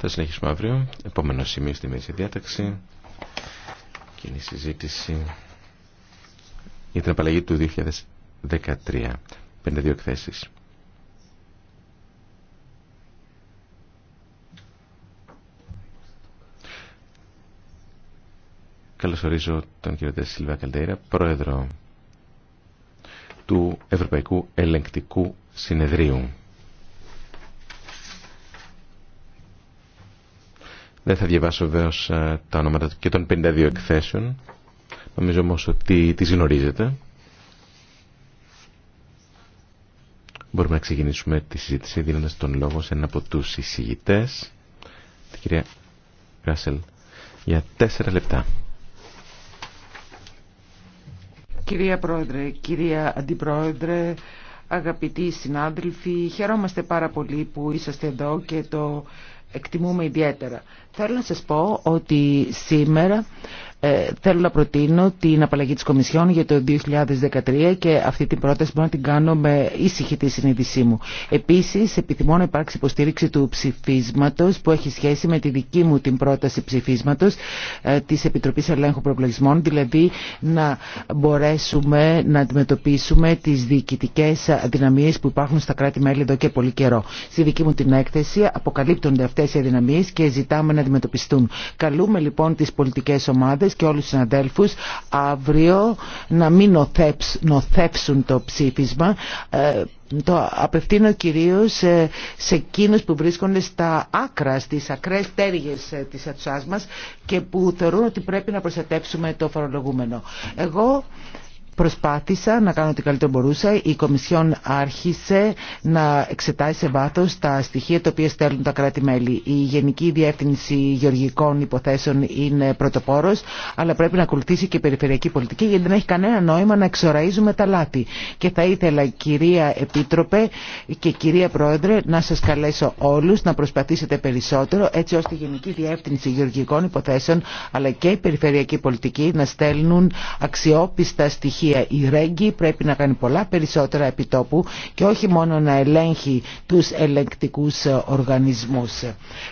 Θα συνεχίσουμε αύριο. Επόμενο σημείο στη μέση διάταξη. Κοινή συζήτηση για την απαλλαγή του 2013. 52 εκθέσει. Καλωσορίζω τον κύριο Τεσίλβα Καλτέιρα, πρόεδρο του Ευρωπαϊκού Ελεγκτικού Συνεδρίου. Δεν θα διαβάσω βεβαίω ε, τα ονόματα και των 52 εκθέσεων. Νομίζω όμω ότι τι γνωρίζετε. Μπορούμε να ξεκινήσουμε τη συζήτηση δίνοντα τον λόγο σε ένα από του εισηγητέ, την κυρία Ράσελ, για τέσσερα λεπτά. Κυρία Πρόεδρε, κυρία Αντιπρόεδρε, αγαπητοί συνάδελφοι, χαιρόμαστε πάρα πολύ που είσαστε εδώ και το εκτιμούμε ιδιαίτερα. Θέλω να σας πω ότι σήμερα ε, θέλω να προτείνω την απαλλαγή της Κομισιόν για το 2013 και αυτή την πρόταση μπορώ να την κάνω με ήσυχη τη συνείδησή μου. Επίσης, επιθυμώ να υπάρξει υποστήριξη του ψηφίσματος που έχει σχέση με τη δική μου την πρόταση ψηφίσματος ε, της Επιτροπής Ελέγχου Προπλογισμών, δηλαδή να μπορέσουμε να αντιμετωπίσουμε τις διοικητικές αδυναμίες που υπάρχουν στα κράτη-μέλη εδώ και πολύ καιρό. Στη δική μου την έκθεση αποκαλύπτονται αυτές οι αδυναμίες και ζητάμε να αντιμετωπιστούν. Καλούμε λοιπόν τις πολιτικές ομάδες και όλους τους συναντέλφους αύριο να μην νοθεύσουν το ψήφισμα ε, το απευθύνω κυρίως ε, σε εκείνους που βρίσκονται στα άκρα, στις ακραίες τέργες ε, της ατσάς μας και που θεωρούν ότι πρέπει να προστατεύσουμε το φορολογούμενο. Εγώ Προσπάθησα να κάνω ό,τι καλύτερο μπορούσα. Η Κομισιόν άρχισε να εξετάσει σε βάθο τα στοιχεία τα οποία στέλνουν τα κράτη-μέλη. Η Γενική Διεύθυνση Γεωργικών Υποθέσεων είναι πρωτοπόρο, αλλά πρέπει να ακολουθήσει και η περιφερειακή πολιτική, γιατί δεν έχει κανένα νόημα να εξοραίζουμε τα λάθη. Και θα ήθελα, κυρία Επίτροπε και κυρία Πρόεδρε, να σα καλέσω όλου να προσπαθήσετε περισσότερο, έτσι ώστε η Γενική Διεύθυνση Γεωργικών Υποθέσεων, αλλά και η περιφερειακή πολιτική να στέλνουν αξιόπιστα στοιχεία στοιχεία. Η Ρέγγι πρέπει να κάνει πολλά περισσότερα επιτόπου και όχι μόνο να ελέγχει τους ελεγκτικούς οργανισμούς.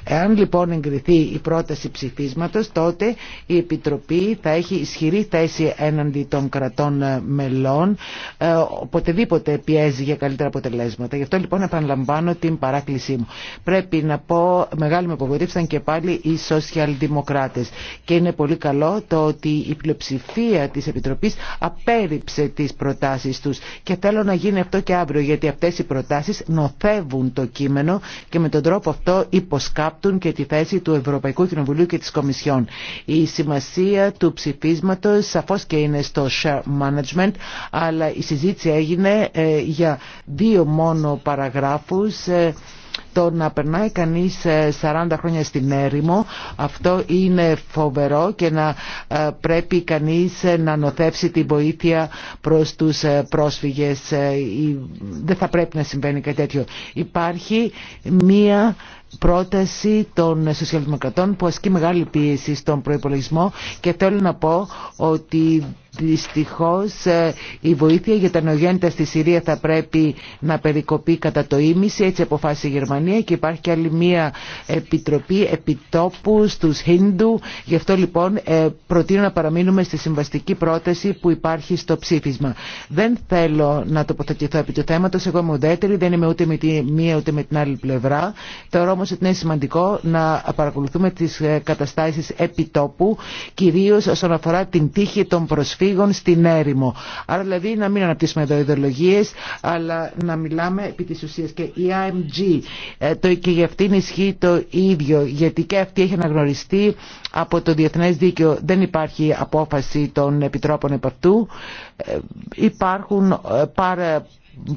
Εάν λοιπόν εγκριθεί η πρόταση ψηφίσματος, τότε η Επιτροπή θα έχει ισχυρή θέση έναντι των κρατών μελών, ε, οποτεδήποτε πιέζει για καλύτερα αποτελέσματα. Γι' αυτό λοιπόν επαναλαμβάνω την παράκλησή μου. Πρέπει να πω, μεγάλη με απογοήτευσαν και πάλι οι σοσιαλδημοκράτες. Και είναι πολύ καλό το ότι η πλειοψηφία της Επιτροπής απέ απέρριψε τις προτάσεις τους και θέλω να γίνει αυτό και αύριο γιατί αυτές οι προτάσεις νοθεύουν το κείμενο και με τον τρόπο αυτό υποσκάπτουν και τη θέση του Ευρωπαϊκού Κοινοβουλίου και της Κομισιόν. Η σημασία του ψηφίσματος σαφώς και είναι στο share management αλλά η συζήτηση έγινε ε, για δύο μόνο παραγράφους ε, το να περνάει κανείς 40 ε, χρόνια στην έρημο αυτό είναι φοβερό και να ε, πρέπει κανείς ε, να νοθεύσει την βοήθεια προς τους πρόσφυγες δεν θα πρέπει να συμβαίνει κάτι τέτοιο υπάρχει μία πρόταση των σοσιαλδημοκρατών που ασκεί μεγάλη πίεση στον προϋπολογισμό και θέλω να πω ότι Δυστυχώς ε, η βοήθεια για τα νεογέννητα στη Συρία θα πρέπει να περικοπεί κατά το ίμιση, έτσι αποφάσισε η Γερμανία και υπάρχει και άλλη μία επιτροπή επιτόπου στους Χίντου. Γι' αυτό λοιπόν ε, προτείνω να παραμείνουμε στη συμβαστική πρόταση που υπάρχει στο ψήφισμα. Δεν θέλω να τοποθετηθώ επί του θέματος, εγώ είμαι ουδέτερη, δεν είμαι ούτε με τη μία ούτε με την άλλη πλευρά. Θεωρώ όμως ότι είναι σημαντικό να παρακολουθούμε τις ε, καταστάσεις επιτόπου, κυρίως όσον αφορά την τύχη των προσφύγων στην έρημο. Άρα δηλαδή να μην αναπτύσσουμε εδώ ιδεολογίες, αλλά να μιλάμε επί της ουσίας. Και η e IMG, ε, το, και για αυτήν ισχύει το ίδιο, γιατί και αυτή έχει αναγνωριστεί από το Διεθνές Δίκαιο. Δεν υπάρχει απόφαση των επιτρόπων επ' αυτού. Ε, υπάρχουν ε, πάρα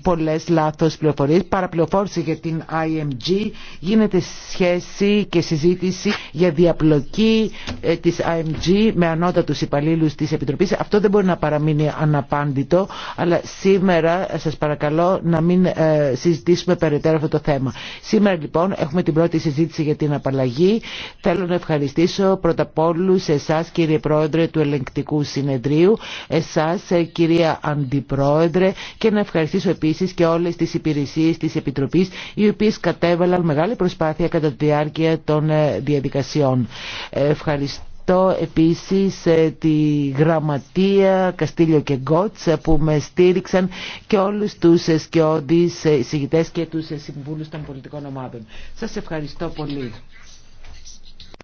πολλές λάθος πληροφορίες, παραπληροφόρηση για την IMG, γίνεται σχέση και συζήτηση για διαπλοκή ε, της IMG με ανώτατους υπαλλήλους της Επιτροπής. Αυτό δεν μπορεί να παραμείνει αναπάντητο, αλλά σήμερα ε, σας παρακαλώ να μην ε, συζητήσουμε περαιτέρω αυτό το θέμα. Σήμερα λοιπόν έχουμε την πρώτη συζήτηση για την απαλλαγή. Θέλω να ευχαριστήσω πρώτα απ' όλου, εσάς κύριε Πρόεδρε του Ελεγκτικού Συνεδρίου, εσάς κυρία Αντιπρόεδρε και να ευχαριστήσω Επίση, επίσης και όλες τις υπηρεσίες της Επιτροπής οι οποίες κατέβαλαν μεγάλη προσπάθεια κατά τη διάρκεια των ε, διαδικασιών. Ευχαριστώ ευχαριστώ επίσης ε, τη Γραμματεία Καστήλιο και Γκότς ε, που με στήριξαν και όλους τους σκιώδεις εισηγητές και τους συμβούλους των πολιτικών ομάδων. Σας ευχαριστώ πολύ.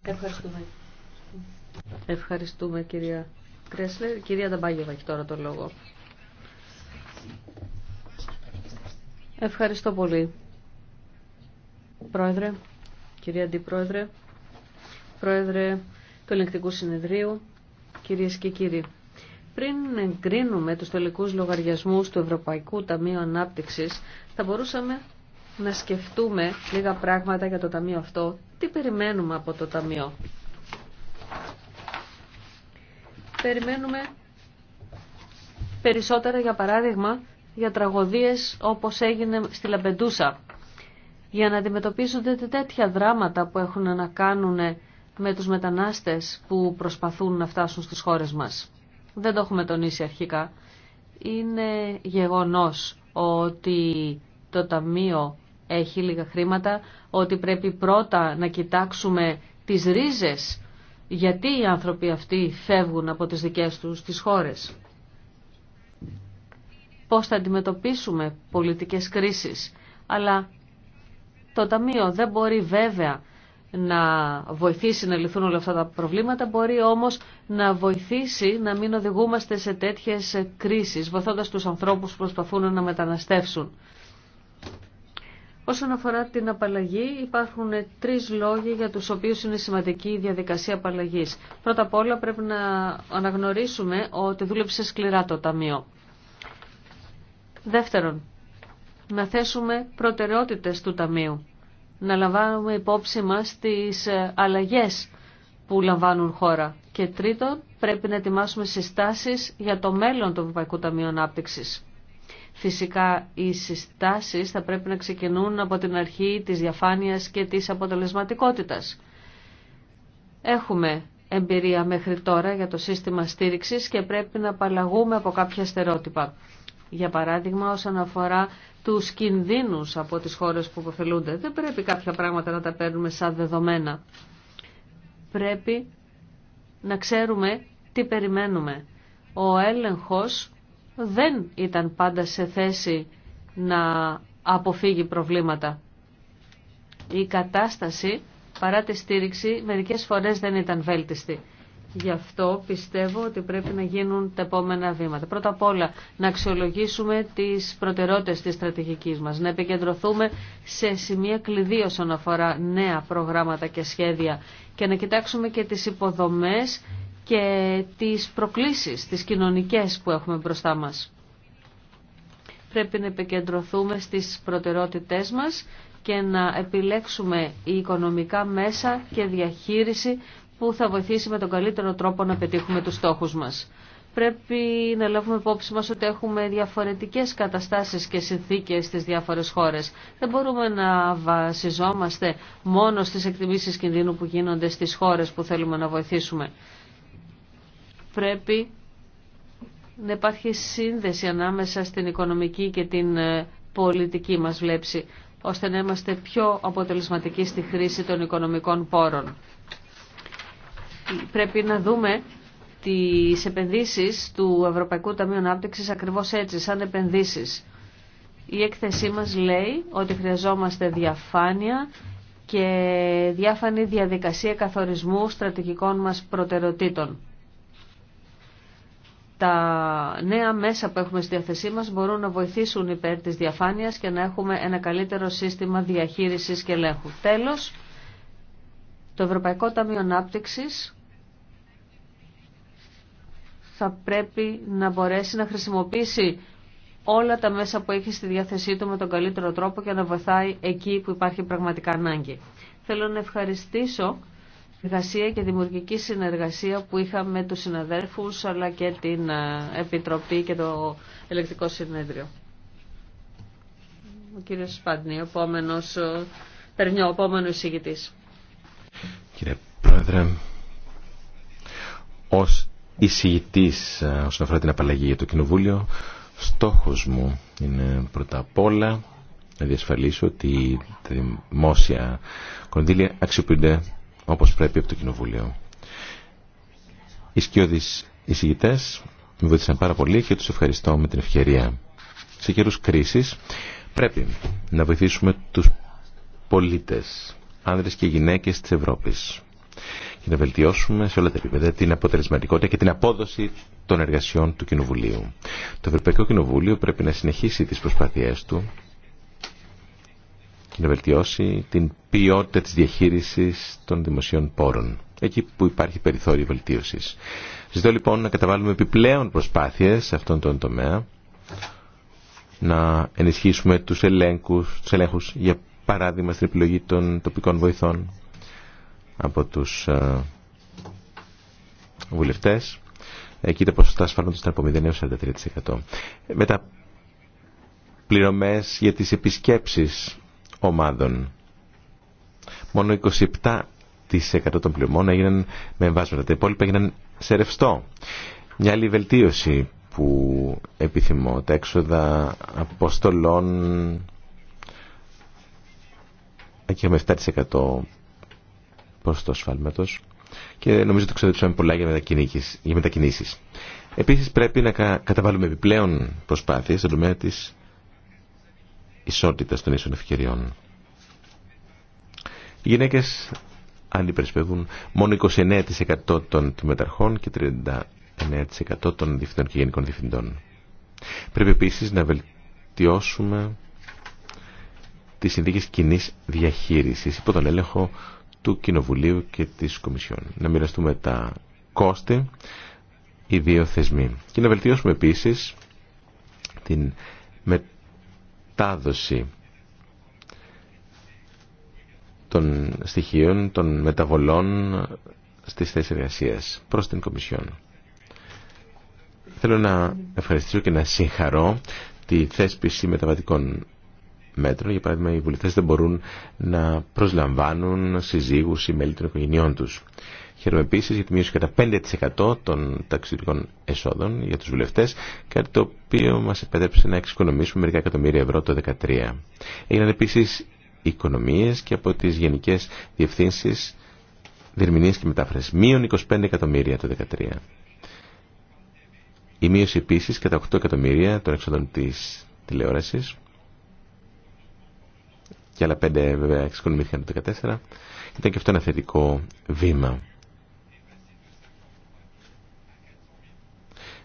Ευχαριστούμε. Ευχαριστούμε κυρία Κρέσλερ. Κυρία Νταμπάγεβα έχει τώρα το λόγο. Ευχαριστώ πολύ. Πρόεδρε, κυρία Αντιπρόεδρε, Πρόεδρε του Ελεγκτικού Συνεδρίου, κυρίες και κύριοι. Πριν εγκρίνουμε τους τελικούς λογαριασμούς του Ευρωπαϊκού Ταμείου Ανάπτυξης, θα μπορούσαμε να σκεφτούμε λίγα πράγματα για το Ταμείο αυτό. Τι περιμένουμε από το Ταμείο. Περιμένουμε περισσότερα, για παράδειγμα, για τραγωδίες όπως έγινε στη Λαμπεντούσα. Για να αντιμετωπίζονται τέτοια δράματα που έχουν να κάνουν με τους μετανάστες που προσπαθούν να φτάσουν στις χώρες μας. Δεν το έχουμε τονίσει αρχικά. Είναι γεγονός ότι το Ταμείο έχει λίγα χρήματα, ότι πρέπει πρώτα να κοιτάξουμε τις ρίζες γιατί οι άνθρωποι αυτοί φεύγουν από τις δικές τους τις χώρες πώς θα αντιμετωπίσουμε πολιτικές κρίσεις. Αλλά το Ταμείο δεν μπορεί βέβαια να βοηθήσει να λυθούν όλα αυτά τα προβλήματα, μπορεί όμως να βοηθήσει να μην οδηγούμαστε σε τέτοιες κρίσεις, βοηθώντας τους ανθρώπους που προσπαθούν να μεταναστεύσουν. Όσον αφορά την απαλλαγή, υπάρχουν τρεις λόγοι για τους οποίους είναι σημαντική η διαδικασία απαλλαγής. Πρώτα απ' όλα πρέπει να αναγνωρίσουμε ότι δούλεψε σκληρά το Ταμείο. Δεύτερον, να θέσουμε προτεραιότητες του Ταμείου, να λαμβάνουμε υπόψη μας τις ε, αλλαγές που λαμβάνουν χώρα. Και τρίτον, πρέπει να ετοιμάσουμε συστάσεις για το μέλλον του Ευρωπαϊκού Ταμείου Ανάπτυξης. Φυσικά οι συστάσεις θα πρέπει να ξεκινούν από την αρχή της διαφάνειας και της αποτελεσματικότητας. Έχουμε εμπειρία μέχρι τώρα για το σύστημα στήριξης και πρέπει να απαλλαγούμε από κάποια στερότυπα. Για παράδειγμα, όσον αφορά του κινδύνου από τι χώρε που αποφελούνται. δεν πρέπει κάποια πράγματα να τα παίρνουμε σαν δεδομένα. Πρέπει να ξέρουμε τι περιμένουμε. Ο έλεγχος δεν ήταν πάντα σε θέση να αποφύγει προβλήματα. Η κατάσταση παρά τη στήριξη μερικές φορές δεν ήταν βέλτιστη. Γι' αυτό πιστεύω ότι πρέπει να γίνουν τα επόμενα βήματα. Πρώτα απ' όλα να αξιολογήσουμε τις προτερότητες της στρατηγικής μας, να επικεντρωθούμε σε σημεία κλειδί όσον αφορά νέα προγράμματα και σχέδια και να κοιτάξουμε και τις υποδομές και τις προκλήσεις, τις κοινωνικές που έχουμε μπροστά μας. Πρέπει να επικεντρωθούμε στις προτεραιότητές μας και να επιλέξουμε οικονομικά μέσα και διαχείριση που θα βοηθήσει με τον καλύτερο τρόπο να πετύχουμε τους στόχους μας. Πρέπει να λάβουμε υπόψη μας ότι έχουμε διαφορετικές καταστάσεις και συνθήκες στις διάφορες χώρες. Δεν μπορούμε να βασιζόμαστε μόνο στις εκτιμήσεις κινδύνου που γίνονται στις χώρες που θέλουμε να βοηθήσουμε. Πρέπει να υπάρχει σύνδεση ανάμεσα στην οικονομική και την ε, πολιτική μας βλέψη, ώστε να είμαστε πιο αποτελεσματικοί στη χρήση των οικονομικών πόρων πρέπει να δούμε τις επενδύσεις του Ευρωπαϊκού Ταμείου Ανάπτυξης ακριβώς έτσι, σαν επενδύσεις. Η έκθεσή μας λέει ότι χρειαζόμαστε διαφάνεια και διάφανη διαδικασία καθορισμού στρατηγικών μας προτεραιοτήτων. Τα νέα μέσα που έχουμε στη διαθεσή μας μπορούν να βοηθήσουν υπέρ της διαφάνειας και να έχουμε ένα καλύτερο σύστημα διαχείρισης και ελέγχου. Τέλος, το Ευρωπαϊκό Ταμείο Ανάπτυξης θα πρέπει να μπορέσει να χρησιμοποιήσει όλα τα μέσα που έχει στη διάθεσή του με τον καλύτερο τρόπο και να βοηθάει εκεί που υπάρχει πραγματικά ανάγκη. Θέλω να ευχαριστήσω εργασία και δημιουργική συνεργασία που είχα με τους συναδέρφους αλλά και την ε, Επιτροπή και το Ελεκτικό Συνέδριο. Ο κύριος Σπάντνη, ε, Κύριε Πρόεδρε, εισηγητής ε, όσον αφορά την απαλλαγή για το Κοινοβούλιο. Στόχος μου είναι πρώτα απ' όλα να διασφαλίσω ότι τα δημόσια κονδύλια αξιοποιούνται όπως πρέπει από το Κοινοβούλιο. Οι σκιώδεις εισηγητές με βοήθησαν πάρα πολύ και τους ευχαριστώ με την ευκαιρία. Σε καιρούς κρίσης πρέπει να βοηθήσουμε τους πολίτες, άνδρες και γυναίκες της Ευρώπης και να βελτιώσουμε σε όλα τα επίπεδα την αποτελεσματικότητα και την απόδοση των εργασιών του Κοινοβουλίου. Το Ευρωπαϊκό Κοινοβούλιο πρέπει να συνεχίσει τις προσπάθειές του και να βελτιώσει την ποιότητα της διαχείρισης των δημοσίων πόρων, εκεί που υπάρχει περιθώριο βελτίωσης. Ζητώ λοιπόν να καταβάλουμε επιπλέον προσπάθειες σε αυτόν τον τομέα, να ενισχύσουμε τους ελέγχους, για παράδειγμα στην επιλογή των τοπικών βοηθών, από τους ε, βουλευτές. Εκεί τα ποσοστά σφάλματος ήταν από 0 43%. Μετά πληρωμές για τις επισκέψεις ομάδων. Μόνο 27% των πληρωμών έγιναν με εμβάσματα. Τα υπόλοιπα έγιναν σε ρευστό. Μια άλλη βελτίωση που επιθυμώ. Τα έξοδα αποστολών εκεί με 7% το σφάλματος και νομίζω ότι ξοδέψαμε πολλά για μετακινήσεις. Επίσης πρέπει να καταβάλουμε επιπλέον προσπάθειες στον τομέα της ισότητας των ίσων ευκαιριών. Οι γυναίκες αντιπερισπεύουν μόνο 29% των τιμεταρχών και 39% των διευθυντών και γενικών διευθυντών. Πρέπει επίσης να βελτιώσουμε τις συνθήκες κοινή διαχείρισης υπό τον έλεγχο του Κοινοβουλίου και της Κομισιόν. Να μοιραστούμε τα κόστη, οι δύο θεσμοί. Και να βελτιώσουμε επίσης την μετάδοση των στοιχείων, των μεταβολών στις θέσεις εργασία προς την Κομισιόν. Θέλω να ευχαριστήσω και να συγχαρώ τη θέσπιση μεταβατικών μέτρο. Για παράδειγμα, οι βουλευτές δεν μπορούν να προσλαμβάνουν συζύγου ή μέλη των οικογενειών του. Χαίρομαι επίση για τη μείωση κατά 5% των ταξιδιωτικών εσόδων για του βουλευτέ, κάτι το οποίο μα επέτρεψε να εξοικονομήσουμε μερικά εκατομμύρια ευρώ το 2013. Έγιναν επίση οικονομίε και από τι γενικέ διευθύνσει διερμηνίε και μετάφραση. Μείον 25 εκατομμύρια το 2013. Η μείωση επίση κατά 8 εκατομμύρια των εξόδων τη τηλεόραση και άλλα πέντε βέβαια εξοικονομήθηκαν το 2014. Ήταν και αυτό ένα θετικό βήμα.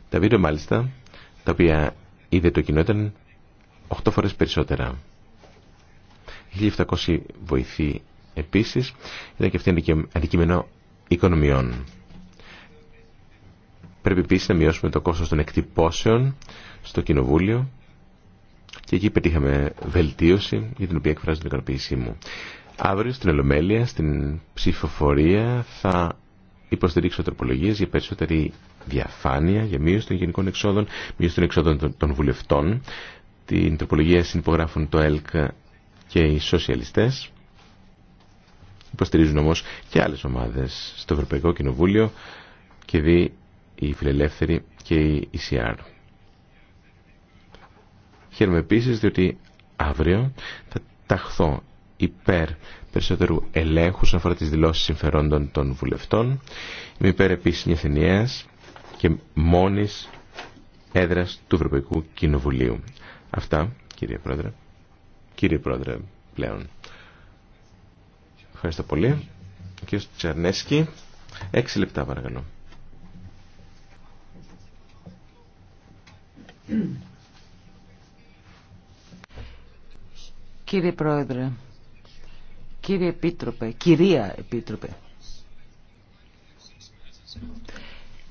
Τα βίντεο μάλιστα, τα οποία είδε το κοινό ήταν 8 φορές περισσότερα. 1.700 βοηθοί επίσης, ήταν και αυτή αντικείμενο οικονομιών. Πρέπει επίσης να μειώσουμε το κόστος των εκτυπώσεων στο Κοινοβούλιο και εκεί πετύχαμε βελτίωση για την οποία εκφράζω την ικανοποίησή μου. Αύριο στην Ελομέλεια, στην ψηφοφορία, θα υποστηρίξω τροπολογίε για περισσότερη διαφάνεια, για μείωση των γενικών εξόδων, μείωση των εξόδων των βουλευτών. Την τροπολογία συνυπογράφουν το ΕΛΚ και οι σοσιαλιστές. Υποστηρίζουν όμω και άλλε ομάδε στο Ευρωπαϊκό Κοινοβούλιο και δεί οι φιλελεύθεροι και οι ECR. Χαίρομαι επίσης διότι αύριο θα ταχθώ υπέρ περισσότερου ελέγχου σχετικά αφορά τις δηλώσεις συμφερόντων των βουλευτών. Είμαι υπέρ επίσης εθνία και μόνης έδρας του Ευρωπαϊκού Κοινοβουλίου. Αυτά, κύριε Πρόεδρε. Κύριε Πρόεδρε, πλέον. Ευχαριστώ πολύ. κύριος Τσαρνέσκι. Έξι λεπτά, παρακαλώ. Κύριε Πρόεδρε, κύριε Επίτροπε, κυρία Επίτροπε,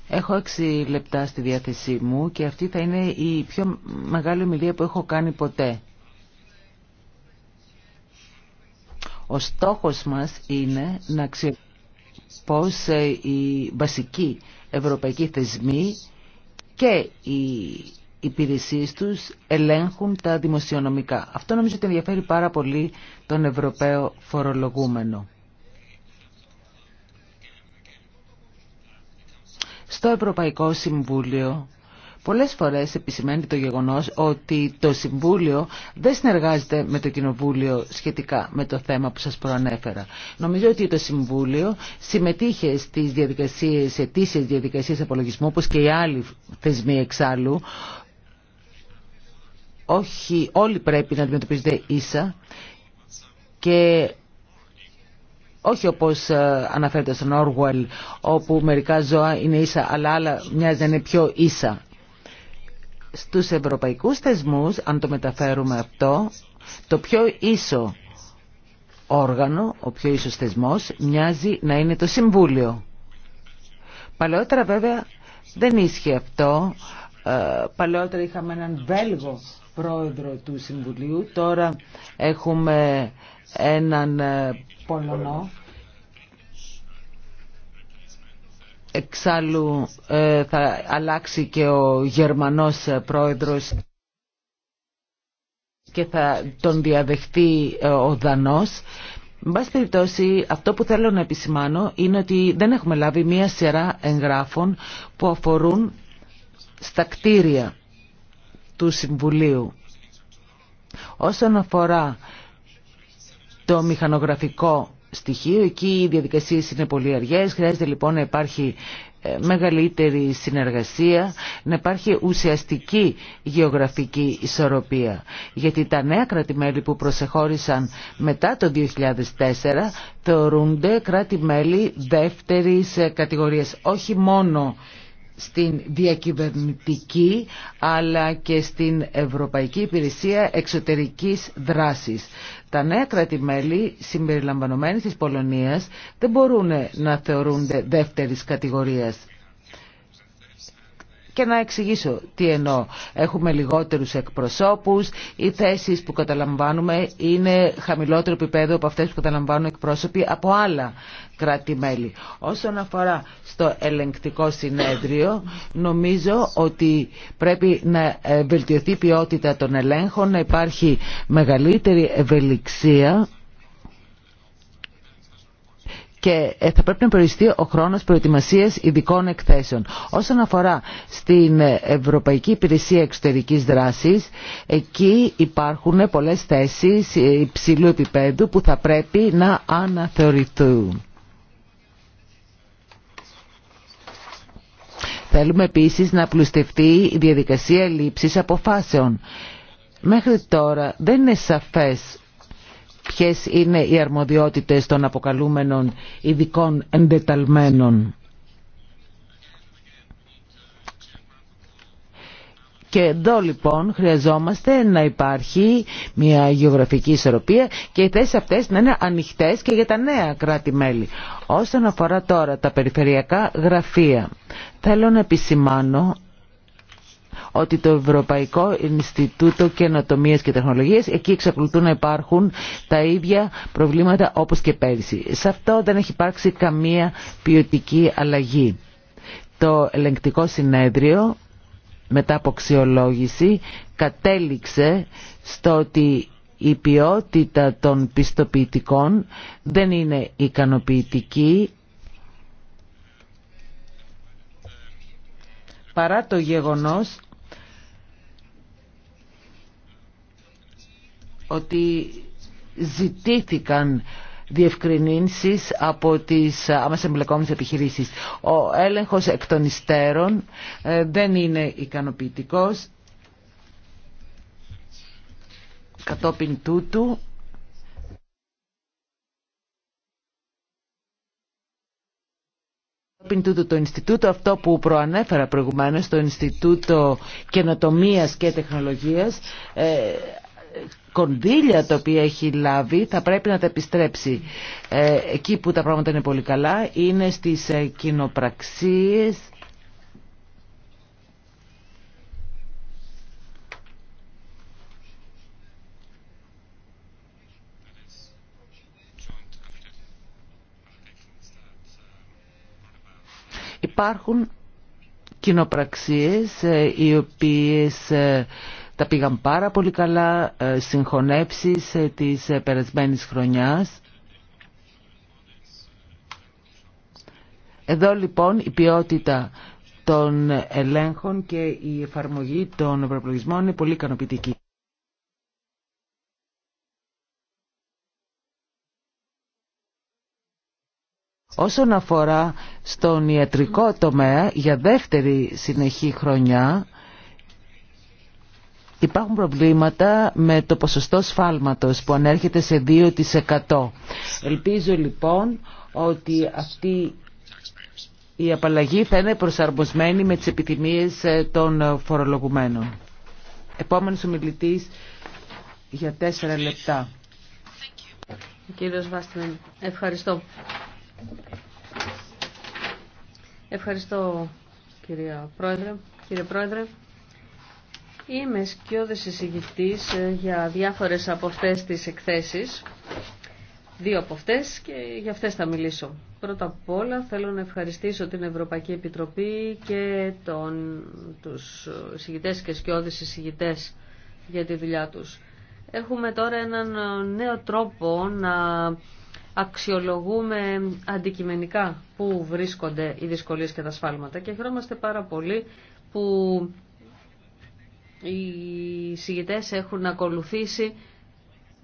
Έχω έξι λεπτά στη διάθεσή μου και αυτή θα είναι η πιο μεγάλη ομιλία που έχω κάνει ποτέ. Ο στόχος μας είναι να ξέρουμε πώς ε, οι βασικοί ευρωπαϊκοί θεσμοί και οι υπηρεσίε του ελέγχουν τα δημοσιονομικά. Αυτό νομίζω ότι ενδιαφέρει πάρα πολύ τον Ευρωπαίο φορολογούμενο. Στο Ευρωπαϊκό Συμβούλιο πολλές φορές επισημαίνει το γεγονός ότι το Συμβούλιο δεν συνεργάζεται με το Κοινοβούλιο σχετικά με το θέμα που σας προανέφερα. Νομίζω ότι το Συμβούλιο συμμετείχε στις διαδικασίες, ετήσιες διαδικασίες απολογισμού όπως και οι άλλοι θεσμοί εξάλλου όχι όλοι πρέπει να αντιμετωπίζονται ίσα και όχι όπως ε, αναφέρεται στον Orwell όπου μερικά ζώα είναι ίσα αλλά άλλα μοιάζει να είναι πιο ίσα. Στους ευρωπαϊκούς θεσμούς, αν το μεταφέρουμε αυτό, το πιο ίσο όργανο, ο πιο ίσος θεσμός, μοιάζει να είναι το Συμβούλιο. Παλαιότερα βέβαια δεν ίσχυε αυτό. Ε, παλαιότερα είχαμε έναν Βέλγο πρόεδρο του Συμβουλίου, τώρα έχουμε έναν ε, Πολωνό. Εξάλλου ε, θα αλλάξει και ο Γερμανός πρόεδρος και θα τον διαδεχτεί ο Δανός. Εν πάση περιπτώσει, αυτό που θέλω να επισημάνω είναι ότι δεν έχουμε λάβει μία σειρά εγγράφων που αφορούν στα κτίρια του Συμβουλίου. Όσον αφορά το μηχανογραφικό στοιχείο, εκεί οι διαδικασίες είναι πολύ αργές, χρειάζεται λοιπόν να υπάρχει ε, μεγαλύτερη συνεργασία, να υπάρχει ουσιαστική γεωγραφική ισορροπία. Γιατί τα νέα κράτη-μέλη που προσεχώρησαν μετά το 2004 θεωρούνται κράτη-μέλη δεύτερης ε, κατηγορίας. Όχι μόνο στην διακυβερνητική αλλά και στην Ευρωπαϊκή Υπηρεσία Εξωτερικής Δράσης. Τα νέα κράτη-μέλη συμπεριλαμβανομένης της Πολωνίας δεν μπορούν να θεωρούνται δεύτερης κατηγορίας και να εξηγήσω τι εννοώ. Έχουμε λιγότερους εκπροσώπους, οι θέσεις που καταλαμβάνουμε είναι χαμηλότερο επίπεδο από αυτές που καταλαμβάνουν εκπρόσωποι από άλλα κράτη-μέλη. Όσον αφορά στο ελεγκτικό συνέδριο, νομίζω ότι πρέπει να ε, βελτιωθεί η ποιότητα των ελέγχων, να υπάρχει μεγαλύτερη ευελιξία και ε, θα πρέπει να περιοριστεί ο χρόνος προετοιμασίας ειδικών εκθέσεων. Όσον αφορά στην ε, Ευρωπαϊκή Υπηρεσία Εξωτερικής Δράσης, εκεί υπάρχουν πολλές θέσεις ε, υψηλού επίπεδου που θα πρέπει να αναθεωρηθούν. Θέλουμε επίσης να πλουστευτεί η διαδικασία λήψης αποφάσεων. Μέχρι τώρα δεν είναι σαφές ποιες είναι οι αρμοδιότητες των αποκαλούμενων ειδικών εντεταλμένων. Και εδώ λοιπόν χρειαζόμαστε να υπάρχει μια γεωγραφική ισορροπία και οι θέσει αυτές να είναι ανοιχτές και για τα νέα κράτη-μέλη. Όσον αφορά τώρα τα περιφερειακά γραφεία, θέλω να επισημάνω ότι το Ευρωπαϊκό Ινστιτούτο Καινοτομία και Τεχνολογία εκεί εξακολουθούν να υπάρχουν τα ίδια προβλήματα όπω και πέρυσι. Σε αυτό δεν έχει υπάρξει καμία ποιοτική αλλαγή. Το ελεγκτικό συνέδριο μετά από αξιολόγηση κατέληξε στο ότι η ποιότητα των πιστοποιητικών δεν είναι ικανοποιητική παρά το γεγονός ότι ζητήθηκαν διευκρινήσεις από τις άμεσα εμπλεκόμενες επιχειρήσεις. Ο έλεγχος εκ των υστέρων ε, δεν είναι ικανοποιητικός. Κατόπιν τούτου το Ινστιτούτο αυτό που προανέφερα προηγουμένως, το Ινστιτούτο Καινοτομίας και Τεχνολογίας, ε, κονδύλια τα οποία έχει λάβει θα πρέπει να τα επιστρέψει. Ε, εκεί που τα πράγματα είναι πολύ καλά είναι στις ε, κοινοπραξίες Υπάρχουν κοινοπραξίες ε, οι οποίες τα πήγαν πάρα πολύ καλά ε, συγχωνεύσεις ε, της ε, περασμένης χρονιάς. Εδώ λοιπόν η ποιότητα των ελέγχων και η εφαρμογή των ευρωπλογισμών είναι πολύ ικανοποιητική. Όσον αφορά στον ιατρικό τομέα, για δεύτερη συνεχή χρονιά Υπάρχουν προβλήματα με το ποσοστό σφάλματος που ανέρχεται σε 2%. Ελπίζω λοιπόν ότι αυτή η απαλλαγή θα είναι προσαρμοσμένη με τις επιθυμίες ε, των φορολογουμένων. Επόμενος ομιλητής για τέσσερα λεπτά. Κύριος Βάστινεν, ευχαριστώ. Ευχαριστώ κυρία Πρόεδρε. Κύριε Πρόεδρε, Είμαι σκιώδης εισηγητής ε, για διάφορες από αυτές τις εκθέσεις. Δύο από αυτές και για αυτές θα μιλήσω. Πρώτα απ' όλα θέλω να ευχαριστήσω την Ευρωπαϊκή Επιτροπή και τον, τους και σκιώδης εισηγητές για τη δουλειά τους. Έχουμε τώρα έναν νέο τρόπο να αξιολογούμε αντικειμενικά πού βρίσκονται οι δυσκολίες και τα σφάλματα και χαιρόμαστε πάρα πολύ που οι συγητές έχουν ακολουθήσει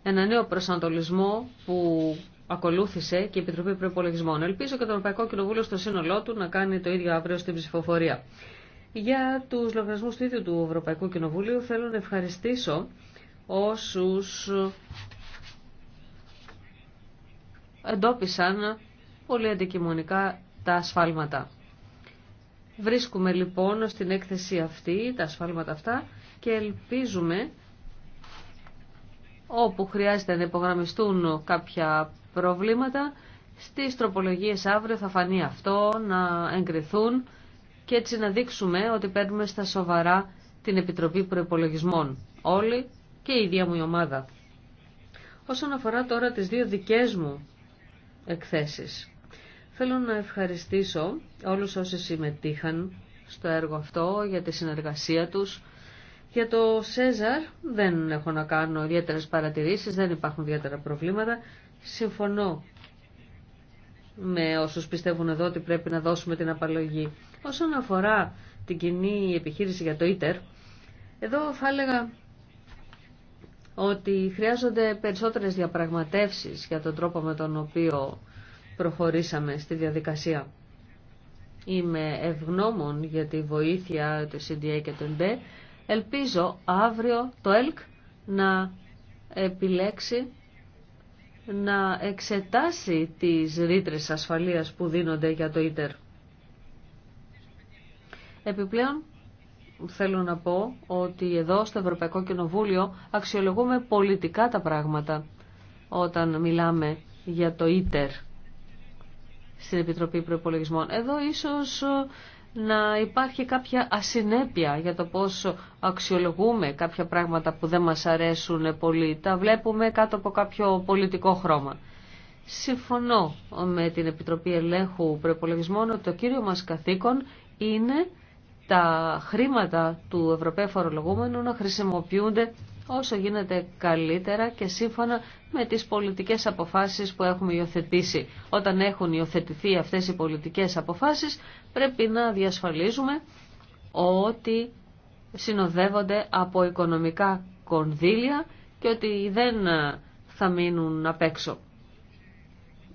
ένα νέο προσανατολισμό που ακολούθησε και η Επιτροπή Προπολογισμών. Ελπίζω και το Ευρωπαϊκό Κοινοβούλιο στο σύνολό του να κάνει το ίδιο αύριο στην ψηφοφορία. Για τους λογαριασμούς του ίδιου του Ευρωπαϊκού Κοινοβουλίου θέλω να ευχαριστήσω όσους εντόπισαν πολύ αντικειμονικά τα ασφάλματα. Βρίσκουμε λοιπόν στην έκθεση αυτή τα ασφάλματα αυτά και ελπίζουμε όπου χρειάζεται να υπογραμμιστούν κάποια προβλήματα, στις τροπολογίες αύριο θα φανεί αυτό, να εγκριθούν και έτσι να δείξουμε ότι παίρνουμε στα σοβαρά την Επιτροπή Προϋπολογισμών. Όλοι και η ίδια μου η ομάδα. Όσον αφορά τώρα τις δύο δικές μου εκθέσεις, θέλω να ευχαριστήσω όλους όσοι συμμετείχαν στο έργο αυτό για τη συνεργασία τους για το Σέζαρ δεν έχω να κάνω ιδιαίτερε παρατηρήσεις, δεν υπάρχουν ιδιαίτερα προβλήματα. Συμφωνώ με όσους πιστεύουν εδώ ότι πρέπει να δώσουμε την απαλλαγή. Όσον αφορά την κοινή επιχείρηση για το ΙΤΕΡ, εδώ θα έλεγα ότι χρειάζονται περισσότερες διαπραγματεύσεις για τον τρόπο με τον οποίο προχωρήσαμε στη διαδικασία. Είμαι ευγνώμων για τη βοήθεια του CDA και του ΕΝΤΕ Ελπίζω αύριο το ΕΛΚ να επιλέξει να εξετάσει τις ρήτρες ασφαλείας που δίνονται για το ίτερ. Επιπλέον, θέλω να πω ότι εδώ στο Ευρωπαϊκό Κοινοβούλιο αξιολογούμε πολιτικά τα πράγματα όταν μιλάμε για το ίτερ στην Επιτροπή Προπολογισμών. Εδώ ίσως να υπάρχει κάποια ασυνέπεια για το πώς αξιολογούμε κάποια πράγματα που δεν μας αρέσουν πολύ. Τα βλέπουμε κάτω από κάποιο πολιτικό χρώμα. Συμφωνώ με την Επιτροπή Ελέγχου Προπολογισμών ότι το κύριο μας καθήκον είναι τα χρήματα του Ευρωπαίου Φορολογούμενου να χρησιμοποιούνται όσο γίνεται καλύτερα και σύμφωνα με τις πολιτικές αποφάσεις που έχουμε υιοθετήσει. Όταν έχουν υιοθετηθεί αυτές οι πολιτικές αποφάσεις πρέπει να διασφαλίζουμε ότι συνοδεύονται από οικονομικά κονδύλια και ότι δεν θα μείνουν απ' έξω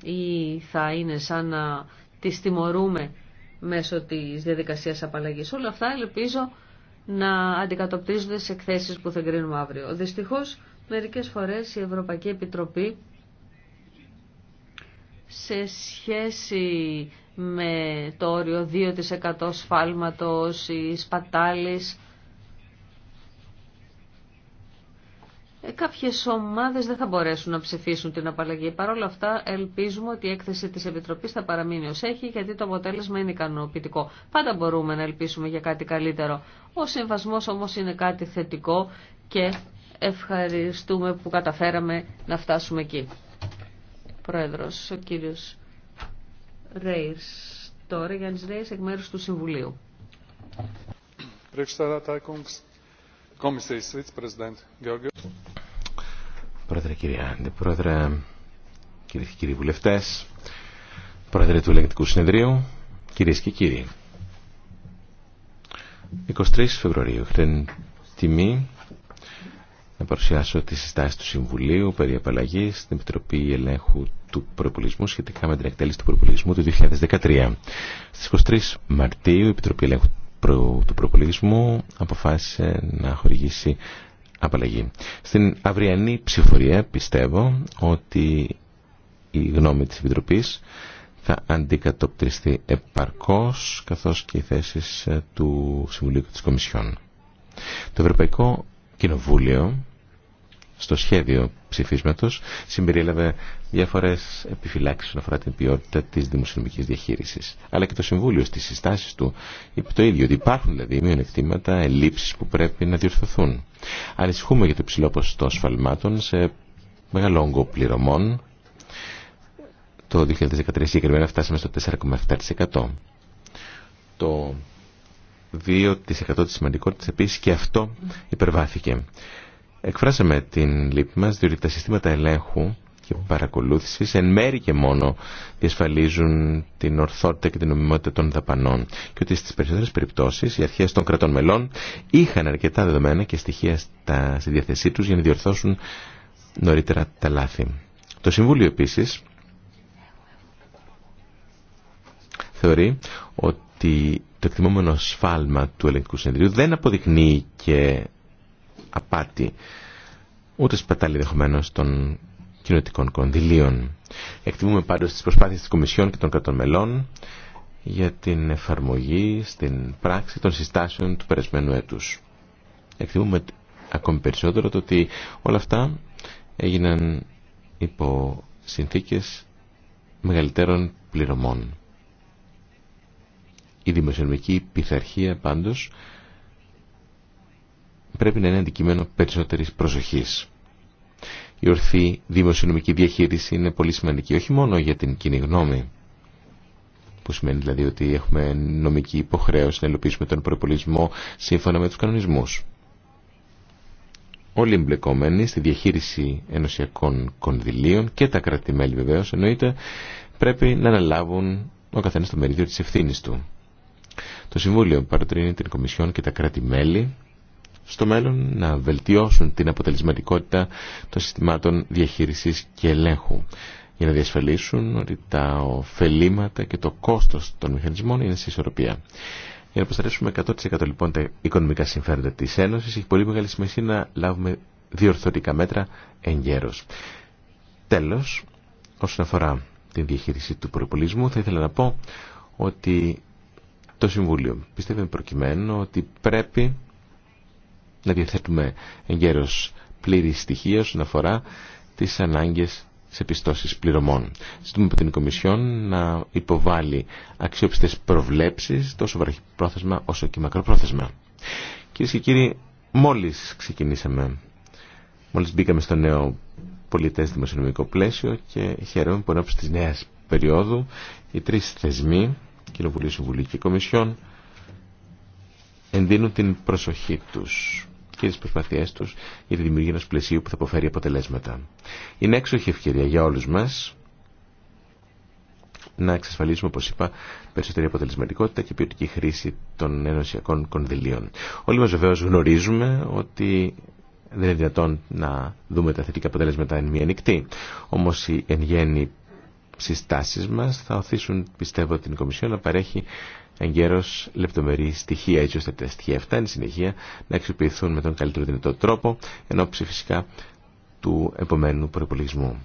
ή θα είναι σαν να τις τιμωρούμε μέσω της διαδικασίας απαλλαγής. Όλα αυτά ελπίζω να αντικατοπτρίζονται σε εκθέσεις που θα εγκρίνουμε αύριο. Δυστυχώς, μερικές φορές η Ευρωπαϊκή Επιτροπή σε σχέση με το όριο 2% σφάλματος ή σπατάλης Ε, κάποιες ομάδες δεν θα μπορέσουν να ψηφίσουν την απαλλαγή. Παρ' όλα αυτά ελπίζουμε ότι η έκθεση της Επιτροπής θα παραμείνει ως έχει γιατί το αποτέλεσμα είναι ικανοποιητικό. Πάντα μπορούμε να ελπίσουμε για κάτι καλύτερο. Ο συμβασμό όμως είναι κάτι θετικό και ευχαριστούμε που καταφέραμε να φτάσουμε εκεί. Πρόεδρος, ο κύριο τώρα εκ μέρου του Συμβουλίου. Πρόεδρε, κύριε Αντιπρόεδρε, κυρίε και κύριοι βουλευτέ, Πρόεδρε του Ελεγκτικού Συνεδρίου, κυρίε και κύριοι. 23 Φεβρουαρίου είχα την τιμή να παρουσιάσω τι συστάσει του Συμβουλίου περί απαλλαγή στην Επιτροπή Ελέγχου του Προπολισμού σχετικά με την εκτέλεση του προπολισμού του 2013. Στι 23 Μαρτίου η Επιτροπή Ελέγχου του Προπολισμού αποφάσισε να χορηγήσει απαλλαγή. Στην αυριανή ψηφορία πιστεύω ότι η γνώμη της Επιτροπής θα αντικατοπτριστεί επαρκώς καθώς και οι θέσεις ε, του Συμβουλίου και της Κομισιόν. Το Ευρωπαϊκό Κοινοβούλιο στο σχέδιο ψηφίσματο συμπεριέλαβε διαφορέ επιφυλάξει όσον αφορά την ποιότητα τη δημοσιονομική διαχείριση. Αλλά και το Συμβούλιο στι συστάσει του είπε το ίδιο, ότι υπάρχουν δηλαδή μειονεκτήματα, ελλείψει που πρέπει να διορθωθούν. Ανησυχούμε για το υψηλό ποσοστό ασφαλμάτων σε μεγάλο όγκο πληρωμών. Το 2013 συγκεκριμένα φτάσαμε στο 4,7%. Το 2% της σημαντικότητας επίση και αυτό υπερβάθηκε. Εκφράσαμε την λύπη μας διότι τα συστήματα ελέγχου και παρακολούθησης εν μέρη και μόνο διασφαλίζουν την ορθότητα και την νομιμότητα των δαπανών και ότι στις περισσότερες περιπτώσεις οι αρχές των κρατών μελών είχαν αρκετά δεδομένα και στοιχεία στα, στη διαθεσή τους για να διορθώσουν νωρίτερα τα λάθη. Το Συμβούλιο επίσης θεωρεί ότι το εκτιμόμενο σφάλμα του ελεγκτικού συνεδρίου δεν αποδεικνύει και απάτη, ούτε σπατάλη δεχομένω των κοινωτικών κονδυλίων. Εκτιμούμε πάντως τις προσπάθειες της Κομισιόν και των κρατών μελών για την εφαρμογή στην πράξη των συστάσεων του περασμένου έτους. Εκτιμούμε ακόμη περισσότερο το ότι όλα αυτά έγιναν υπό συνθήκες μεγαλύτερων πληρωμών. Η δημοσιονομική πειθαρχία πάντως πρέπει να είναι αντικείμενο περισσότερη προσοχή. Η ορθή δημοσιονομική διαχείριση είναι πολύ σημαντική, όχι μόνο για την κοινή γνώμη, που σημαίνει δηλαδή ότι έχουμε νομική υποχρέωση να ελοπίσουμε τον προπολισμό σύμφωνα με του κανονισμού. Όλοι εμπλεκόμενοι στη διαχείριση ενωσιακών κονδυλίων και τα κράτη-μέλη βεβαίω εννοείται πρέπει να αναλάβουν ο καθένα το μερίδιο τη ευθύνη του. Το Συμβούλιο παροτρύνει την Κομισιόν και τα κράτη-μέλη στο μέλλον να βελτιώσουν την αποτελεσματικότητα των συστημάτων διαχείρισης και ελέγχου για να διασφαλίσουν ότι τα ωφελήματα και το κόστος των μηχανισμών είναι σε ισορροπία. Για να προστατεύσουμε 100% λοιπόν τα οικονομικά συμφέροντα της Ένωσης έχει πολύ μεγάλη σημασία να λάβουμε διορθωτικά μέτρα εν γέρος. Τέλος, όσον αφορά την διαχείριση του προπολισμού θα ήθελα να πω ότι το Συμβούλιο πιστεύει προκειμένου ότι πρέπει να διαθέτουμε εγκαίρως πλήρη στοιχεία όσον αφορά τις ανάγκες σε πιστώσεις πληρωμών. Ζητούμε από την Κομισιόν να υποβάλει αξιόπιστες προβλέψεις τόσο βαρχιπρόθεσμα όσο και μακροπρόθεσμα. Κυρίε και κύριοι, μόλις ξεκινήσαμε, μόλις μπήκαμε στο νέο πολιτές δημοσιονομικό πλαίσιο και χαίρομαι που ενώπιση της νέας περίοδου οι τρεις θεσμοί, Κοινοβουλίου, Συμβουλίου και Κομισιόν, ενδύνουν την προσοχή τους και τι προσπαθίε τους για τη δημιουργία ενό πλαισίου που θα αποφέρει αποτελέσματα. Είναι έξοχη ευκαιρία για όλου μα να εξασφαλίσουμε, όπω είπα, περισσότερη αποτελεσματικότητα και ποιοτική χρήση των ενωσιακών κονδυλίων. Όλοι μα βεβαίω γνωρίζουμε ότι δεν είναι δυνατόν να δούμε τα θετικά αποτελέσματα εν μία νυχτή. Όμω οι εν γέννη συστάσεις μα θα οθήσουν, πιστεύω, την Κομισιόν να παρέχει εγκαίρω λεπτομερή στοιχεία, έτσι ώστε τα στοιχεία αυτά εν συνεχεία να αξιοποιηθούν με τον καλύτερο δυνατό τρόπο, ενώ φυσικά του επομένου προπολογισμού.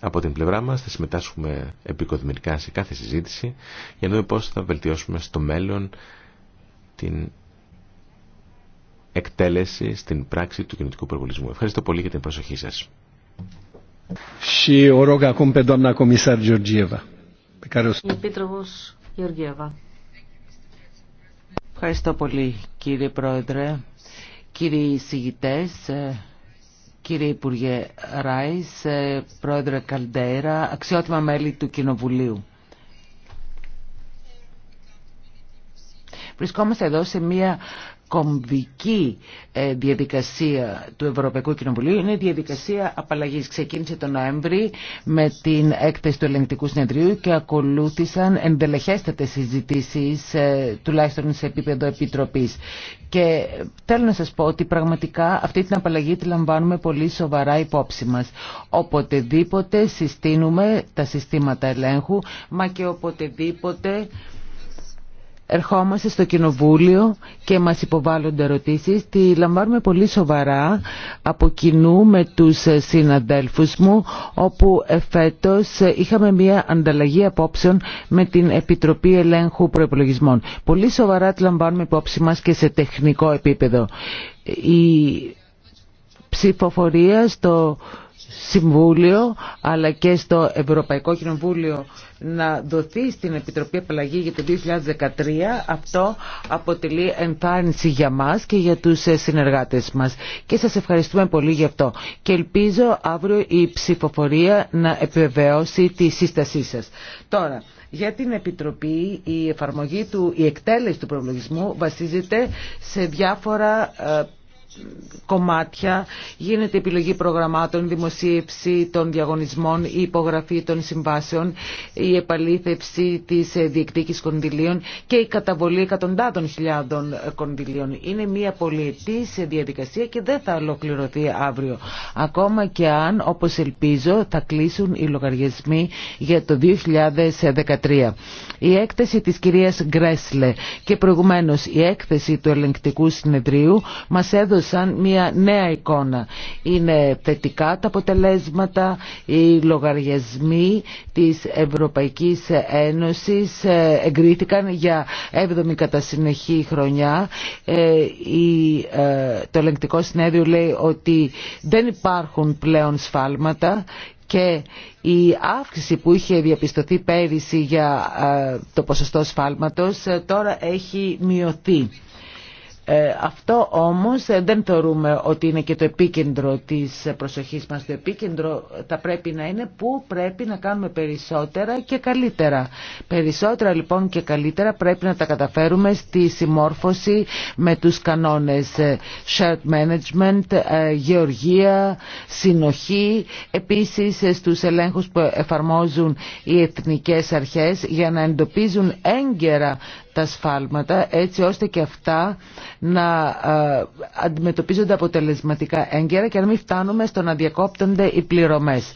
Από την πλευρά μας θα συμμετάσχουμε επικοδημητικά σε κάθε συζήτηση για να δούμε πώς θα βελτιώσουμε στο μέλλον την εκτέλεση στην πράξη του κινητικού προπολογισμού. Ευχαριστώ πολύ για την προσοχή σα. Επίτροπος Γεωργίευα. Ευχαριστώ πολύ κύριε Πρόεδρε, κύριοι συγητές, ε, κύριε Υπουργέ Ράις, ε, Πρόεδρε Καλντέρα, αξιότιμα μέλη του Κοινοβουλίου. Βρισκόμαστε εδώ σε μια κομβική ε, διαδικασία του Ευρωπαϊκού Κοινοβουλίου είναι η διαδικασία απαλλαγής. Ξεκίνησε τον Νοέμβρη με την έκθεση του Ελεγκτικού Συνεδρίου και ακολούθησαν εντελεχέστατες συζητήσεις ε, τουλάχιστον σε επίπεδο Επιτροπής. Και θέλω να σας πω ότι πραγματικά αυτή την απαλλαγή τη λαμβάνουμε πολύ σοβαρά υπόψη μας. Οποτεδήποτε συστήνουμε τα συστήματα ελέγχου, μα και οποτεδήποτε ερχόμαστε στο Κοινοβούλιο και μας υποβάλλονται ερωτήσεις. Τη λαμβάνουμε πολύ σοβαρά από κοινού με τους συναδέλφους μου, όπου εφέτος είχαμε μια ανταλλαγή απόψεων με την Επιτροπή Ελέγχου Προεπολογισμών. Πολύ σοβαρά τη λαμβάνουμε υπόψη μας και σε τεχνικό επίπεδο. Η ψηφοφορία στο Συμβούλιο αλλά και στο Ευρωπαϊκό Κοινοβούλιο να δοθεί στην Επιτροπή Απαλλαγή για το 2013 αυτό αποτελεί εμφάνιση για μας και για τους συνεργάτες μας και σας ευχαριστούμε πολύ γι' αυτό και ελπίζω αύριο η ψηφοφορία να επιβεβαιώσει τη σύστασή σας. Τώρα, για την Επιτροπή η εφαρμογή του, η εκτέλεση του προβλογισμού βασίζεται σε διάφορα ε, κομμάτια γίνεται επιλογή προγραμμάτων, δημοσίευση των διαγωνισμών, η υπογραφή των συμβάσεων, η επαλήθευση της ε, διεκδίκης κονδυλίων και η καταβολή εκατοντάδων χιλιάδων ε, κονδυλίων. Είναι μια σε διαδικασία και δεν θα ολοκληρωθεί αύριο. Ακόμα και αν, όπως ελπίζω, θα κλείσουν οι λογαριασμοί για το 2013. Η έκθεση της κυρίας Γκρέσλε και προηγουμένως η έκθεση του ελεγκτικού συνεδρίου μας έδωσε σαν μια νέα εικόνα. Είναι θετικά τα αποτελέσματα, οι λογαριασμοί της Ευρωπαϊκής Ένωσης ε, εγκρίθηκαν για έβδομη κατά συνεχή χρονιά. Ε, ε, το ελεγκτικό συνέδριο λέει ότι δεν υπάρχουν πλέον σφάλματα και η αύξηση που είχε διαπιστωθεί πέρυσι για το ποσοστό σφάλματος τώρα έχει μειωθεί. Ε, αυτό όμως δεν θεωρούμε ότι είναι και το επίκεντρο της προσοχής μας. Το επίκεντρο θα πρέπει να είναι που πρέπει να κάνουμε περισσότερα και καλύτερα. Περισσότερα λοιπόν και καλύτερα πρέπει να τα καταφέρουμε στη συμμόρφωση με τους κανόνες ε, shared management, ε, γεωργία, συνοχή, επίσης στους ελέγχους που εφαρμόζουν οι εθνικές αρχές για να εντοπίζουν έγκαιρα τα σφάλματα έτσι ώστε και αυτά να ε, αντιμετωπίζονται αποτελεσματικά έγκαιρα και να μην φτάνουμε στο να διακόπτονται οι πληρωμές.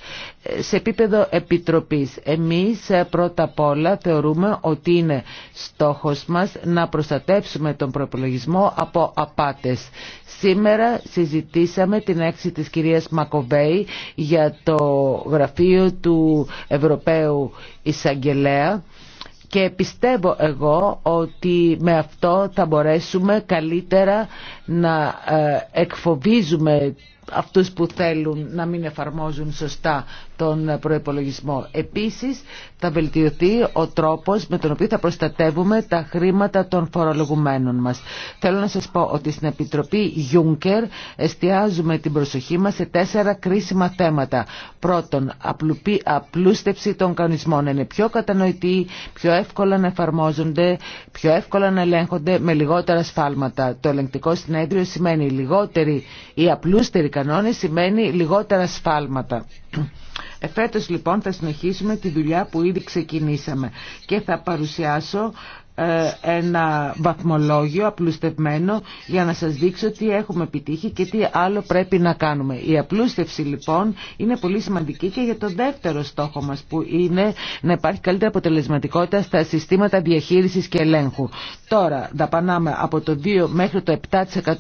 Σε επίπεδο επιτροπής, εμείς ε, πρώτα απ' όλα θεωρούμε ότι είναι στόχος μας να προστατεύσουμε τον προπολογισμό από απάτες. Σήμερα συζητήσαμε την έξι της κυρίας Μακοβέη για το γραφείο του Ευρωπαίου Εισαγγελέα και πιστεύω εγώ ότι με αυτό θα μπορέσουμε καλύτερα να ε, εκφοβίζουμε αυτούς που θέλουν να μην εφαρμόζουν σωστά τον προϋπολογισμό. Επίσης θα βελτιωθεί ο τρόπος με τον οποίο θα προστατεύουμε τα χρήματα των φορολογουμένων μας. Θέλω να σας πω ότι στην Επιτροπή Juncker εστιάζουμε την προσοχή μας σε τέσσερα κρίσιμα θέματα. Πρώτον, απλούστευση των κανονισμών. είναι πιο κατανοητή πιο εύκολα να εφαρμόζονται, πιο εύκολα να ελέγχονται με λιγότερα σφάλματα. Το ελεγκτικό συνέδριο σημαίνει λιγότερη ή απλούστερη κανόνε σημαίνει λιγότερα σφάλματα. Εφέτος λοιπόν θα συνεχίσουμε τη δουλειά που ήδη ξεκινήσαμε και θα παρουσιάσω ε, ένα βαθμολόγιο απλουστευμένο για να σας δείξω τι έχουμε επιτύχει και τι άλλο πρέπει να κάνουμε. Η απλούστευση λοιπόν είναι πολύ σημαντική και για το δεύτερο στόχο μας που είναι να υπάρχει καλύτερη αποτελεσματικότητα στα συστήματα διαχείρισης και ελέγχου. Τώρα δαπανάμε από το 2 μέχρι το 7%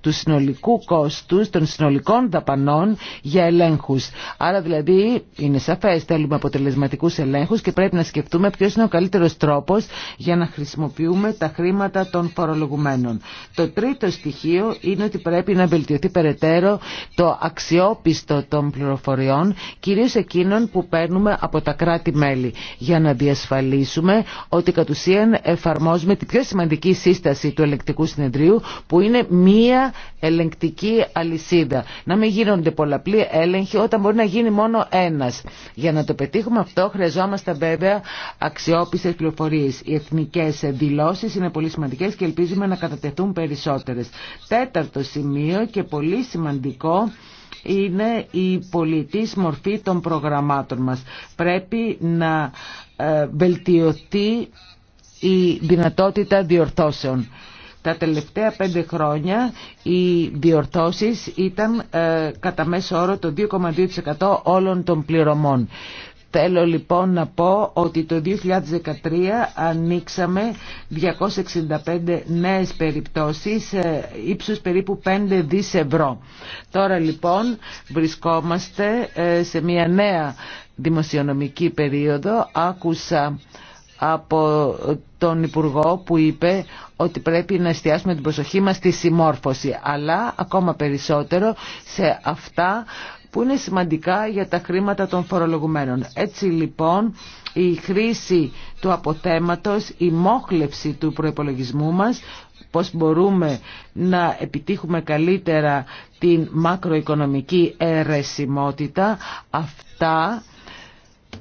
του συνολικού κόστου των συνολικών δαπανών για ελέγχους. Άρα δηλαδή είναι σαφές θέλουμε αποτελεσματικούς ελέγχους και πρέπει να σκεφτούμε ποιος είναι ο καλύτερος τρόπος για να χρησιμοποιούμε τα χρήματα των φορολογουμένων. Το τρίτο στοιχείο είναι ότι πρέπει να βελτιωθεί περαιτέρω το αξιόπιστο των πληροφοριών, κυρίως εκείνων που παίρνουμε από τα κράτη-μέλη, για να διασφαλίσουμε ότι κατ' ουσίαν εφαρμόζουμε την πιο σημαντική σύσταση του ελεκτικού συνεδρίου, που είναι μία ελεγκτική αλυσίδα. Να μην γίνονται πολλαπλοί έλεγχοι όταν μπορεί να γίνει μόνο ένας. Για να το πετύχουμε αυτό χρειαζόμαστε βέβαια αξιόπιστες πληροφορίες. Οι εθνικέ σε δηλώσεις είναι πολύ σημαντικές και ελπίζουμε να κατατεθούν περισσότερες. Τέταρτο σημείο και πολύ σημαντικό είναι η πολιτής μορφή των προγραμμάτων μας. Πρέπει να ε, βελτιωθεί η δυνατότητα διορθώσεων. Τα τελευταία πέντε χρόνια οι διορθώσεις ήταν ε, κατά μέσο όρο το 2,2% όλων των πληρωμών. Θέλω λοιπόν να πω ότι το 2013 ανοίξαμε 265 νέες περιπτώσεις ε, ύψους περίπου 5 δις ευρώ. Τώρα λοιπόν βρισκόμαστε ε, σε μια νέα δημοσιονομική περίοδο. Άκουσα από τον Υπουργό που είπε ότι πρέπει να εστιάσουμε την προσοχή μας στη συμμόρφωση αλλά ακόμα περισσότερο σε αυτά που είναι σημαντικά για τα χρήματα των φορολογουμένων. Έτσι λοιπόν η χρήση του αποθέματος, η μόχλευση του προϋπολογισμού μας πώς μπορούμε να επιτύχουμε καλύτερα την μακροοικονομική αιρεσιμότητα. Αυτά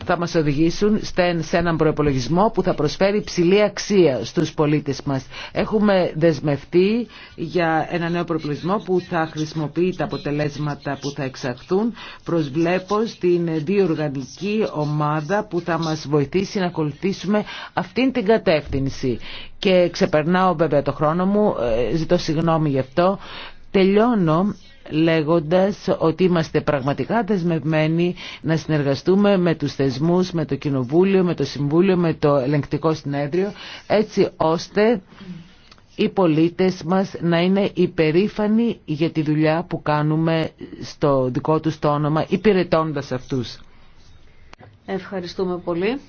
θα μας οδηγήσουν σε έναν προπολογισμό που θα προσφέρει ψηλή αξία στους πολίτες μας. Έχουμε δεσμευτεί για ένα νέο προπολογισμό που θα χρησιμοποιεί τα αποτελέσματα που θα εξαχθούν. Προσβλέπω την διοργανική ομάδα που θα μας βοηθήσει να ακολουθήσουμε αυτήν την κατεύθυνση. Και ξεπερνάω βέβαια το χρόνο μου, ε, ζητώ συγγνώμη γι' αυτό. Τελειώνω λέγοντας ότι είμαστε πραγματικά δεσμευμένοι να συνεργαστούμε με τους θεσμούς, με το Κοινοβούλιο, με το Συμβούλιο, με το Ελεγκτικό Συνέδριο, έτσι ώστε οι πολίτες μας να είναι υπερήφανοι για τη δουλειά που κάνουμε στο δικό τους το όνομα, υπηρετώντας αυτούς. Ευχαριστούμε πολύ.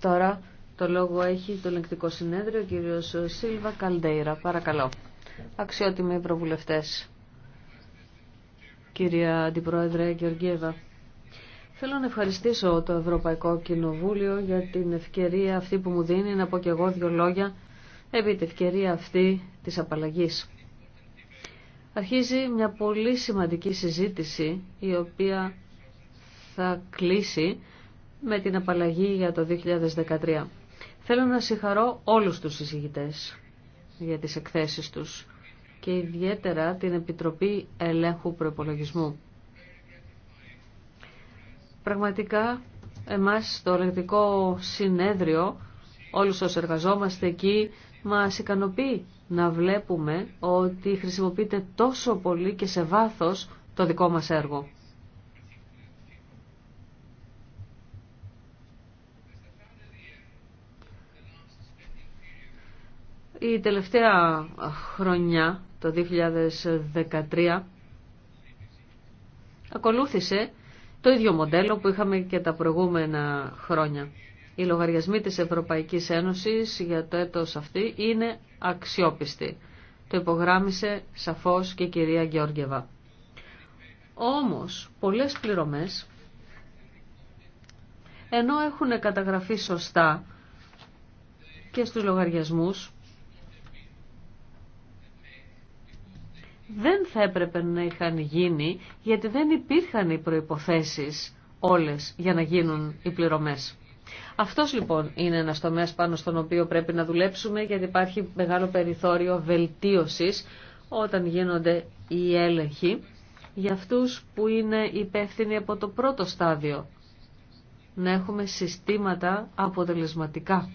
Τώρα το λόγο έχει το Ελεγκτικό Συνέδριο, ο κύριος Σίλβα Καλντέιρα. Παρακαλώ. Αξιότιμοι Ευρωβουλευτές κυρία Αντιπρόεδρε Γεωργίευα. Θέλω να ευχαριστήσω το Ευρωπαϊκό Κοινοβούλιο για την ευκαιρία αυτή που μου δίνει να πω και εγώ δύο λόγια επί την ευκαιρία αυτή της απαλλαγής. Αρχίζει μια πολύ σημαντική συζήτηση η οποία θα κλείσει με την απαλλαγή για το 2013. Θέλω να συγχαρώ όλους τους συζητητές για τις εκθέσεις τους και ιδιαίτερα την Επιτροπή Ελέγχου Προπολογισμού. Πραγματικά, εμάς στο ελεγκτικό συνέδριο, όλους όσοι εργαζόμαστε εκεί, μας ικανοποιεί να βλέπουμε ότι χρησιμοποιείται τόσο πολύ και σε βάθος το δικό μας έργο. Η τελευταία χρονιά το 2013 ακολούθησε το ίδιο μοντέλο που είχαμε και τα προηγούμενα χρόνια. Οι λογαριασμοί της Ευρωπαϊκής Ένωσης για το έτος αυτή είναι αξιόπιστοι. Το υπογράμμισε σαφώς και η κυρία Γεώργεβα. Όμως, πολλές πληρωμές, ενώ έχουν καταγραφεί σωστά και στους λογαριασμούς, δεν θα έπρεπε να είχαν γίνει γιατί δεν υπήρχαν οι προϋποθέσεις όλες για να γίνουν οι πληρωμές. Αυτός λοιπόν είναι ένας τομέας πάνω στον οποίο πρέπει να δουλέψουμε γιατί υπάρχει μεγάλο περιθώριο βελτίωσης όταν γίνονται οι έλεγχοι για αυτούς που είναι υπεύθυνοι από το πρώτο στάδιο. Να έχουμε συστήματα αποτελεσματικά.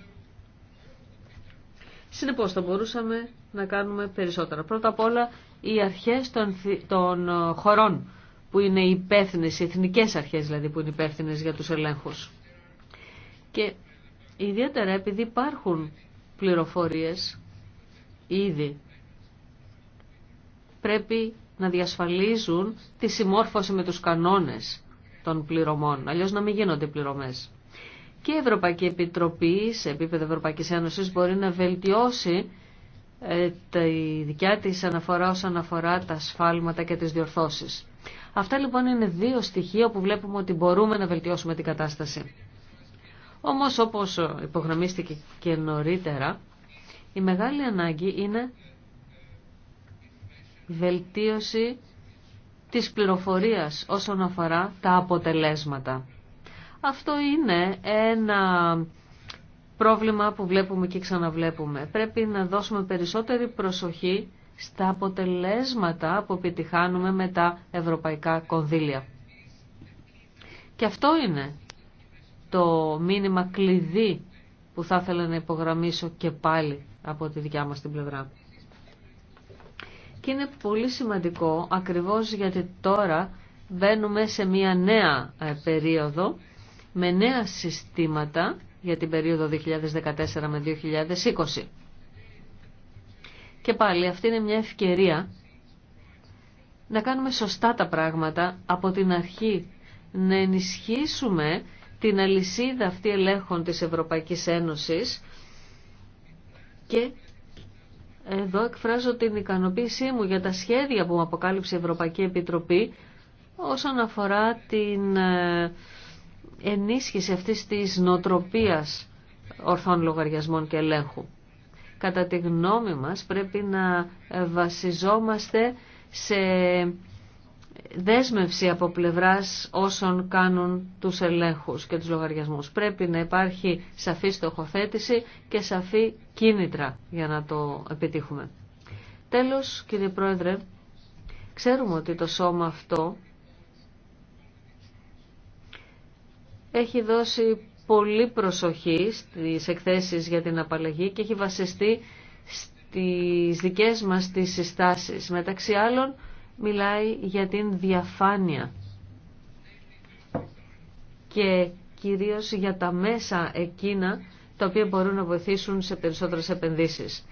Συνεπώς θα μπορούσαμε να κάνουμε περισσότερα. Πρώτα απ' όλα οι αρχές των, ε, χωρών που είναι υπεύθυνε, οι εθνικές αρχές δηλαδή που είναι υπεύθυνε για τους ελέγχους. Και ιδιαίτερα επειδή υπάρχουν πληροφορίες ήδη πρέπει να διασφαλίζουν τη συμμόρφωση με τους κανόνες των πληρωμών, αλλιώς να μην γίνονται πληρωμές. Και η Ευρωπαϊκή Επιτροπή σε επίπεδο Ευρωπαϊκής Ένωσης μπορεί να βελτιώσει ε, η δικιά της αναφορά όσον αφορά τα σφάλματα και τις διορθώσεις. Αυτά λοιπόν είναι δύο στοιχεία που βλέπουμε ότι μπορούμε να βελτιώσουμε την κατάσταση. Όμως όπως υπογραμμίστηκε και νωρίτερα, η μεγάλη ανάγκη είναι βελτίωση της πληροφορίας όσον αφορά τα αποτελέσματα. Αυτό είναι ένα πρόβλημα που βλέπουμε και ξαναβλέπουμε. Πρέπει να δώσουμε περισσότερη προσοχή στα αποτελέσματα που επιτυχάνουμε με τα ευρωπαϊκά κονδύλια. Και αυτό είναι το μήνυμα κλειδί που θα ήθελα να υπογραμμίσω και πάλι από τη δικιά μας την πλευρά. Και είναι πολύ σημαντικό ακριβώς γιατί τώρα μπαίνουμε σε μια νέα ε, περίοδο με νέα συστήματα για την περίοδο 2014 με 2020. Και πάλι αυτή είναι μια ευκαιρία να κάνουμε σωστά τα πράγματα από την αρχή, να ενισχύσουμε την αλυσίδα αυτή ελέγχων της Ευρωπαϊκής Ένωσης και εδώ εκφράζω την ικανοποίησή μου για τα σχέδια που μου αποκάλυψε η Ευρωπαϊκή Επιτροπή όσον αφορά την ε, ενίσχυση αυτής της νοτροπίας ορθών λογαριασμών και ελέγχου. Κατά τη γνώμη μας πρέπει να βασιζόμαστε σε δέσμευση από πλευράς όσων κάνουν τους ελέγχους και τους λογαριασμούς. Πρέπει να υπάρχει σαφή στοχοθέτηση και σαφή κίνητρα για να το επιτύχουμε. Τέλος, κύριε Πρόεδρε, ξέρουμε ότι το σώμα αυτό έχει δώσει πολύ προσοχή στις εκθέσεις για την απαλλαγή και έχει βασιστεί στις δικές μας τις συστάσεις. Μεταξύ άλλων μιλάει για την διαφάνεια και κυρίως για τα μέσα εκείνα τα οποία μπορούν να βοηθήσουν σε περισσότερες επενδύσεις.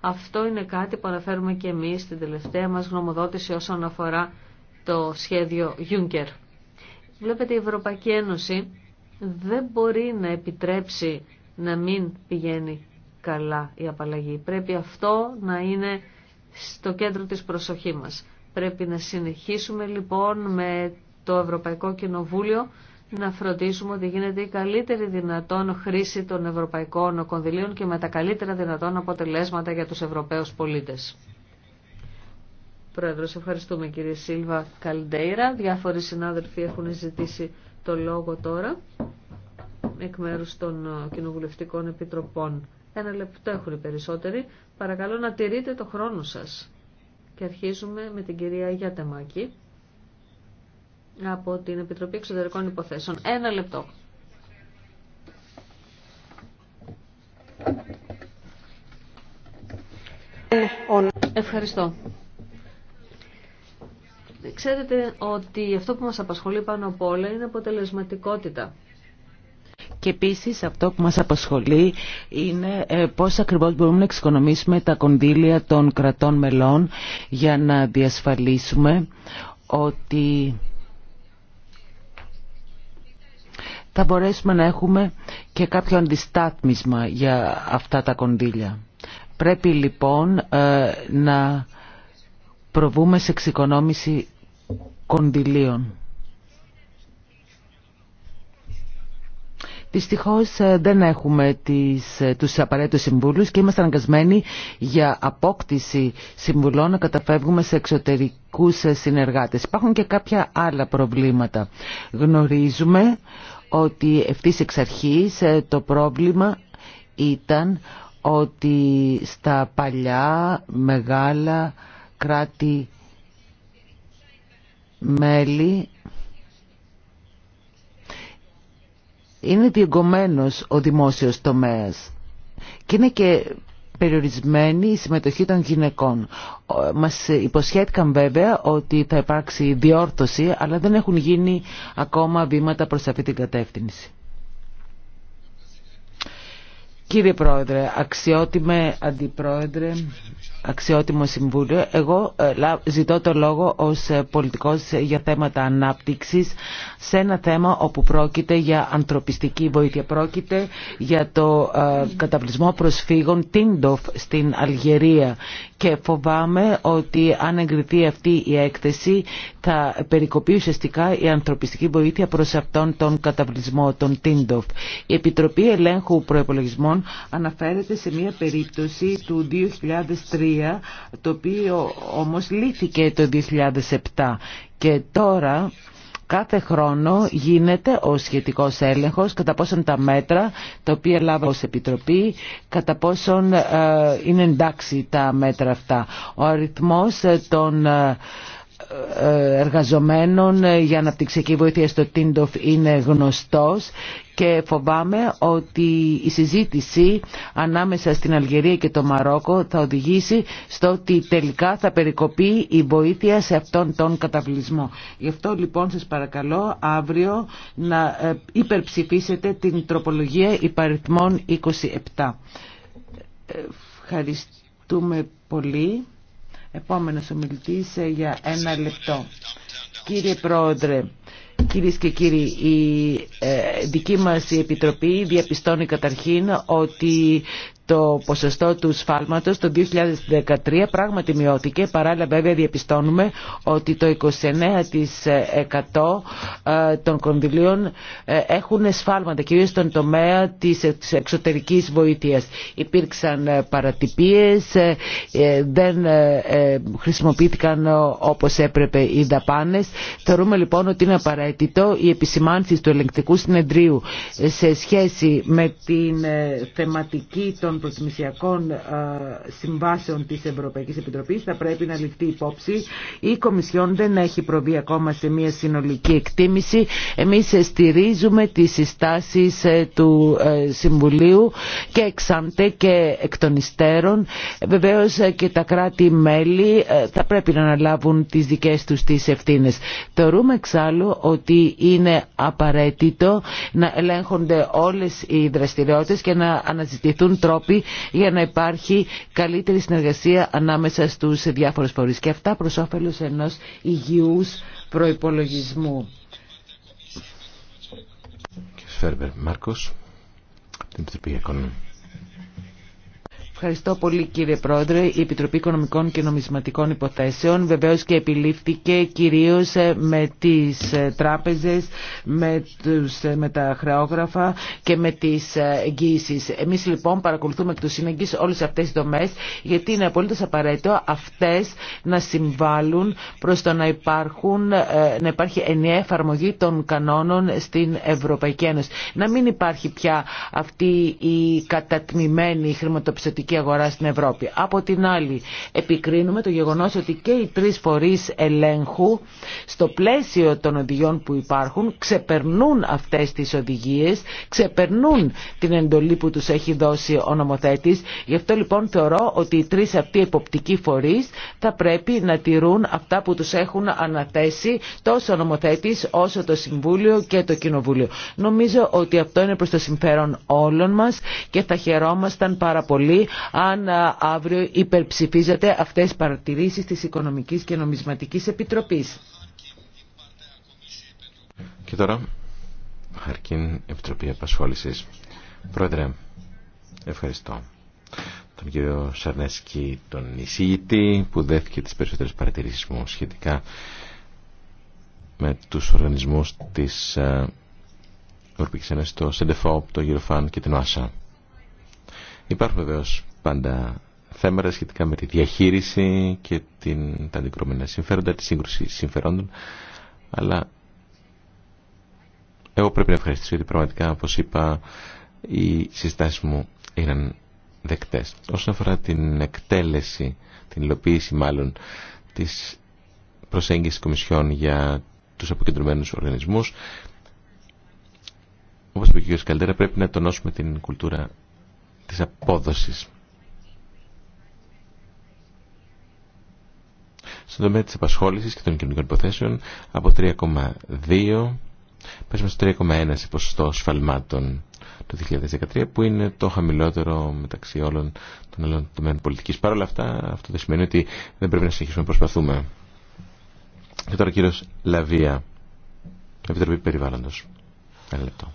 Αυτό είναι κάτι που αναφέρουμε και εμείς στην τελευταία μας γνωμοδότηση όσον αφορά το σχέδιο Juncker. Βλέπετε η Ευρωπαϊκή Ένωση δεν μπορεί να επιτρέψει να μην πηγαίνει καλά η απαλλαγή. Πρέπει αυτό να είναι στο κέντρο της προσοχή μας. Πρέπει να συνεχίσουμε λοιπόν με το Ευρωπαϊκό Κοινοβούλιο να φροντίσουμε ότι γίνεται η καλύτερη δυνατόν χρήση των ευρωπαϊκών κονδυλίων και με τα καλύτερα δυνατόν αποτελέσματα για τους Ευρωπαίους πολίτες. Πρόεδρος, ευχαριστούμε κύριε Σίλβα Καλντέιρα. Διάφοροι συνάδελφοι έχουν ζητήσει το λόγο τώρα εκ μέρους των ε, κοινοβουλευτικών επιτροπών. Ένα λεπτό έχουν οι περισσότεροι. Παρακαλώ να τηρείτε το χρόνο σας. Και αρχίζουμε με την κυρία Γιατεμάκη από την Επιτροπή Εξωτερικών Υποθέσεων. Ένα λεπτό. Ε, Ευχαριστώ. Ξέρετε ότι αυτό που μας απασχολεί πάνω απ' όλα είναι αποτελεσματικότητα. Και επίσης αυτό που μας απασχολεί είναι ε, πώς ακριβώς μπορούμε να εξοικονομήσουμε τα κονδύλια των κρατών μελών για να διασφαλίσουμε ότι θα μπορέσουμε να έχουμε και κάποιο αντιστάθμισμα για αυτά τα κονδύλια. Πρέπει λοιπόν ε, να προβούμε σε εξοικονόμηση κονδυλίων. Δυστυχώς ε, δεν έχουμε τις, ε, τους απαραίτητους συμβούλους και είμαστε αναγκασμένοι για απόκτηση συμβουλών να καταφεύγουμε σε εξωτερικούς ε, συνεργάτες. Υπάρχουν και κάποια άλλα προβλήματα. Γνωρίζουμε ότι ευθύς εξ αρχής το πρόβλημα ήταν ότι στα παλιά μεγάλα κράτη μέλη είναι διεγκωμένος ο δημόσιος τομέας και είναι και περιορισμένη η συμμετοχή των γυναικών. Μας υποσχέθηκαν βέβαια ότι θα υπάρξει διόρθωση, αλλά δεν έχουν γίνει ακόμα βήματα προς αυτή την κατεύθυνση. Κύριε Πρόεδρε, αξιότιμε Αντιπρόεδρε, αξιότιμο Συμβούλιο. Εγώ ε, ζητώ το λόγο ως ε, πολιτικός για θέματα ανάπτυξης σε ένα θέμα όπου πρόκειται για ανθρωπιστική βοήθεια. Πρόκειται για το ε, καταπλησμό προσφύγων Τίντοφ στην Αλγερία και φοβάμαι ότι αν εγκριθεί αυτή η έκθεση θα περικοπεί ουσιαστικά η ανθρωπιστική βοήθεια προς αυτόν τον καταβλισμό, τον Τίντοφ. Η Επιτροπή Ελέγχου Προεπολογισμών αναφέρεται σε μια περίπτωση του 2003 το οποίο όμως λύθηκε το 2007 και τώρα κάθε χρόνο γίνεται ο σχετικός έλεγχος κατά πόσον τα μέτρα τα οποία λάβω ως Επιτροπή κατά πόσον ε, είναι εντάξει τα μέτρα αυτά. Ο αριθμός ε, των ε, εργαζομένων για ε, αναπτυξιακή βοήθεια στο Τίντοφ είναι γνωστός και φοβάμαι ότι η συζήτηση ανάμεσα στην Αλγερία και το Μαρόκο θα οδηγήσει στο ότι τελικά θα περικοπεί η βοήθεια σε αυτόν τον καταβλισμό. Γι' αυτό λοιπόν σας παρακαλώ αύριο να ε, υπερψηφίσετε την τροπολογία υπαριθμών 27. Ε, ευχαριστούμε πολύ. Επόμενος ομιλητής ε, για ένα λεπτό. Κύριε Πρόεδρε, Κυρίες και κύριοι, η ε, δική μας Επιτροπή διαπιστώνει καταρχήν ότι το ποσοστό του σφάλματος το 2013 πράγματι μειώθηκε. Παράλληλα βέβαια διαπιστώνουμε ότι το 29% ε, των κονδυλίων ε, έχουν σφάλματα, κυρίως στον τομέα της εξωτερικής βοήθειας. Υπήρξαν ε, παρατυπίες, δεν χρησιμοποιήθηκαν όπως έπρεπε οι δαπάνες. Θεωρούμε λοιπόν ότι είναι απαραίτητο η επισημάνσεις του ελεγκτικού συνεδρίου σε σχέση με την θεματική των προτιμησιακών ε, συμβάσεων της Ευρωπαϊκής Επιτροπής θα πρέπει να ληφθεί υπόψη. Η Κομισιόν δεν έχει προβεί ακόμα σε μια συνολική εκτίμηση. Εμείς στηρίζουμε τις συστάσεις ε, του ε, Συμβουλίου και εξάντε και εκ των υστέρων. Βεβαίως και τα κράτη-μέλη θα πρέπει να αναλάβουν τις δικές τους τις ευθύνες. Θεωρούμε εξάλλου ότι είναι απαραίτητο να ελέγχονται όλες οι δραστηριότητες και να αναζητηθούν τρόποι για να υπάρχει καλύτερη συνεργασία ανάμεσα στους διάφορους φορείς και αυτά προς όφελος ενός υγιούς προϋπολογισμού. Φέρμπερ Μάρκος, την Επιτροπή Ευχαριστώ πολύ κύριε Πρόεδρε. Η Επιτροπή Οικονομικών και Νομισματικών Υποθέσεων βεβαίως και επιλήφθηκε κυρίως ε, με τις ε, τράπεζες, με, ε, με τα χρεόγραφα και με τις εγγύησεις. Εμείς λοιπόν παρακολουθούμε εκ του συνεγγύς όλες αυτές τις δομές γιατί είναι απολύτως απαραίτητο αυτές να συμβάλλουν προς το να, υπάρχουν, να υπάρχει ενιαία εφαρμογή των κανόνων στην Ευρωπαϊκή Ένωση. Να μην υπάρχει πια αυτή η κατατμημένη χρηματοπιστωτική ελληνική αγορά στην Ευρώπη. Από την άλλη, επικρίνουμε το γεγονός ότι και οι τρεις φορείς ελέγχου στο πλαίσιο των οδηγιών που υπάρχουν ξεπερνούν αυτές τις οδηγίες, ξεπερνούν την εντολή που τους έχει δώσει ο νομοθέτης. Γι' αυτό λοιπόν θεωρώ ότι οι τρεις αυτοί εποπτικοί φορείς θα πρέπει να τηρούν αυτά που τους έχουν αναθέσει τόσο ο νομοθέτης όσο το Συμβούλιο και το Κοινοβούλιο. Νομίζω ότι αυτό είναι προς το συμφέρον όλων μας και θα χαιρόμασταν πάρα πολύ αν αύριο υπερψηφίζεται αυτές τις παρατηρήσεις της Οικονομικής και Νομισματικής Επιτροπής. Και τώρα, Χαρκίν Επιτροπή Απασχόλησης. Πρόεδρε, ευχαριστώ τον κύριο Σαρνέσκι, τον εισηγητή που δέθηκε τις περισσότερες παρατηρήσεις μου σχετικά με τους οργανισμούς της Ευρωπαϊκής το ΣΕΝΤΕΦΟΠ, το ΓΙΡΟΦΑΝ και την ΟΑΣΑ. Υπάρχουν βεβαίω πάντα θέματα σχετικά με τη διαχείριση και την, τα αντικρώμενα συμφέροντα, τη σύγκρουση συμφερόντων. Αλλά εγώ πρέπει να ευχαριστήσω ότι πραγματικά, όπω είπα, οι συστάσεις μου ήταν δεκτές. Όσον αφορά την εκτέλεση, την υλοποίηση μάλλον της προσέγγιση κομισιών για τους αποκεντρωμένους οργανισμού, όπω είπε ο κ. Καλτέρα, πρέπει να τονώσουμε την κουλτούρα της απόδοσης στον τομέα της απασχόλησης και των κοινωνικών υποθέσεων από 3,2 πέσουμε στο 3,1 σε ποσοστό σφαλμάτων το 2013 που είναι το χαμηλότερο μεταξύ όλων των άλλων τομέων πολιτικής. Παρ' όλα αυτά αυτό δεν σημαίνει ότι δεν πρέπει να συνεχίσουμε να προσπαθούμε. Και τώρα κύριος Λαβία, Επιτροπή Περιβάλλοντος. Ένα λεπτό.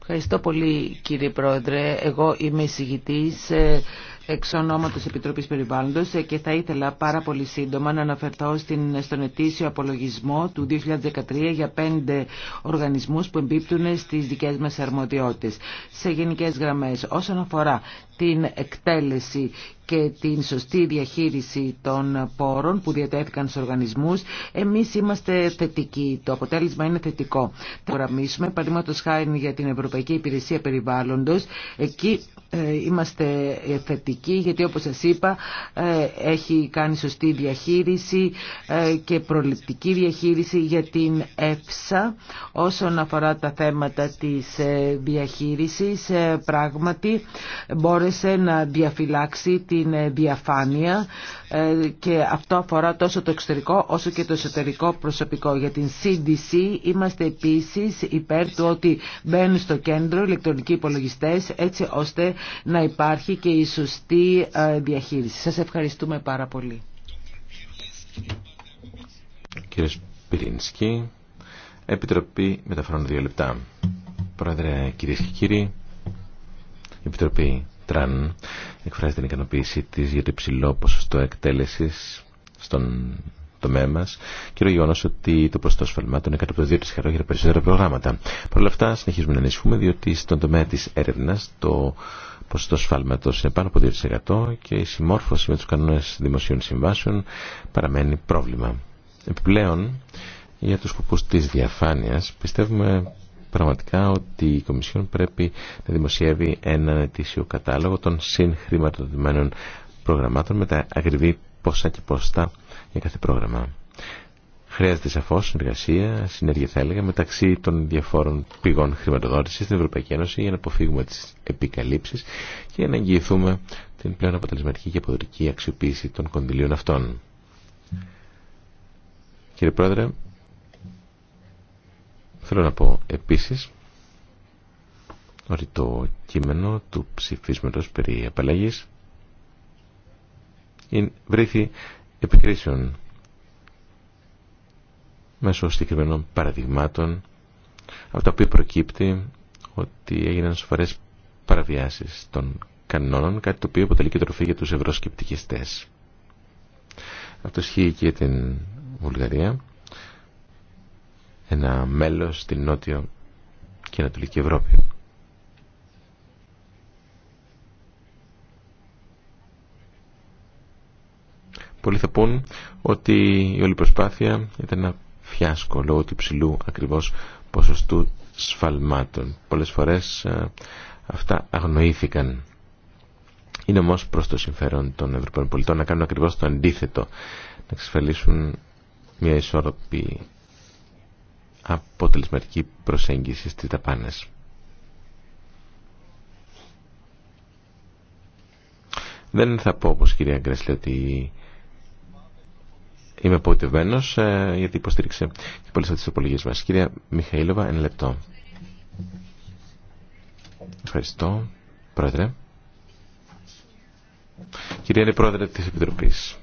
Ευχαριστώ πολύ κύριε Πρόεδρε. Εγώ είμαι εισηγητής ε, εξ ονόματος Επιτροπής Περιβάλλοντος ε, και θα ήθελα πάρα πολύ σύντομα να αναφερθώ στην, στον ετήσιο απολογισμό του 2013 για πέντε οργανισμούς που εμπίπτουν στις δικές μας αρμοδιότητες. Σε γενικές γραμμές όσον αφορά την εκτέλεση και την σωστή διαχείριση των πόρων που διατέθηκαν στους οργανισμούς, εμείς είμαστε θετικοί. Το αποτέλεσμα είναι θετικό. Θα γραμμίσουμε, παραδείγματος χάρη για την Ευρωπαϊκή Υπηρεσία Περιβάλλοντος, εκεί ε, είμαστε ε, θετικοί γιατί όπως σας είπα ε, έχει κάνει σωστή διαχείριση και προληπτική διαχείριση για την ΕΦΣΑ όσον αφορά τα θέματα της διαχείρισης πράγματι μπόρεσε να διαφυλάξει την ε, διαφάνεια ε, και αυτό αφορά τόσο το εξωτερικό όσο και το εσωτερικό προσωπικό. Για την CDC είμαστε επίσης υπέρ του ότι μπαίνουν στο κέντρο ηλεκτρονικοί υπολογιστές έτσι ώστε να υπάρχει και η σωστή ε, διαχείριση. Σας ευχαριστούμε πάρα πολύ. Κύριε Σπυρίνσκι, Επιτροπή Μεταφορών δύο λεπτά. Πρόεδρε, και κύριοι, Επιτροπή Τραν εκφράζει την ικανοποίησή τη για το υψηλό ποσοστό εκτέλεση στον τομέα μα και το γεγονό ότι το ποσοστό σφαλμάτων είναι κάτω από το 2% για τα περισσότερα προγράμματα. Παρ' όλα αυτά συνεχίζουμε να ανησυχούμε διότι στον τομέα τη έρευνα, το ποσοστό σφάλματος είναι πάνω από 2% και η συμμόρφωση με του κανόνε δημοσίων συμβάσεων παραμένει πρόβλημα. Επιπλέον, για τους σκοπούς της διαφάνειας πιστεύουμε πραγματικά ότι η Κομισιόν πρέπει να δημοσιεύει έναν ετήσιο κατάλογο των συγχρηματοδοτημένων προγραμμάτων με τα ακριβή ποσά και ποστά για κάθε πρόγραμμα. Χρειάζεται σαφώς συνεργασία, συνέργεια θα έλεγα, μεταξύ των διαφόρων πηγών χρηματοδότηση στην Ευρωπαϊκή Ένωση για να αποφύγουμε τι επικαλύψει και να εγγυηθούμε την πλέον αποτελεσματική και αποδοτική αξιοποίηση των κονδυλίων αυτών. Κύριε Πρόεδρε, Θέλω να πω επίσης ότι το κείμενο του ψηφίσματος περί απαλλαγής βρήθη επικρίσεων μέσω συγκεκριμένων παραδειγμάτων από τα οποία προκύπτει ότι έγιναν σοβαρές παραβιάσεις των κανόνων, κάτι το οποίο αποτελεί και τροφή για τους ευρωσκεπτικιστές. Αυτό ισχύει και την Βουλγαρία ένα μέλος στην Νότιο και Ανατολική Ευρώπη. Πολλοί θα πούν ότι η όλη προσπάθεια ήταν ένα φιάσκο λόγω του υψηλού ακριβώς ποσοστού σφαλμάτων. Πολλές φορές ε, αυτά αγνοήθηκαν. Είναι όμως προς το συμφέρον των Ευρωπαϊκών πολιτών να κάνουν ακριβώς το αντίθετο, να εξασφαλίσουν μια ισορροπή αποτελεσματική προσέγγιση στις ταπάνες. Δεν θα πω όπως κυρία Γκρέσλε ότι είμαι απογοητευμένος ε, γιατί υποστήριξε και πολλές από τις απολογίες μας. Κυρία Μιχαήλωβα, ένα λεπτό. Ευχαριστώ, Πρόεδρε. Κυρία είναι Πρόεδρε της Επιτροπής.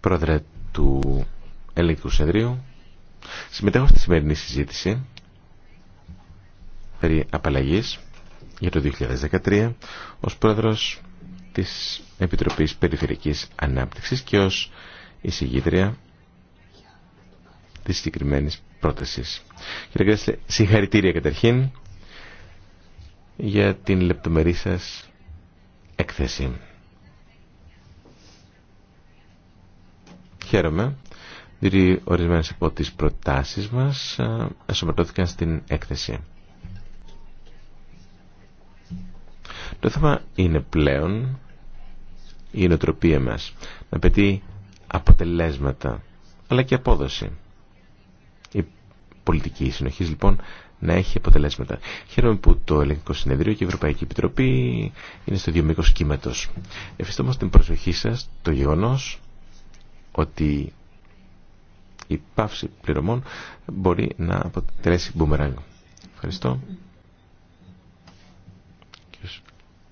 Πρόεδρε του Συμμετέχω στη σημερινή συζήτηση περί απαλλαγής για το 2013 ως πρόεδρος της Επιτροπής Περιφερειακής Ανάπτυξης και ως εισηγήτρια της συγκεκριμένη πρότασης. Κύριε Γκρέσλε, συγχαρητήρια καταρχήν για την λεπτομερή σας έκθεση. Χαίρομαι διότι ορισμένες από τις προτάσεις μας ασωματώθηκαν ε, στην έκθεση. Το θέμα είναι πλέον η ενοτροπία μας να πετύχει αποτελέσματα αλλά και απόδοση. Η πολιτική συνοχή λοιπόν να έχει αποτελέσματα. Χαίρομαι που το Ελληνικό Συνεδρίο και η Ευρωπαϊκή Επιτροπή είναι στο δύο μήκος κύματος. Ευχαριστώ την προσοχή σας το γεγονός ότι η πάυση πληρωμών μπορεί να αποτελέσει μπούμεραγκ. Ευχαριστώ.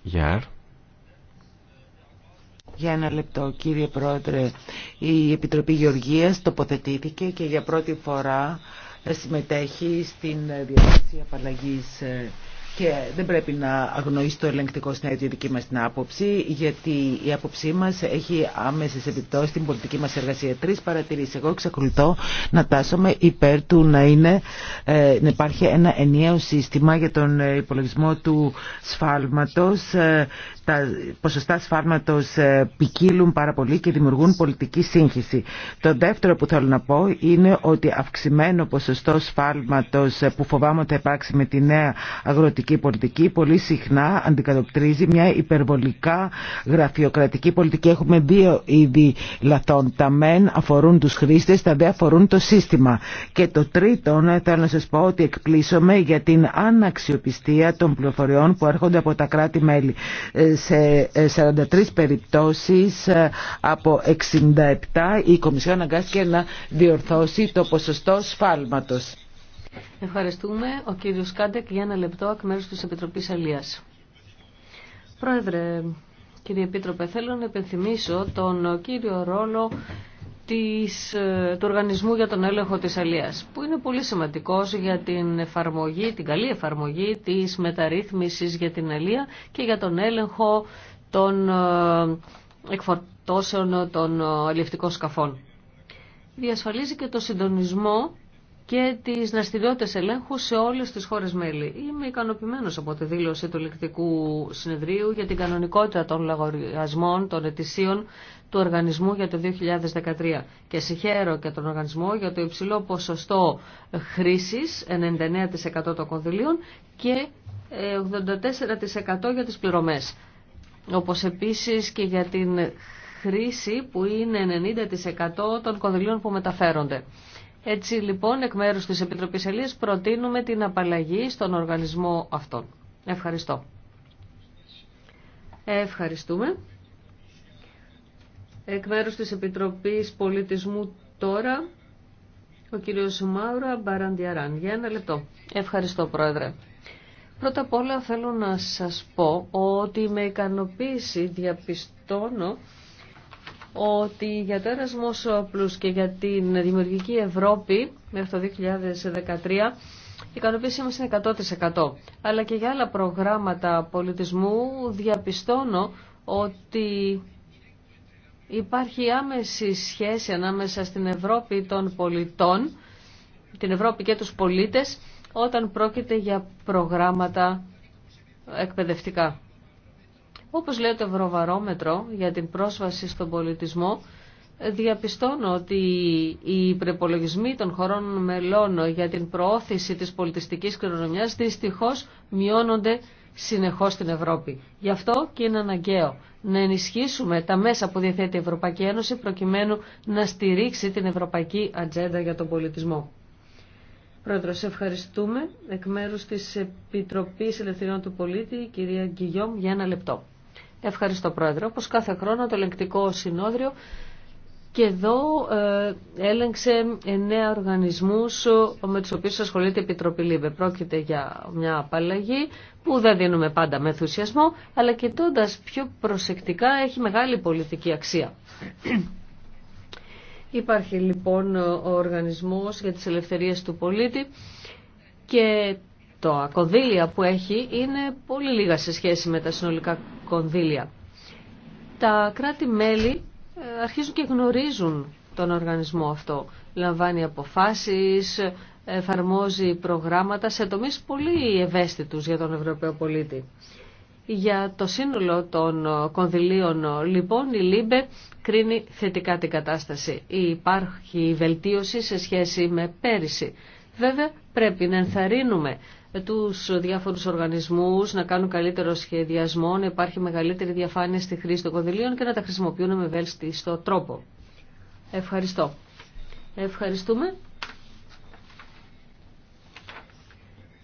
Γιάρ. Για ένα λεπτό κύριε Πρόεδρε, η Επιτροπή Γεωργίας τοποθετήθηκε και για πρώτη φορά συμμετέχει στην διαδικασία απαλλαγής ε, και δεν πρέπει να αγνοήσει το ελεγκτικό συνέδριο δική μα την άποψη, γιατί η άποψή μα έχει άμεσε επιπτώσει στην πολιτική μα εργασία. Τρει παρατηρήσει. Εγώ εξακολουθώ να τάσομαι υπέρ του να, είναι, ε, να υπάρχει ένα ενιαίο σύστημα για τον ε, υπολογισμό του σφάλματο, ε, τα ποσοστά σφάλματος ε, ποικίλουν πάρα πολύ και δημιουργούν πολιτική σύγχυση. Το δεύτερο που θέλω να πω είναι ότι αυξημένο ποσοστό σφάλματος ε, που φοβάμαι ότι θα υπάρξει με τη νέα αγροτική πολιτική πολύ συχνά αντικατοπτρίζει μια υπερβολικά γραφειοκρατική πολιτική. Έχουμε δύο είδη λαθών. Τα μεν αφορούν τους χρήστες, τα δε αφορούν το σύστημα. Και το τρίτο, ε, θέλω να σας πω ότι εκπλήσωμαι για την αναξιοπιστία των πληροφοριών που έρχονται από τα κράτη-μέλη σε 43 ε, περιπτώσεις ε, από 67 η Κομισιόν αναγκάστηκε να διορθώσει το ποσοστό σφάλματος. Ευχαριστούμε. Ο κύριος Κάντεκ για ένα λεπτό εκ μέρους της Επιτροπής Αλίας. Πρόεδρε, κύριε Επίτροπε, θέλω να επενθυμίσω τον κύριο ρόλο ε, του Οργανισμού για τον Έλεγχο της Αλίας, που είναι πολύ σημαντικός για την, εφαρμογή, την καλή εφαρμογή της μεταρρύθμισης για την Αλία και για τον έλεγχο των ε, εκφορτώσεων των ε, αλληλευτικών σκαφών. Διασφαλίζει και το συντονισμό και τις δραστηριότητε ελέγχου σε όλες τις χώρες μέλη. Είμαι ικανοποιημένο από τη δήλωση του λεκτικού συνεδρίου για την κανονικότητα των λαγοριασμών, των ετησίων του οργανισμού για το 2013. Και συγχαίρω και τον οργανισμό για το υψηλό ποσοστό χρήσης, 99% των κονδυλίων και 84% ε, για τις πληρωμές. Όπως επίσης και για την χρήση που είναι 90% των κονδυλίων που μεταφέρονται. Έτσι λοιπόν εκ μέρους της Επιτροπής Ελίας προτείνουμε την απαλλαγή στον οργανισμό αυτόν. Ευχαριστώ. Ευχαριστούμε. Εκ μέρους της Επιτροπής Πολιτισμού τώρα, ο κύριος Μάουρα Μπαραντιαράν. Για ένα λεπτό. Ευχαριστώ, Πρόεδρε. Πρώτα απ' όλα θέλω να σας πω ότι με ικανοποίηση διαπιστώνω ότι για το Erasmus Plus και για την Δημιουργική Ευρώπη μέχρι το 2013 η ικανοποίησή μας είναι 100%. Αλλά και για άλλα προγράμματα πολιτισμού διαπιστώνω ότι Υπάρχει άμεση σχέση ανάμεσα στην Ευρώπη των πολιτών, την Ευρώπη και τους πολίτες, όταν πρόκειται για προγράμματα εκπαιδευτικά. Όπως λέει το Ευρωβαρόμετρο για την πρόσβαση στον πολιτισμό, διαπιστώνω ότι οι προπολογισμοί των χωρών μελών για την προώθηση της πολιτιστικής κληρονομιάς δυστυχώς μειώνονται συνεχώς στην Ευρώπη. Γι' αυτό και είναι αναγκαίο να ενισχύσουμε τα μέσα που διαθέτει η Ευρωπαϊκή Ένωση προκειμένου να στηρίξει την Ευρωπαϊκή Ατζέντα για τον πολιτισμό. Πρόεδρο, σε ευχαριστούμε εκ μέρους της Επιτροπής Ελευθεριών του Πολίτη, η κυρία Γκυγιόμ, για ένα λεπτό. Ευχαριστώ, πρόεδρο. Όπως κάθε χρόνο, το ελεγκτικό συνόδριο και εδώ ε, έλεγξε εννέα οργανισμούς με τους οποίους ασχολείται η Επιτροπή Λίβε. Πρόκειται για μια απαλλαγή που δεν δίνουμε πάντα με ενθουσιασμό, αλλά κοιτώντα πιο προσεκτικά έχει μεγάλη πολιτική αξία. Υπάρχει λοιπόν ο οργανισμός για τις ελευθερίες του πολίτη και το κονδύλια που έχει είναι πολύ λίγα σε σχέση με τα συνολικά κονδύλια. Τα κράτη-μέλη ε, αρχίζουν και γνωρίζουν τον οργανισμό αυτό. Λαμβάνει αποφάσεις, εφαρμόζει προγράμματα σε τομείς πολύ ευαίσθητους για τον Ευρωπαίο πολίτη. Για το σύνολο των κονδυλίων λοιπόν η ΛΥΜΠΕ κρίνει θετικά την κατάσταση. Υπάρχει βελτίωση σε σχέση με πέρυσι. Βέβαια πρέπει να ενθαρρύνουμε τους διάφορους οργανισμούς να κάνουν καλύτερο σχεδιασμό, να υπάρχει μεγαλύτερη διαφάνεια στη χρήση των κονδυλίων και να τα χρησιμοποιούν με στο τρόπο. Ευχαριστώ. Ευχαριστούμε.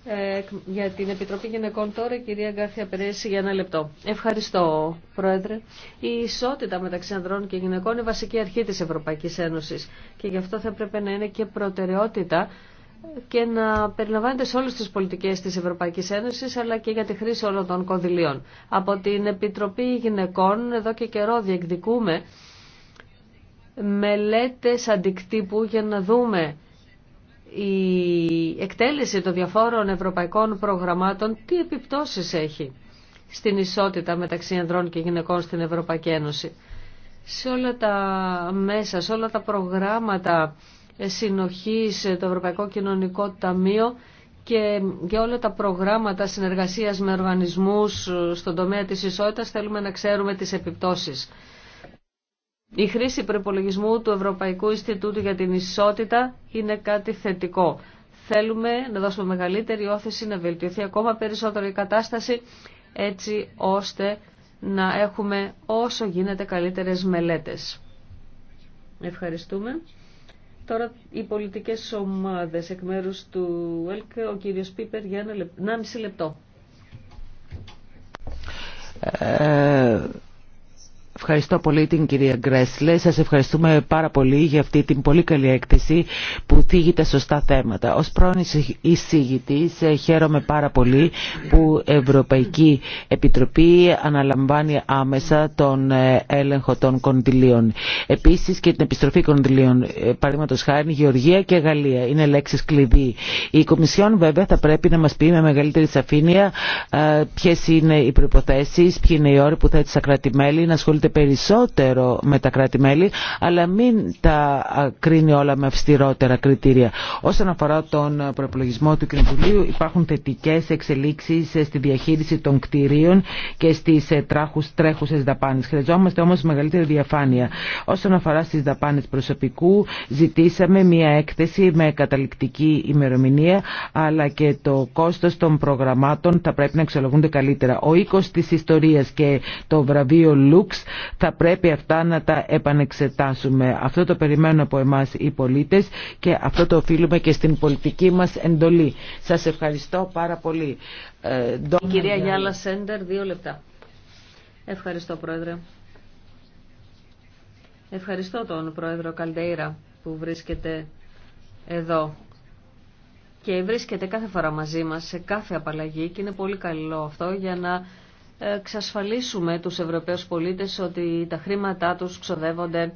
Ε, για την Επιτροπή Γυναικών τώρα, κυρία Γκάθια Περέση, για ένα λεπτό. Ευχαριστώ, Πρόεδρε. Η ισότητα μεταξύ ανδρών και γυναικών είναι βασική αρχή της Ευρωπαϊκής Ένωσης και γι' αυτό θα έπρεπε να είναι και προτεραιότητα και να περιλαμβάνεται σε όλες τις πολιτικές της Ευρωπαϊκής Ένωσης αλλά και για τη χρήση όλων των κονδυλίων. Από την Επιτροπή Γυναικών εδώ και καιρό διεκδικούμε μελέτες αντικτύπου για να δούμε η εκτέλεση των διαφόρων ευρωπαϊκών προγραμμάτων τι επιπτώσεις έχει στην ισότητα μεταξύ ανδρών και γυναικών στην Ευρωπαϊκή Ένωση. Σε όλα τα μέσα, σε όλα τα προγράμματα Συνοχής, το Ευρωπαϊκό Κοινωνικό Ταμείο και για όλα τα προγράμματα συνεργασίας με οργανισμούς στον τομέα της ισότητας θέλουμε να ξέρουμε τις επιπτώσεις. Η χρήση προπολογισμού του Ευρωπαϊκού Ινστιτούτου για την Ισότητα είναι κάτι θετικό. Θέλουμε να δώσουμε μεγαλύτερη όθεση, να βελτιωθεί ακόμα περισσότερο η κατάσταση, έτσι ώστε να έχουμε όσο γίνεται καλύτερες μελέτες. Ευχαριστούμε. Τώρα οι πολιτικές ομάδες εκ μέρους του ΕΛΚ, ο κύριος Πίπερ για ένα λεπ... λεπτό. Ε, Ευχαριστώ πολύ την κυρία Γκρέσλε. Σας ευχαριστούμε πάρα πολύ για αυτή την πολύ καλή έκθεση που θίγει τα σωστά θέματα. Ως πρώην εισηγητής ε, χαίρομαι πάρα πολύ που η Ευρωπαϊκή Επιτροπή αναλαμβάνει άμεσα τον ε, έλεγχο των κονδυλίων. Επίσης και την επιστροφή κονδυλίων, ε, παραδείγματος χάρη, Γεωργία και Γαλλία. Είναι λέξεις κλειδί. Η Κομισιόν βέβαια θα πρέπει να μας πει με μεγαλύτερη σαφήνεια ποιε είναι οι προποθέσει, ποιοι είναι οι όροι που θέτει στα κράτη-μέλη να ασχολείται ασχολείται περισσότερο με τα κράτη-μέλη, αλλά μην τα κρίνει όλα με αυστηρότερα κριτήρια. Όσον αφορά τον προπολογισμό του Κοινοβουλίου, υπάρχουν θετικέ εξελίξει στη διαχείριση των κτηρίων και στι ε, τρέχουσε δαπάνε. Χρειαζόμαστε όμω μεγαλύτερη διαφάνεια. Όσον αφορά στι δαπάνε προσωπικού, ζητήσαμε μια έκθεση με καταληκτική ημερομηνία, αλλά και το κόστο των προγραμμάτων θα πρέπει να εξολογούνται καλύτερα. Ο οίκο τη ιστορία και το βραβείο Λουξ θα πρέπει αυτά να τα επανεξετάσουμε. Αυτό το περιμένουν από εμάς οι πολίτες και αυτό το οφείλουμε και στην πολιτική μας εντολή. Σας ευχαριστώ πάρα πολύ. Ε, Η κυρία Γιάλα Σέντερ, δύο λεπτά. Ευχαριστώ, Πρόεδρε. Ευχαριστώ τον Πρόεδρο Καλντέιρα που βρίσκεται εδώ και βρίσκεται κάθε φορά μαζί μας σε κάθε απαλλαγή και είναι πολύ καλό αυτό για να εξασφαλίσουμε τους Ευρωπαίους πολίτες ότι τα χρήματά τους ξοδεύονται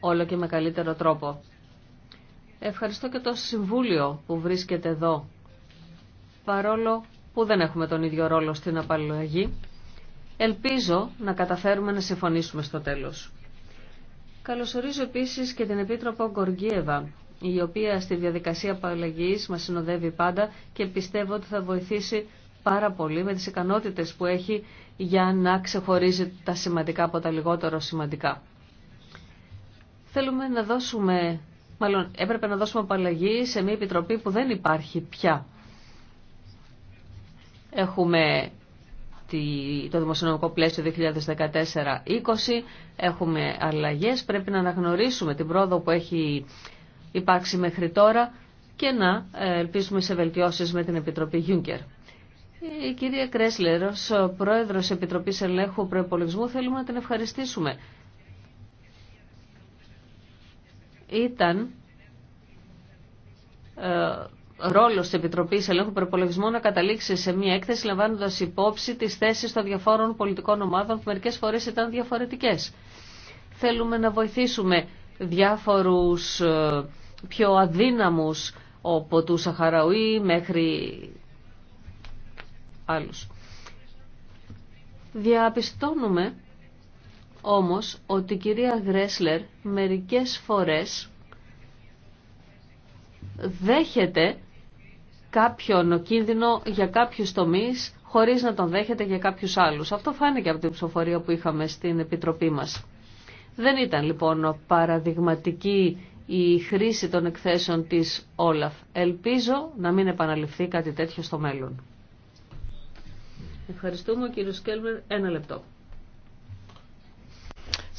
όλο και με καλύτερο τρόπο. Ευχαριστώ και το Συμβούλιο που βρίσκεται εδώ, παρόλο που δεν έχουμε τον ίδιο ρόλο στην απαλλαγή. Ελπίζω να καταφέρουμε να συμφωνήσουμε στο τέλος. Καλωσορίζω επίσης και την Επίτροπο Γκοργίεβα, η οποία στη διαδικασία απαλλαγής μας συνοδεύει πάντα και πιστεύω ότι θα βοηθήσει πάρα πολύ με τις ικανότητες που έχει για να ξεχωρίζει τα σημαντικά από τα λιγότερο σημαντικά. Θέλουμε να δώσουμε, μάλλον έπρεπε να δώσουμε απαλλαγή σε μια επιτροπή που δεν υπάρχει πια. Έχουμε το δημοσιονομικό πλαίσιο 2014-20. έχουμε αλλαγές, πρέπει να αναγνωρίσουμε την πρόοδο που έχει υπάρξει μέχρι τώρα και να ε, ελπίσουμε σε βελτιώσεις με την Επιτροπή Γιούγκερ. Η ε, κυρία Κρέσλερ, ως πρόεδρος Επιτροπής Ελέγχου Προεπολογισμού, θέλουμε να την ευχαριστήσουμε. Ήταν ε, ρόλος της Επιτροπής Ελέγχου Προεπολογισμού να καταλήξει σε μια έκθεση λαμβάνοντας υπόψη τις θέσεις των διαφόρων πολιτικών ομάδων που μερικές φορές ήταν διαφορετικές. Θέλουμε να βοηθήσουμε διάφορους ε, πιο αδύναμους από του Σαχαραούι μέχρι άλλους. Διαπιστώνουμε όμως ότι η κυρία Γκρέσλερ μερικές φορές δέχεται κάποιον κίνδυνο για κάποιους τομείς χωρίς να τον δέχεται για κάποιους άλλους. Αυτό φάνηκε από την ψηφοφορία που είχαμε στην Επιτροπή μας. Δεν ήταν λοιπόν παραδειγματική η χρήση των εκθέσεων της Όλαφ. Ελπίζω να μην επαναληφθεί κάτι τέτοιο στο μέλλον. Ευχαριστούμε κύριο Σκέλμερ. Ένα λεπτό.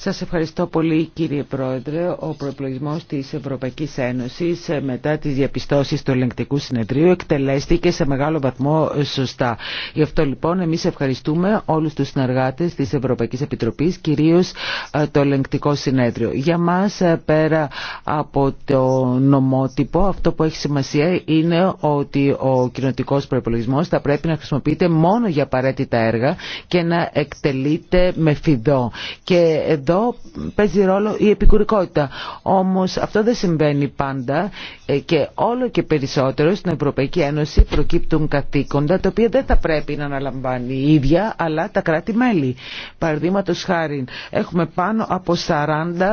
Σας ευχαριστώ πολύ κύριε Πρόεδρε. Ο προεπλογισμός της Ευρωπαϊκής Ένωσης ε, μετά τις διαπιστώσεις του ελεγκτικού συνεδρίου εκτελέστηκε σε μεγάλο βαθμό ε, σωστά. Γι' αυτό λοιπόν εμείς ευχαριστούμε όλους τους συνεργάτες της Ευρωπαϊκής Επιτροπής, κυρίως ε, το ελεγκτικό συνέδριο. Για μας πέρα από το νομότυπο αυτό που έχει σημασία είναι ότι ο κοινοτικό προεπλογισμός θα πρέπει να χρησιμοποιείται μόνο για απαραίτητα έργα και να εκτελείται με φιδό. Και αυτό παίζει ρόλο η επικουρικότητα. Όμως αυτό δεν συμβαίνει πάντα ε, και όλο και περισσότερο στην Ευρωπαϊκή Ένωση προκύπτουν καθήκοντα τα οποία δεν θα πρέπει να αναλαμβάνει η ίδια αλλά τα κράτη-μέλη. Παραδείγματο χάρη έχουμε πάνω από 40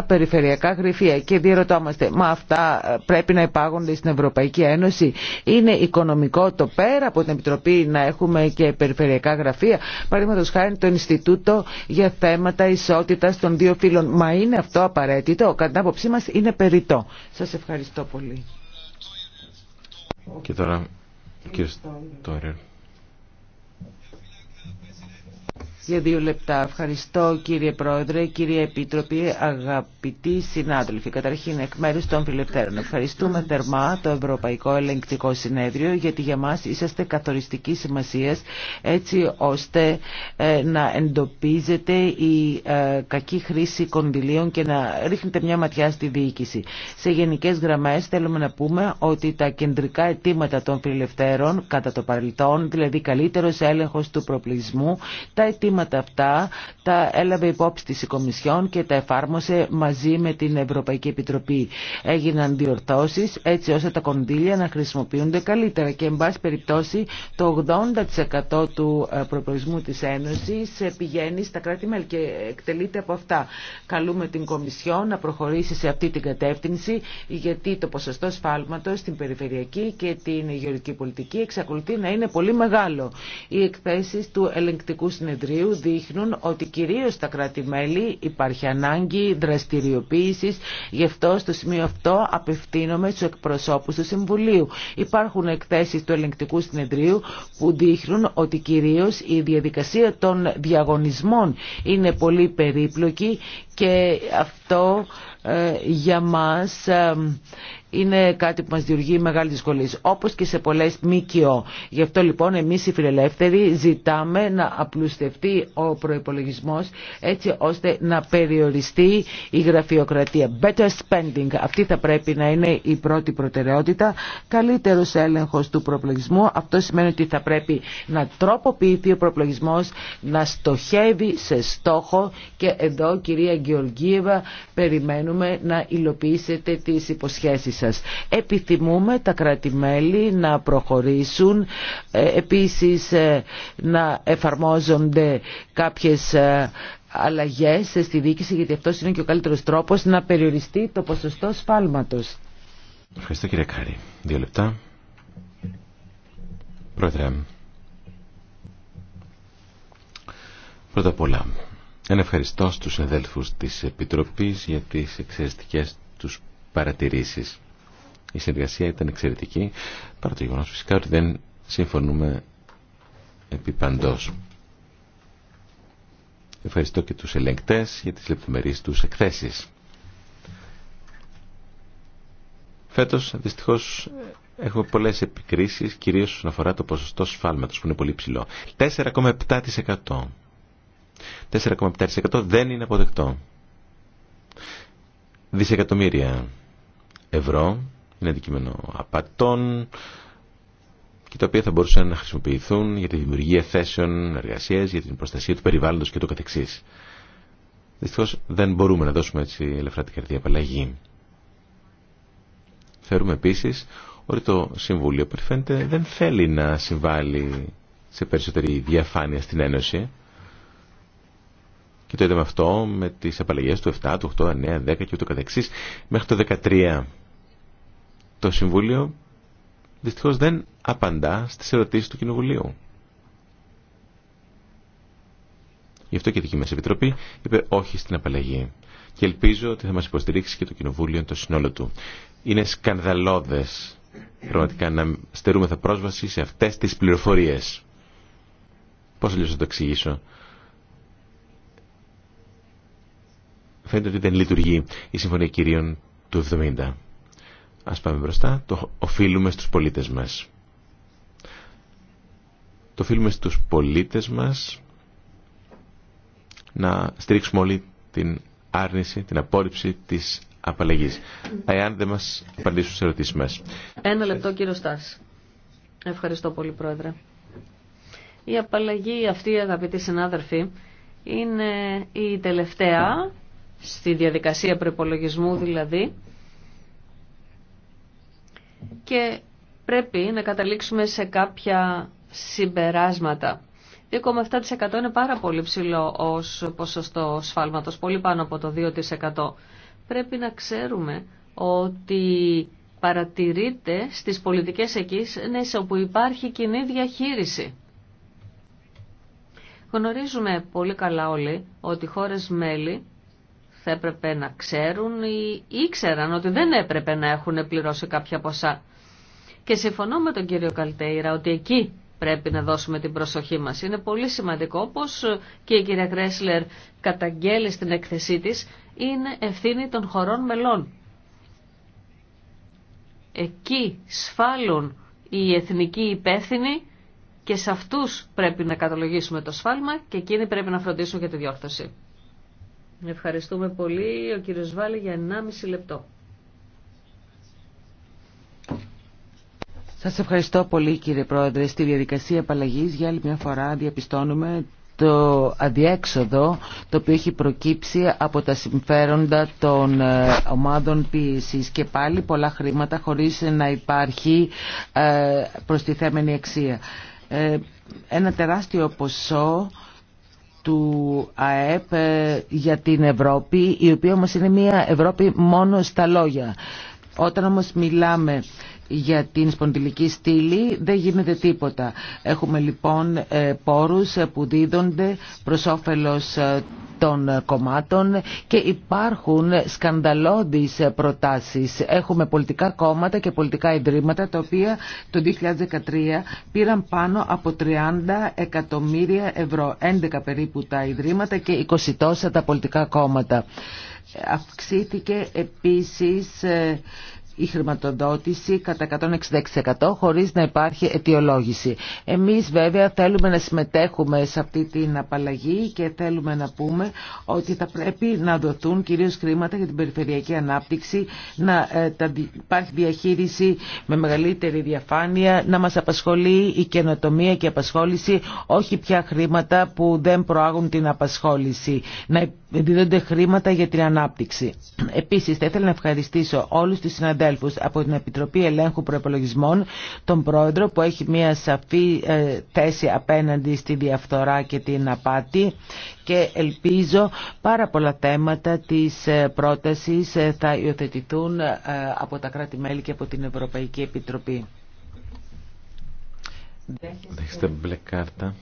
περιφερειακά γρυφεία και διερωτάμαστε μα αυτά ε, πρέπει να υπάγονται στην Ευρωπαϊκή Ένωση. Είναι οικονομικό το πέρα από την Επιτροπή να έχουμε και περιφερειακά γραφεία. Παραδείγματο χάρη το Ινστιτούτο για θέματα ισότητα των δύο δύο φίλων. Μα είναι αυτό απαραίτητο, κατά την άποψή μα είναι περιττό. Σα ευχαριστώ πολύ. Και τώρα, κύριε για δύο λεπτά. Ευχαριστώ κύριε Πρόεδρε, κύριε Επίτροπη, αγαπητοί συνάδελφοι. Καταρχήν εκ μέρους των φιλευτέρων. Ευχαριστούμε θερμά το Ευρωπαϊκό Ελεγκτικό Συνέδριο γιατί για μας είσαστε καθοριστική σημασία έτσι ώστε ε, να εντοπίζετε η ε, κακή χρήση κονδυλίων και να ρίχνετε μια ματιά στη διοίκηση. Σε γενικές γραμμές θέλουμε να πούμε ότι τα κεντρικά αιτήματα των φιλελευθέρων κατά το παρελθόν, δηλαδή καλύτερο έλεγχο του προπλησμού, τα αιτήματα αυτά τα έλαβε υπόψη της Κομισιόν και τα εφάρμοσε μαζί με την Ευρωπαϊκή Επιτροπή. Έγιναν διορθώσεις έτσι ώστε τα κονδύλια να χρησιμοποιούνται καλύτερα και εν πάση περιπτώσει το 80% του ε, προπορισμού της Ένωσης ε, πηγαίνει στα κράτη-μέλη και εκτελείται από αυτά. Καλούμε την Κομισιόν να προχωρήσει σε αυτή την κατεύθυνση γιατί το ποσοστό σφάλματος στην περιφερειακή και την υγειορική πολιτική εξακολουθεί να είναι πολύ μεγάλο. Οι εκθέσεις του ελεγκτικού συνεδρίου εργαλείου δείχνουν ότι κυρίως στα κρατη υπάρχει ανάγκη δραστηριοποίησης. Γι' αυτό στο σημείο αυτό απευθύνομαι στους εκπροσώπους του Συμβουλίου. Υπάρχουν εκθέσεις του ελεγκτικού συνεδρίου που δείχνουν ότι κυρίως η διαδικασία των διαγωνισμών είναι πολύ περίπλοκη και αυτό ε, για μας ε, είναι κάτι που μας δημιουργεί μεγάλη δυσκολία, όπως και σε πολλές ΜΚΟ. Γι' αυτό λοιπόν εμείς οι φιλελεύθεροι ζητάμε να απλουστευτεί ο προϋπολογισμός έτσι ώστε να περιοριστεί η γραφειοκρατία. Better spending, αυτή θα πρέπει να είναι η πρώτη προτεραιότητα. Καλύτερος έλεγχος του προπλογισμού, αυτό σημαίνει ότι θα πρέπει να τροποποιηθεί ο προπλογισμός, να στοχεύει σε στόχο και εδώ κυρία Γεωργίευα περιμένουμε να υλοποιήσετε τις υποσχέσεις σας. Επιθυμούμε τα κράτη-μέλη να προχωρήσουν, ε, επίσης ε, να εφαρμόζονται κάποιες ε, αλλαγές στη διοίκηση, γιατί αυτός είναι και ο καλύτερος τρόπος να περιοριστεί το ποσοστό σφάλματος. Ευχαριστώ κύριε Κάρη. Δύο λεπτά. πρώτα απ' όλα, ένα ευχαριστώ στους αδέλφους της Επιτροπής για τις εξαιρετικές τους παρατηρήσεις. Η συνεργασία ήταν εξαιρετική, παρά το γεγονό φυσικά ότι δεν συμφωνούμε επί παντός. Ευχαριστώ και τους ελεγκτές για τις λεπτομερείς τους εκθέσεις. Φέτος δυστυχώς έχουμε πολλές επικρίσεις, κυρίως όσον αφορά το ποσοστό σφάλματος που είναι πολύ ψηλό. 4,7%. 4,7% δεν είναι αποδεκτό. Δισεκατομμύρια ευρώ είναι αντικείμενο απατών και τα οποία θα μπορούσαν να χρησιμοποιηθούν για τη δημιουργία θέσεων εργασία, για την προστασία του περιβάλλοντο και το καθεξή. Δυστυχώ δεν μπορούμε να δώσουμε έτσι ελεύθερα την καρδία απαλλαγή. Θεωρούμε επίση ότι το Συμβούλιο, που δεν θέλει να συμβάλλει σε περισσότερη διαφάνεια στην Ένωση. Και το είδαμε αυτό με τι απαλλαγέ του 7, του 8, 9, 10 και ούτω καθεξής μέχρι το 13 το Συμβούλιο δυστυχώς δεν απαντά στις ερωτήσεις του Κοινοβουλίου. Γι' αυτό και η δική μας Επιτροπή είπε όχι στην απαλλαγή. Και ελπίζω ότι θα μας υποστηρίξει και το Κοινοβούλιο το σύνολο του. Είναι σκανδαλώδες πραγματικά να στερούμε τα πρόσβαση σε αυτές τις πληροφορίες. Πώς αλλιώς θα το εξηγήσω. Φαίνεται ότι δεν λειτουργεί η Συμφωνία Κυρίων του 70. Ας πάμε μπροστά. Το οφείλουμε στους πολίτες μας. Το οφείλουμε στους πολίτες μας να στρίξουμε όλοι την άρνηση, την απόρριψη της απαλλαγής. Ε, αν δεν μας απαντήσουν σε ερωτήσεις μας. Ένα λεπτό κύριο Στάς. Ευχαριστώ πολύ πρόεδρε. Η απαλλαγή αυτή αγαπητοί συνάδελφοι είναι η τελευταία στη διαδικασία προπολογισμού δηλαδή και πρέπει να καταλήξουμε σε κάποια συμπεράσματα. 2,7% είναι πάρα πολύ ψηλό ως ποσοστό σφάλματος, πολύ πάνω από το 2%. Πρέπει να ξέρουμε ότι παρατηρείται στις πολιτικές εκείνες ναι, όπου υπάρχει κοινή διαχείριση. Γνωρίζουμε πολύ καλά όλοι ότι χώρες μέλη θα έπρεπε να ξέρουν ή ήξεραν ότι δεν έπρεπε να έχουν πληρώσει κάποια ποσά. Και συμφωνώ με τον κύριο Καλτέιρα ότι εκεί πρέπει να δώσουμε την προσοχή μας. Είναι πολύ σημαντικό, όπως και η κυρία Κρέσλερ καταγγέλει στην έκθεσή της, είναι ευθύνη των χωρών μελών. Εκεί σφάλουν οι εθνικοί υπεύθυνοι και σε αυτούς πρέπει να καταλογίσουμε το σφάλμα και εκείνοι πρέπει να φροντίσουν για τη διόρθωση. Ευχαριστούμε πολύ ο κύριος Βάλη για 1,5 λεπτό. Σας ευχαριστώ πολύ κύριε Πρόεδρε. Στη διαδικασία απαλλαγή για άλλη μια φορά διαπιστώνουμε το αδιέξοδο το οποίο έχει προκύψει από τα συμφέροντα των ε, ομάδων πίεσης και πάλι πολλά χρήματα χωρίς να υπάρχει ε, προστιθέμενη αξία. Ε, ένα τεράστιο ποσό του ΑΕΠ για την Ευρώπη, η οποία όμως είναι μια Ευρώπη μόνο στα λόγια. Όταν όμως μιλάμε για την σπονδυλική στήλη δεν γίνεται τίποτα. Έχουμε λοιπόν ε, πόρους ε, που δίδονται προς όφελος ε, των κομμάτων και υπάρχουν σκανδαλώδεις προτάσεις. Έχουμε πολιτικά κόμματα και πολιτικά ιδρύματα τα οποία το 2013 πήραν πάνω από 30 εκατομμύρια ευρώ. 11 περίπου τα ιδρύματα και 20 τόσα τα πολιτικά κόμματα. Αυξήθηκε επίσης η χρηματοδότηση κατά 166% χωρίς να υπάρχει αιτιολόγηση. Εμείς βέβαια θέλουμε να συμμετέχουμε σε αυτή την απαλλαγή και θέλουμε να πούμε ότι θα πρέπει να δοθούν κυρίως χρήματα για την περιφερειακή ανάπτυξη, να ε, υπάρχει διαχείριση με μεγαλύτερη διαφάνεια, να μας απασχολεί η καινοτομία και η απασχόληση, όχι πια χρήματα που δεν προάγουν την απασχόληση. Να δίδονται χρήματα για την ανάπτυξη. Επίσης θα ήθελα να ευχαριστήσω όλους τους συναντέλφους από την Επιτροπή Ελέγχου Προεπολογισμών, τον Πρόεδρο που έχει μια σαφή ε, θέση απέναντι στη διαφθορά και την απάτη και ελπίζω πάρα πολλά θέματα της ε, πρότασης ε, θα υιοθετηθούν από τα κράτη-μέλη και από την Ευρωπαϊκή Επιτροπή. Δέχεστε μπλε κάρτα.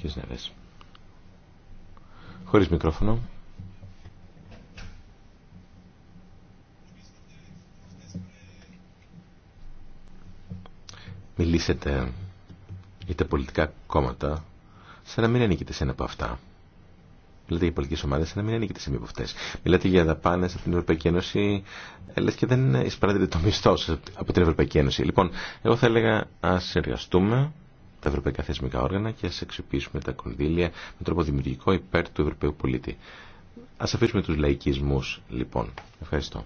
Ποιος να Χωρίς μικρόφωνο. Μιλήσετε για τα πολιτικά κόμματα σαν να μην ανήκετε σε ένα από αυτά. Μιλάτε για πολιτικέ ομάδε, σαν να μην ανήκετε σε μία από αυτέ. Μιλάτε για δαπάνε από την Ευρωπαϊκή Ένωση, ε, λε και δεν εισπράτετε το μισθό σα από την Ευρωπαϊκή Ένωση. Λοιπόν, εγώ θα έλεγα α εργαστούμε τα ευρωπαϊκά θεσμικά όργανα και ας αξιοποιήσουμε τα κονδύλια με τρόπο δημιουργικό υπέρ του Ευρωπαίου πολίτη. Ας αφήσουμε τους λαϊκισμούς λοιπόν. Ευχαριστώ.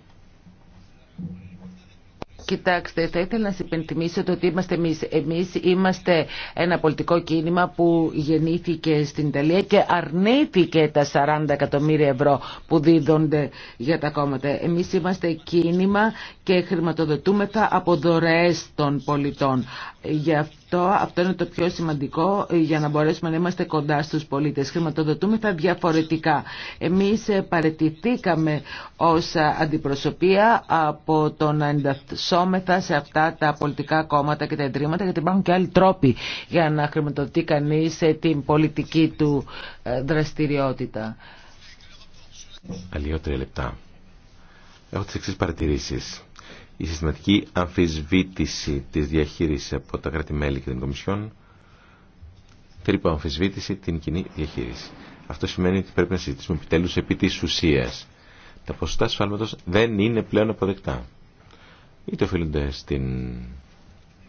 Κοιτάξτε, θα ήθελα να σα υπενθυμίσω ότι είμαστε εμεί. Εμεί είμαστε ένα πολιτικό κίνημα που γεννήθηκε στην Ιταλία και αρνήθηκε τα 40 εκατομμύρια ευρώ που δίδονται για τα κόμματα. Εμεί είμαστε κίνημα και χρηματοδοτούμεθα από δωρεέ των πολιτών. Γι' αυτό, αυτό είναι το πιο σημαντικό ε, για να μπορέσουμε να είμαστε κοντά στους πολίτες. θα διαφορετικά. Εμείς ε, παρετηθήκαμε ως αντιπροσωπεία από το να εντασσόμεθα σε αυτά τα πολιτικά κόμματα και τα εντρήματα γιατί υπάρχουν και άλλοι τρόποι για να χρηματοδοτεί κανείς ε, την πολιτική του δραστηριότητα. Αλλιώ τρία λεπτά. Έχω τις εξής παρατηρήσεις. Η συστηματική αμφισβήτηση της διαχείρισης από τα κράτη-μέλη και την Κομισιόν θέλει αμφισβήτηση την κοινή διαχείριση. Αυτό σημαίνει ότι πρέπει να συζητήσουμε επιτέλους επί της ουσίας. Τα ποσοστά ασφάλματος δεν είναι πλέον αποδεκτά. Είτε οφείλονται στην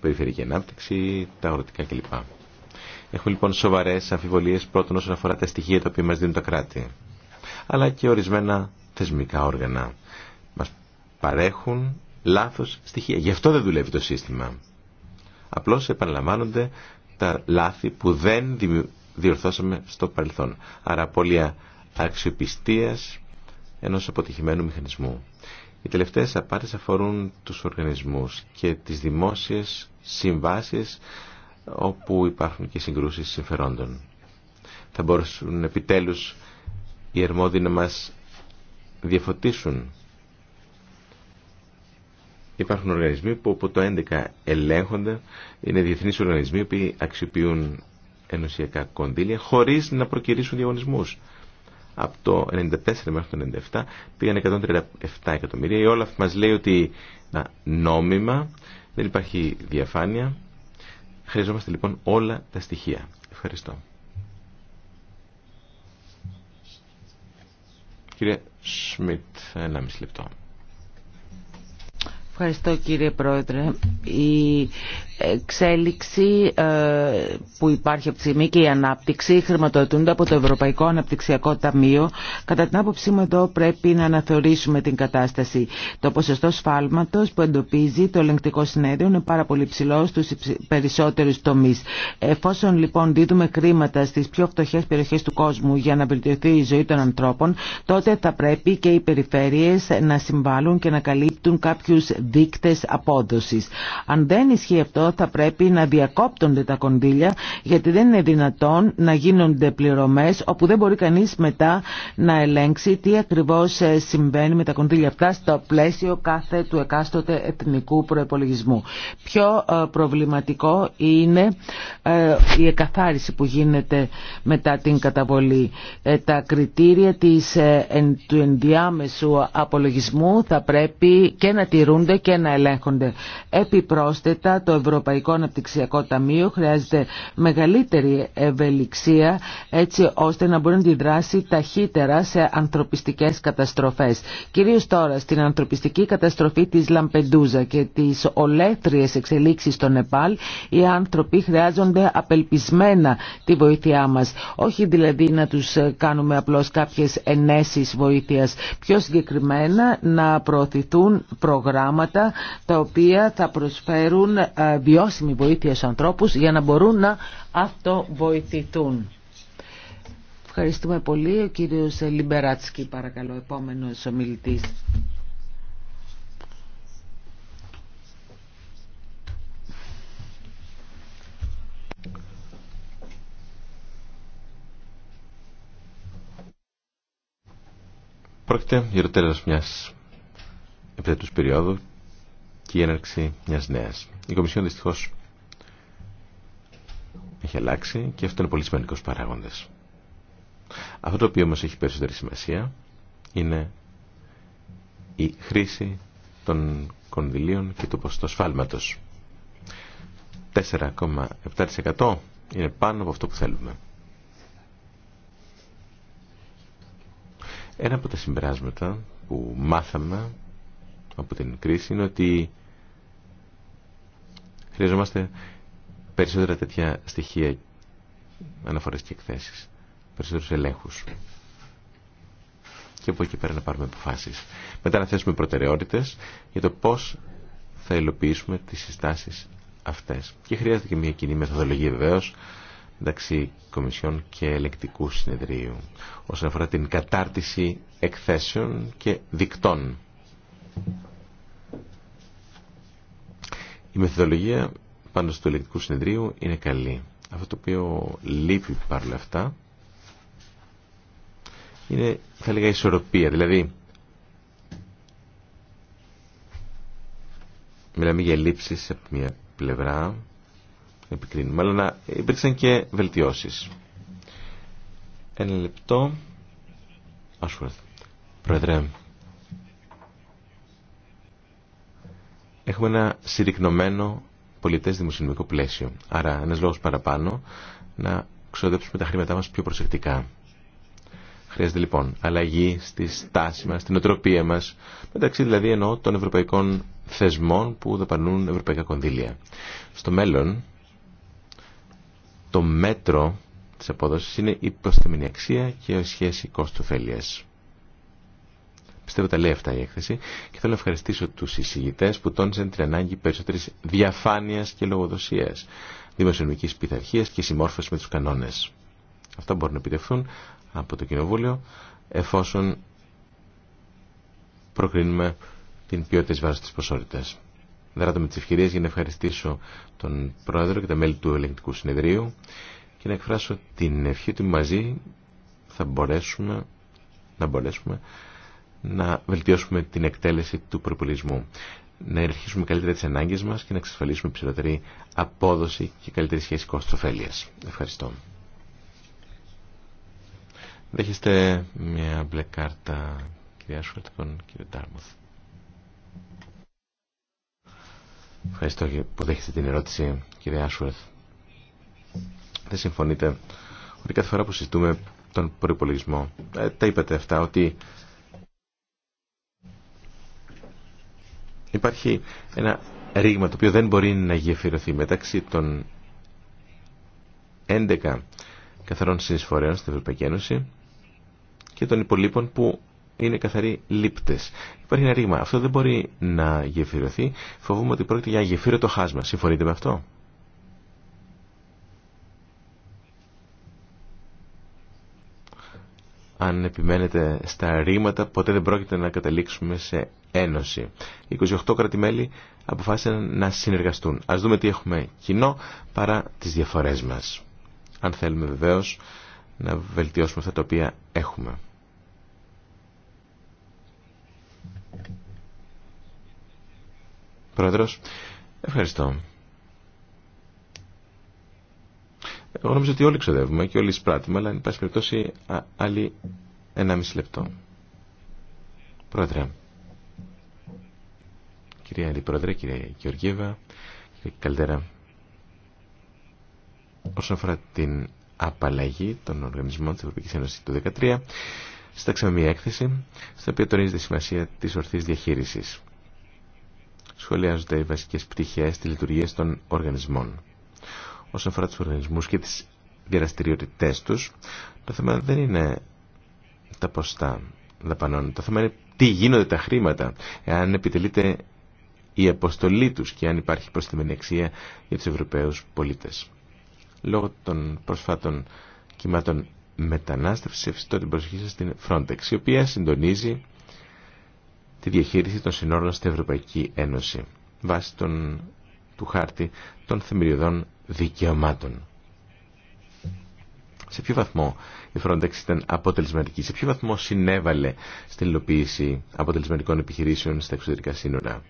περιφερειακή ανάπτυξη, τα αγροτικά κλπ. Έχουμε λοιπόν σοβαρέ αμφιβολίε πρώτον όσον αφορά τα στοιχεία τα οποία μα δίνουν τα κράτη, αλλά και ορισμένα θεσμικά όργανα. Μα παρέχουν λάθος στοιχεία. Γι' αυτό δεν δουλεύει το σύστημα. Απλώς επαναλαμβάνονται τα λάθη που δεν διορθώσαμε στο παρελθόν. Άρα απώλεια αξιοπιστίας ενός αποτυχημένου μηχανισμού. Οι τελευταίες απάτες αφορούν τους οργανισμούς και τις δημόσιες συμβάσεις όπου υπάρχουν και συγκρούσεις συμφερόντων. Θα μπορούσαν επιτέλους οι αρμόδιοι να μας διαφωτίσουν Υπάρχουν οργανισμοί που από το 2011 ελέγχονται, είναι διεθνείς οργανισμοί που αξιοποιούν ενωσιακά κονδύλια χωρίς να προκυρήσουν διαγωνισμούς. Από το 1994 μέχρι το 1997 πήγαν 137 εκατομμύρια. Η Όλαφ μας λέει ότι να, νόμιμα δεν υπάρχει διαφάνεια. Χρειαζόμαστε λοιπόν όλα τα στοιχεία. Ευχαριστώ. Κύριε Σμιτ, ένα μισή λεπτό. Ευχαριστώ κύριε Πρόεδρε. Η εξέλιξη ε, που υπάρχει από τη στιγμή και η ανάπτυξη χρηματοδοτούνται από το Ευρωπαϊκό Αναπτυξιακό Ταμείο. Κατά την άποψή μου εδώ πρέπει να αναθεωρήσουμε την κατάσταση. Το ποσοστό σφάλματος που εντοπίζει το ελεγκτικό συνέδριο είναι πάρα πολύ ψηλό στους περισσότερους τομείς. Εφόσον λοιπόν δίδουμε κρίματα στις πιο φτωχές περιοχές του κόσμου για να βελτιωθεί η ζωή των ανθρώπων, τότε θα πρέπει και οι περιφέρειες να συμβάλλουν και να καλύπτουν κάποιου δείκτες απόδοσης. Αν δεν ισχύει αυτό θα πρέπει να διακόπτονται τα κονδύλια γιατί δεν είναι δυνατόν να γίνονται πληρωμές όπου δεν μπορεί κανείς μετά να ελέγξει τι ακριβώς ε, συμβαίνει με τα κονδύλια αυτά στο πλαίσιο κάθε του εκάστοτε εθνικού προπολογισμού. Πιο ε, προβληματικό είναι ε, η εκαθάριση που γίνεται μετά την καταβολή. Τα κριτήρια της, του ενδιάμεσου απολογισμού θα πρέπει και να τηρούνται και να ελέγχονται. Επιπρόσθετα το Ευρωπαϊκό Ευρωπαϊκό Αναπτυξιακό Ταμείο χρειάζεται μεγαλύτερη ευελιξία έτσι ώστε να μπορεί να αντιδράσει ταχύτερα σε ανθρωπιστικές καταστροφές. Κυρίως τώρα στην ανθρωπιστική καταστροφή της Λαμπεντούζα και τις ολέθριες εξελίξεις στο Νεπάλ οι άνθρωποι χρειάζονται απελπισμένα τη βοήθειά μας. Όχι δηλαδή να τους κάνουμε απλώς κάποιες ενέσεις βοήθειας. Πιο συγκεκριμένα να προωθηθούν προγράμματα τα οποία θα προσφέρουν ε, βιώσιμη βοήθεια στους ανθρώπους για να μπορούν να αυτοβοηθηθούν. Ευχαριστούμε πολύ. Ο κύριος Λιμπεράτσκι, παρακαλώ, επόμενος ομιλητής. Πρόκειται για το τέλος μιας περίοδου και η έναρξη μια νέα. Η Κομισιόν δυστυχώ έχει αλλάξει και αυτό είναι πολύ σημαντικό παράγοντα. Αυτό το οποίο όμω έχει περισσότερη σημασία είναι η χρήση των κονδυλίων και του ποσοστό σφάλματο. 4,7% είναι πάνω από αυτό που θέλουμε. Ένα από τα συμπεράσματα που μάθαμε από την κρίση είναι ότι Χρειαζόμαστε περισσότερα τέτοια στοιχεία, αναφορές και εκθέσεις, περισσότερους ελέγχους. Και από εκεί πέρα να πάρουμε αποφάσεις. Μετά να θέσουμε προτεραιότητες για το πώς θα υλοποιήσουμε τις συστάσεις αυτές. Και χρειάζεται και μια κοινή μεθοδολογία βεβαίω μεταξύ Κομισιών και Ελεκτικού Συνεδρίου όσον αφορά την κατάρτιση εκθέσεων και δικτών. Η μεθοδολογία πάνω στο ελεκτικού συνεδρίου είναι καλή. Αυτό το οποίο λείπει παρόλα αυτά είναι θα λέγα ισορροπία. Δηλαδή μιλάμε για λήψεις από μια πλευρά επικρίνουμε αλλά να υπήρξαν και βελτιώσεις. Ένα λεπτό. Ashworth. Πρόεδρε, έχουμε ένα συρρυκνωμένο πολιτέ δημοσιονομικό πλαίσιο. Άρα ένα λόγο παραπάνω να ξοδέψουμε τα χρήματά μας πιο προσεκτικά. Χρειάζεται λοιπόν αλλαγή στη στάση μας, στην οτροπία μας, μεταξύ δηλαδή εννοώ των ευρωπαϊκών θεσμών που δαπανούν ευρωπαϊκά κονδύλια. Στο μέλλον, το μέτρο της απόδοση είναι η προσθεμενή αξία και η σχέση κόστου Πιστεύω τα λέει αυτά η έκθεση και θέλω να ευχαριστήσω του εισηγητέ που τόνισαν την ανάγκη περισσότερη διαφάνεια και λογοδοσία, δημοσιονομική πειθαρχία και συμμόρφωση με του κανόνε. Αυτά μπορούν να επιτευχθούν από το Κοινοβούλιο εφόσον προκρίνουμε την ποιότητα τη βάση τη ποσότητα. Δράτω με τι ευκαιρίε για να ευχαριστήσω τον Πρόεδρο και τα μέλη του Ελεγκτικού Συνεδρίου και να εκφράσω την ευχή ότι μαζί θα μπορέσουμε να μπορέσουμε να βελτιώσουμε την εκτέλεση του προπολισμού, να ενεργήσουμε καλύτερα τι ανάγκε μας και να εξασφαλίσουμε ψηλότερη απόδοση και καλύτερη σχέση σχέση κόστο-ωφέλεια. Ευχαριστώ. Δέχεστε μια μπλε κάρτα, κυρία Σουέλτ, τον κύριο Ντάρμουθ. Ευχαριστώ που δέχεστε την ερώτηση, κύριε Άσουερθ. Δεν συμφωνείτε ότι κάθε φορά που συζητούμε τον προπολογισμό, ε, τα είπατε αυτά, ότι Υπάρχει ένα ρήγμα το οποίο δεν μπορεί να γεφυρωθεί μεταξύ των 11 καθαρών συνεισφορέων στην Ευρωπαϊκή Ένωση και των υπολείπων που είναι καθαροί λήπτες. Υπάρχει ένα ρήγμα. Αυτό δεν μπορεί να γεφυρωθεί. Φοβούμαι ότι πρόκειται για γεφύρωτο χάσμα. Συμφωνείτε με αυτό. Αν επιμένετε στα ρήματα, ποτέ δεν πρόκειται να καταλήξουμε σε Ένωση. Οι 28 κρατημέλη αποφάσισαν να συνεργαστούν. Ας δούμε τι έχουμε κοινό παρά τις διαφορές μας. Αν θέλουμε βεβαίως να βελτιώσουμε αυτά τα οποία έχουμε. Πρόεδρος, ευχαριστώ. Εγώ νομίζω ότι όλοι ξοδεύουμε και όλοι σπράττουμε, αλλά εν πάση περιπτώσει άλλη 1,5 λεπτό. Πρόεδρε. Κυρία Αντιπρόεδρε, κυρία Γεωργίευα, κύριε Καλτέρα. Όσον αφορά την απαλλαγή των οργανισμών της Ευρωπαϊκής Ένωσης του 2013, στάξαμε μια έκθεση στην οποία τονίζεται η σημασία της ορθής διαχείρισης. Σχολιάζονται οι βασικές πτυχές της λειτουργίας των οργανισμών. Όσον αφορά τους οργανισμούς και τις διαδραστηριότητές τους, το θέμα δεν είναι τα ποστά δαπανών. Το θέμα είναι τι γίνονται τα χρήματα, εάν επιτελείται η αποστολή τους και αν υπάρχει προστιμένη αξία για τους Ευρωπαίους πολίτες. Λόγω των προσφάτων κυμάτων μετανάστευσης ευστώ την προσοχή σας στην Frontex, η οποία συντονίζει τη διαχείριση των συνόρων στην Ευρωπαϊκή Ένωση βάσει των, του χάρτη των θεμελιωδών δικαιωμάτων. Σε ποιο βαθμό η Frontex ήταν αποτελεσματική, σε ποιο βαθμό συνέβαλε στην υλοποίηση αποτελεσματικών επιχειρήσεων στα εξωτερικά σύνορα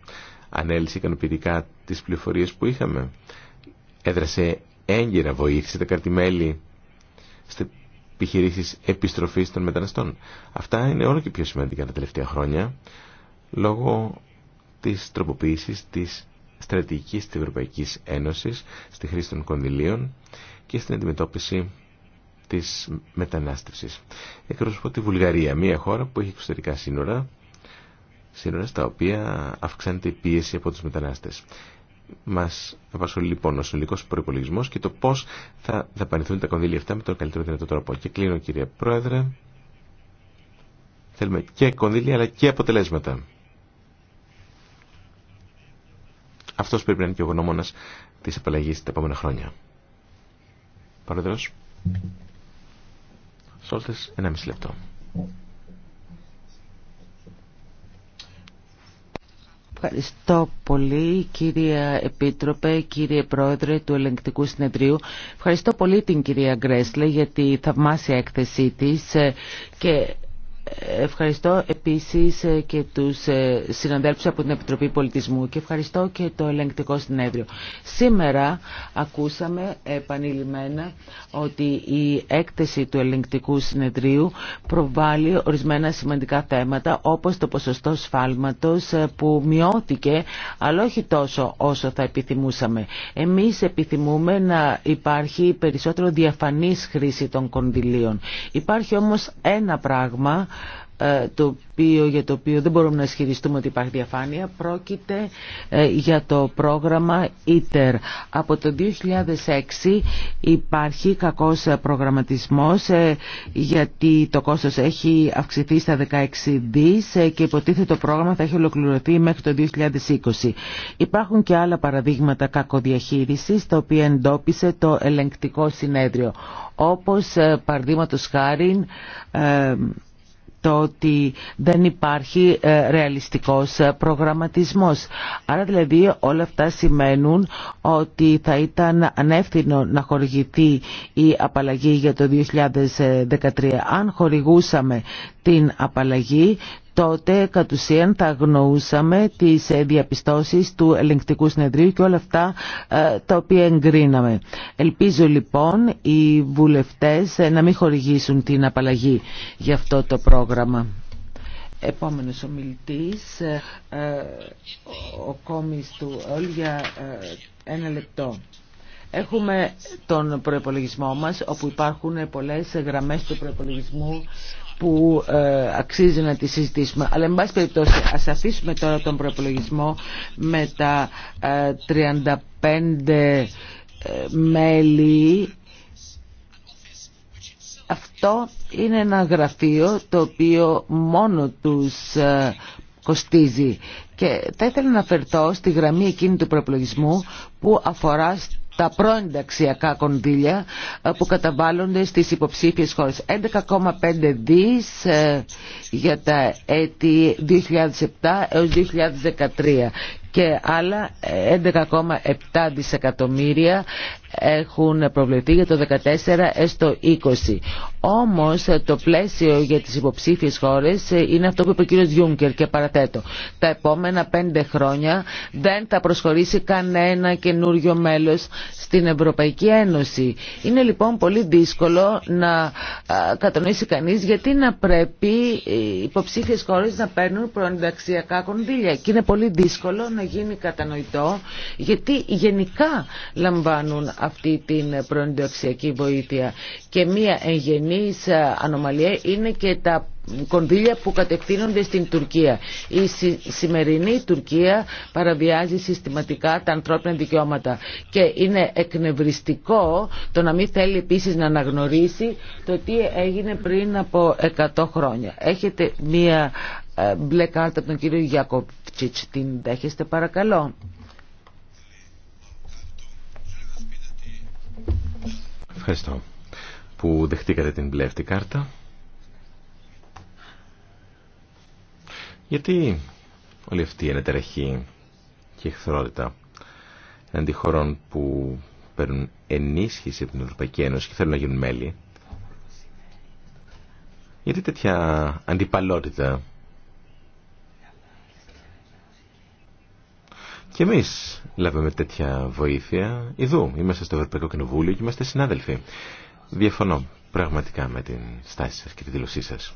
ανέλησε ικανοποιητικά τις πληροφορίες που είχαμε. Έδρασε έγκαιρα βοήθησε τα καρτιμέλη στις επιχειρήσεις επιστροφής των μεταναστών. Αυτά είναι όλο και πιο σημαντικά τα τελευταία χρόνια λόγω της τροποποίησης της στρατηγικής της Ευρωπαϊκής Ένωσης στη χρήση των κονδυλίων και στην αντιμετώπιση της μετανάστευσης. Εκπροσωπώ τη Βουλγαρία, μια χώρα που έχει εξωτερικά σύνορα σύνορα στα οποία αυξάνεται η πίεση από τους μετανάστες. Μας απασχολεί λοιπόν ο συνολικό προπολογισμό και το πώς θα δαπανηθούν τα κονδύλια αυτά με τον καλύτερο δυνατό τρόπο. Και κλείνω κύριε Πρόεδρε. Θέλουμε και κονδύλια αλλά και αποτελέσματα. Αυτό πρέπει να είναι και ο γνώμονα τη απαλλαγή τα επόμενα χρόνια. Πρόεδρος. Σόλτε, ένα μισή λεπτό. Ευχαριστώ πολύ κυρία Επίτροπε, κύριε Πρόεδρε του Ελεγκτικού Συνεδρίου. Ευχαριστώ πολύ την κυρία Γκρέσλε για τη θαυμάσια έκθεσή της και Ευχαριστώ επίσης ε, και τους ε, συναδέλφους από την Επιτροπή Πολιτισμού και ευχαριστώ και το ελεγκτικό συνέδριο. Σήμερα ακούσαμε επανειλημμένα ότι η έκθεση του ελεγκτικού συνεδρίου προβάλλει ορισμένα σημαντικά θέματα όπως το ποσοστό σφάλματος ε, που μειώθηκε αλλά όχι τόσο όσο θα επιθυμούσαμε. Εμείς επιθυμούμε να υπάρχει περισσότερο διαφανής χρήση των κονδυλίων. Υπάρχει όμως ένα πράγμα ε, το οποίο, για το οποίο δεν μπορούμε να ισχυριστούμε ότι υπάρχει διαφάνεια πρόκειται ε, για το πρόγραμμα ITER. Από το 2006 υπάρχει κακός προγραμματισμός ε, γιατί το κόστος έχει αυξηθεί στα 16 δις και υποτίθεται το πρόγραμμα θα έχει ολοκληρωθεί μέχρι το 2020. Υπάρχουν και άλλα παραδείγματα κακοδιαχείρισης τα οποία εντόπισε το ελεγκτικό συνέδριο όπως παραδείγματο χάρη το ότι δεν υπάρχει ε, ρεαλιστικός ε, προγραμματισμός. Άρα δηλαδή όλα αυτά σημαίνουν ότι θα ήταν ανεύθυνο να χορηγηθεί η απαλλαγή για το 2013. Αν χορηγούσαμε την απαλλαγή τότε κατ' ουσίαν θα αγνοούσαμε τις ε, διαπιστώσεις του ελεγκτικού συνεδρίου και όλα αυτά ε, τα οποία εγκρίναμε. Ελπίζω λοιπόν οι βουλευτές ε, να μην χορηγήσουν την απαλλαγή για αυτό το πρόγραμμα. Επόμενος ομιλητής, ο κόμις του Όλ για ένα λεπτό. Έχουμε τον προπολογισμό μας, όπου υπάρχουν πολλές γραμμές του προπολογισμού που ε, αξίζει να τη συζητήσουμε. Αλλά, εν πάση περιπτώσει, ας αφήσουμε τώρα τον προπολογισμό με τα 35 ε, ε, μέλη. Αυτό είναι ένα γραφείο το οποίο μόνο τους κοστίζει. Και θα ήθελα να αφαιρθώ στη γραμμή εκείνη του προπολογισμού που αφορά τα ταξιακά κονδύλια ε, που καταβάλλονται στις υποψήφιες χώρες. 11,5 δις ε, για τα έτη 2007 έως 2013 και άλλα 11,7 ε, δισεκατομμύρια έχουν προβλεφθεί για το 2014 το 20. Όμως το πλαίσιο για τις υποψήφιες χώρες είναι αυτό που είπε ο κύριος Γιούγκερ και παραθέτω. Τα επόμενα πέντε χρόνια δεν θα προσχωρήσει κανένα καινούριο μέλος στην Ευρωπαϊκή Ένωση. Είναι λοιπόν πολύ δύσκολο να κατανοήσει κανείς γιατί να πρέπει οι υποψήφιες χώρες να παίρνουν προενταξιακά κονδύλια. Και είναι πολύ δύσκολο να γίνει κατανοητό γιατί γενικά λαμβάνουν αυτή την προεντεοξιακή βοήθεια. Και μία εγγενής ε, ανομαλία είναι και τα κονδύλια που κατευθύνονται στην Τουρκία. Η σημερινή Τουρκία παραβιάζει συστηματικά τα ανθρώπινα δικαιώματα και είναι εκνευριστικό το να μην θέλει επίσης να αναγνωρίσει το τι έγινε πριν από 100 χρόνια. Έχετε μία ε, μπλε κάρτα από τον κύριο Γιακοβτσίτς. Την δέχεστε παρακαλώ. Ευχαριστώ που δεχτήκατε την μπλε κάρτα. Γιατί όλη αυτή η ενεταραχή και η εχθρότητα που παίρνουν ενίσχυση από την Ευρωπαϊκή Ένωση και θέλουν να γίνουν μέλη. Γιατί τέτοια αντιπαλότητα Και εμεί λάβαμε τέτοια βοήθεια. Εδώ είμαστε στο Ευρωπαϊκό Κοινοβούλιο και είμαστε συνάδελφοι. Διαφωνώ πραγματικά με την στάση σα και τη δήλωσή σας.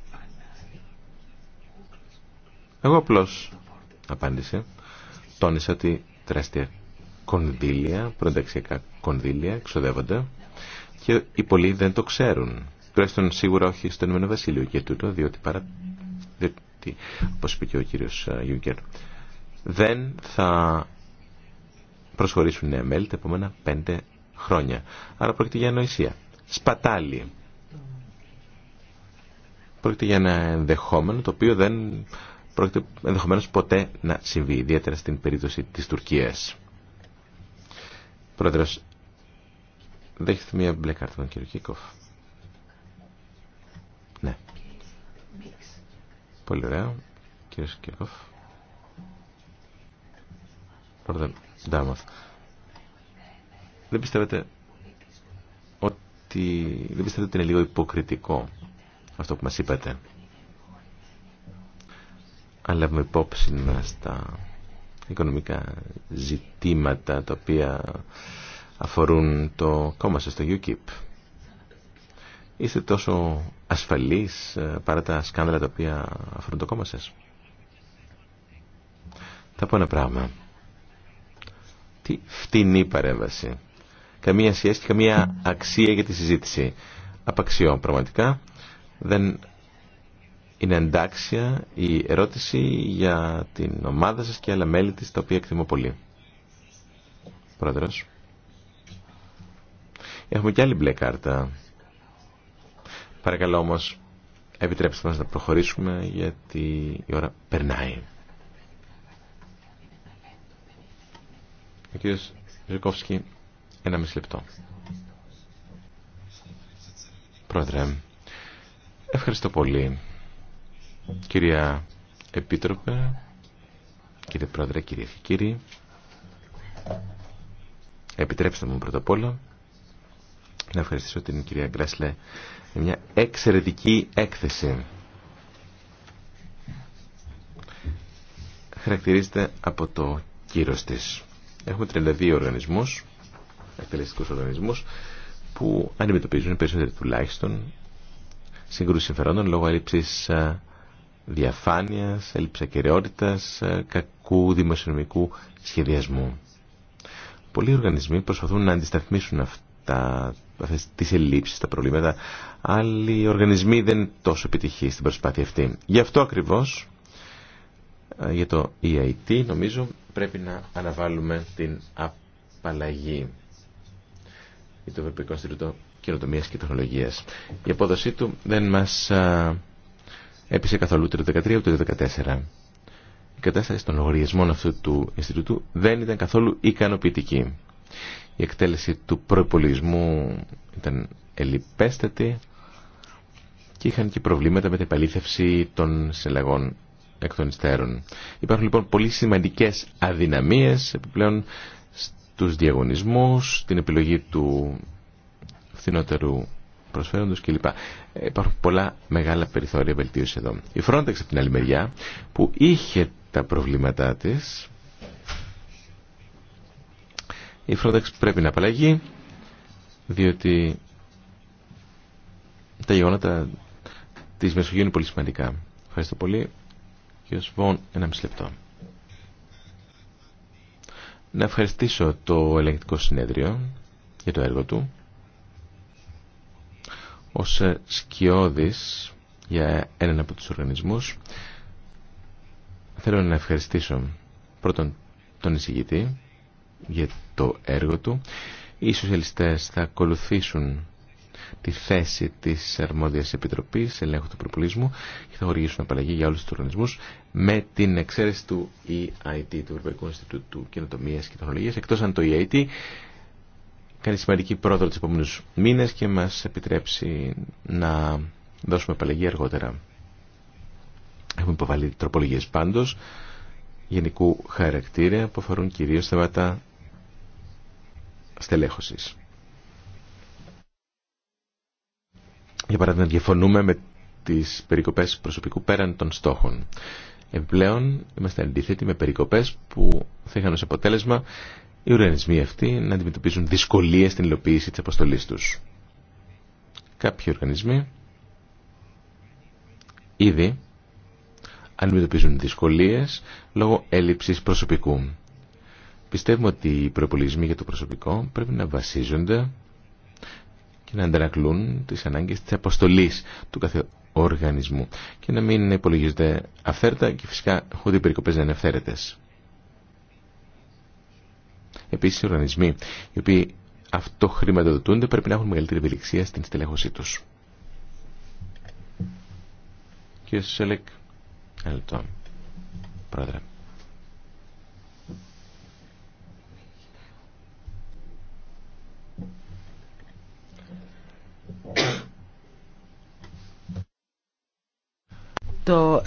Εγώ απλώ απάντησε, τόνισα ότι τεράστια κονδύλια, προενταξιακά κονδύλια, ξοδεύονται και οι πολλοί δεν το ξέρουν. Τουλάχιστον σίγουρα όχι στον Ηνωμένο Βασίλειο και τούτο, διότι, παρά, διότι είπε και ο κύριος Γιούγκερ, δεν θα προσχωρήσουν νέα μέλη τα επόμενα πέντε χρόνια. Άρα πρόκειται για ανοησία. Σπατάλη. Πρόκειται για ένα ενδεχόμενο το οποίο δεν πρόκειται ενδεχομένως ποτέ να συμβεί, ιδιαίτερα στην περίπτωση της Τουρκίας. Πρόεδρος, δέχεται μία μπλε κάρτα τον κύριο Κίκοφ. Ναι. Πολύ ωραίο. Κύριος Κίκοφ. Δεν πιστεύετε ότι δεν πιστεύετε ότι είναι λίγο υποκριτικό αυτό που μας είπατε. Αλλά λάβουμε υπόψη μας τα οικονομικά ζητήματα τα οποία αφορούν το κόμμα σας, το UKIP. Είστε τόσο ασφαλείς ε, παρά τα σκάνδαλα τα οποία αφορούν το κόμμα σας. Θα πω ένα πράγμα τι φτηνή παρέμβαση. Καμία σχέση και καμία αξία για τη συζήτηση. Απαξιών πραγματικά. Δεν είναι εντάξια η ερώτηση για την ομάδα σας και άλλα μέλη της, τα οποία εκτιμώ πολύ. Πρόεδρος. Έχουμε και άλλη μπλε κάρτα. Παρακαλώ όμως, επιτρέψτε μας να προχωρήσουμε γιατί η ώρα περνάει. Ο κύριος ένα μισή λεπτό. Πρόεδρε, ευχαριστώ πολύ. Κυρία Επίτροπε, κύριε Πρόεδρε, κύριε και κύριοι, επιτρέψτε μου πρώτα απ' όλα να ευχαριστήσω την κυρία Γκρέσλε για μια εξαιρετική έκθεση. Χαρακτηρίζεται από το κύρος της. Έχουμε 32 οργανισμούς, εκτελεστικού οργανισμού, που αντιμετωπίζουν περισσότερο περισσότεροι τουλάχιστον σύγκρουση συμφερόντων λόγω έλλειψης ε, διαφάνειας, έλλειψη ακαιρεότητα, ε, κακού δημοσιονομικού σχεδιασμού. Πολλοί οργανισμοί προσπαθούν να αντισταθμίσουν αυτά, αυτές τις ελλείψεις, τα προβλήματα. Άλλοι οργανισμοί δεν είναι τόσο επιτυχεί στην προσπάθεια αυτή. Γι' αυτό ακριβώς ε, για το EIT νομίζω πρέπει να αναβάλουμε την απαλλαγή για το Ευρωπαϊκό Ινστιτούτο και Τεχνολογίας. Η απόδοσή του δεν μα έπεισε καθόλου το 2013 ούτε το 2014. Η κατάσταση των λογαριασμών αυτού του Ινστιτούτου δεν ήταν καθόλου ικανοποιητική. Η εκτέλεση του προπολογισμού ήταν ελιπέστατη και είχαν και προβλήματα με την επαλήθευση των συλλαγών εκ Υπάρχουν λοιπόν πολύ σημαντικές αδυναμίες επιπλέον στους διαγωνισμούς, την επιλογή του φθηνότερου προσφέροντος κλπ. Υπάρχουν πολλά μεγάλα περιθώρια βελτίωση εδώ. Η Frontex από την άλλη μεριά που είχε τα προβλήματά της η Frontex πρέπει να απαλλαγεί διότι τα γεγονότα της Μεσογείου είναι πολύ σημαντικά. Ευχαριστώ πολύ ένα Να ευχαριστήσω το ελεγκτικό συνέδριο για το έργο του. Ως σκιώδης για έναν από τους οργανισμούς θέλω να ευχαριστήσω πρώτον τον εισηγητή για το έργο του. Οι σοσιαλιστές θα ακολουθήσουν τη θέση τη αρμόδια Επιτροπή ελέγχου του προπολισμού και θα χορηγήσουν απαλλαγή για όλου του οργανισμού με την εξαίρεση του EIT, του Ευρωπαϊκού Ινστιτούτου Καινοτομίας και Τεχνολογία, εκτό αν το EIT κάνει σημαντική πρόοδο του επόμενου μήνε και μα επιτρέψει να δώσουμε απαλλαγή αργότερα. Έχουμε υποβάλει τροπολογίε πάντω γενικού χαρακτήρα που αφορούν κυρίω θέματα στελέχωσης. Για παράδειγμα, διαφωνούμε με τις περικοπές προσωπικού πέραν των στόχων. Επιπλέον, είμαστε αντίθετοι με περικοπές που θα είχαν ως αποτέλεσμα οι οργανισμοί αυτοί να αντιμετωπίζουν δυσκολίες στην υλοποίηση της αποστολής τους. Κάποιοι οργανισμοί ήδη αντιμετωπίζουν δυσκολίες λόγω έλλειψης προσωπικού. Πιστεύουμε ότι οι προπολογισμοί για το προσωπικό πρέπει να βασίζονται και να αντανακλούν τις ανάγκες της αποστολής του κάθε οργανισμού και να μην υπολογίζονται αυθαίρετα και φυσικά χωρίς οι περικοπές να είναι Επίσης οι οργανισμοί οι οποίοι αυτοχρηματοδοτούνται πρέπει να έχουν μεγαλύτερη ευελιξία στην στελέχωσή τους. Κύριε Σελεκ, ένα λεπτό. Το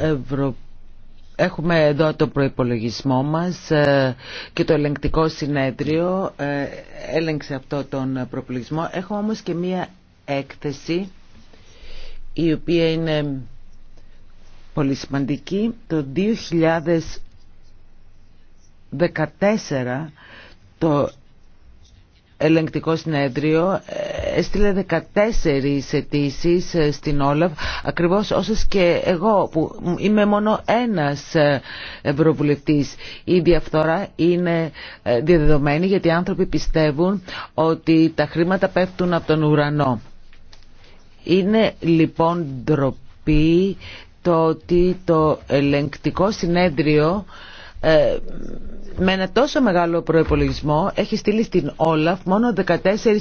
Έχουμε εδώ το προϋπολογισμό μας ε, και το ελεγκτικό συνέδριο ε, έλεγξε αυτό τον προϋπολογισμό. Έχω όμως και μία έκθεση η οποία είναι πολύ σημαντική. Το 2014 το ελεγκτικό συνέδριο ε, έστειλε 14 αιτήσει ε, στην Όλαφ, ακριβώς όσες και εγώ που είμαι μόνο ένας ε, ευρωβουλευτής. Η διαφθορά είναι ε, διαδεδομένη γιατί οι άνθρωποι πιστεύουν ότι τα χρήματα πέφτουν από τον ουρανό. Είναι λοιπόν ντροπή το ότι το ελεγκτικό συνέδριο ε, με ένα τόσο μεγάλο προϋπολογισμό έχει στείλει στην Όλαφ μόνο 14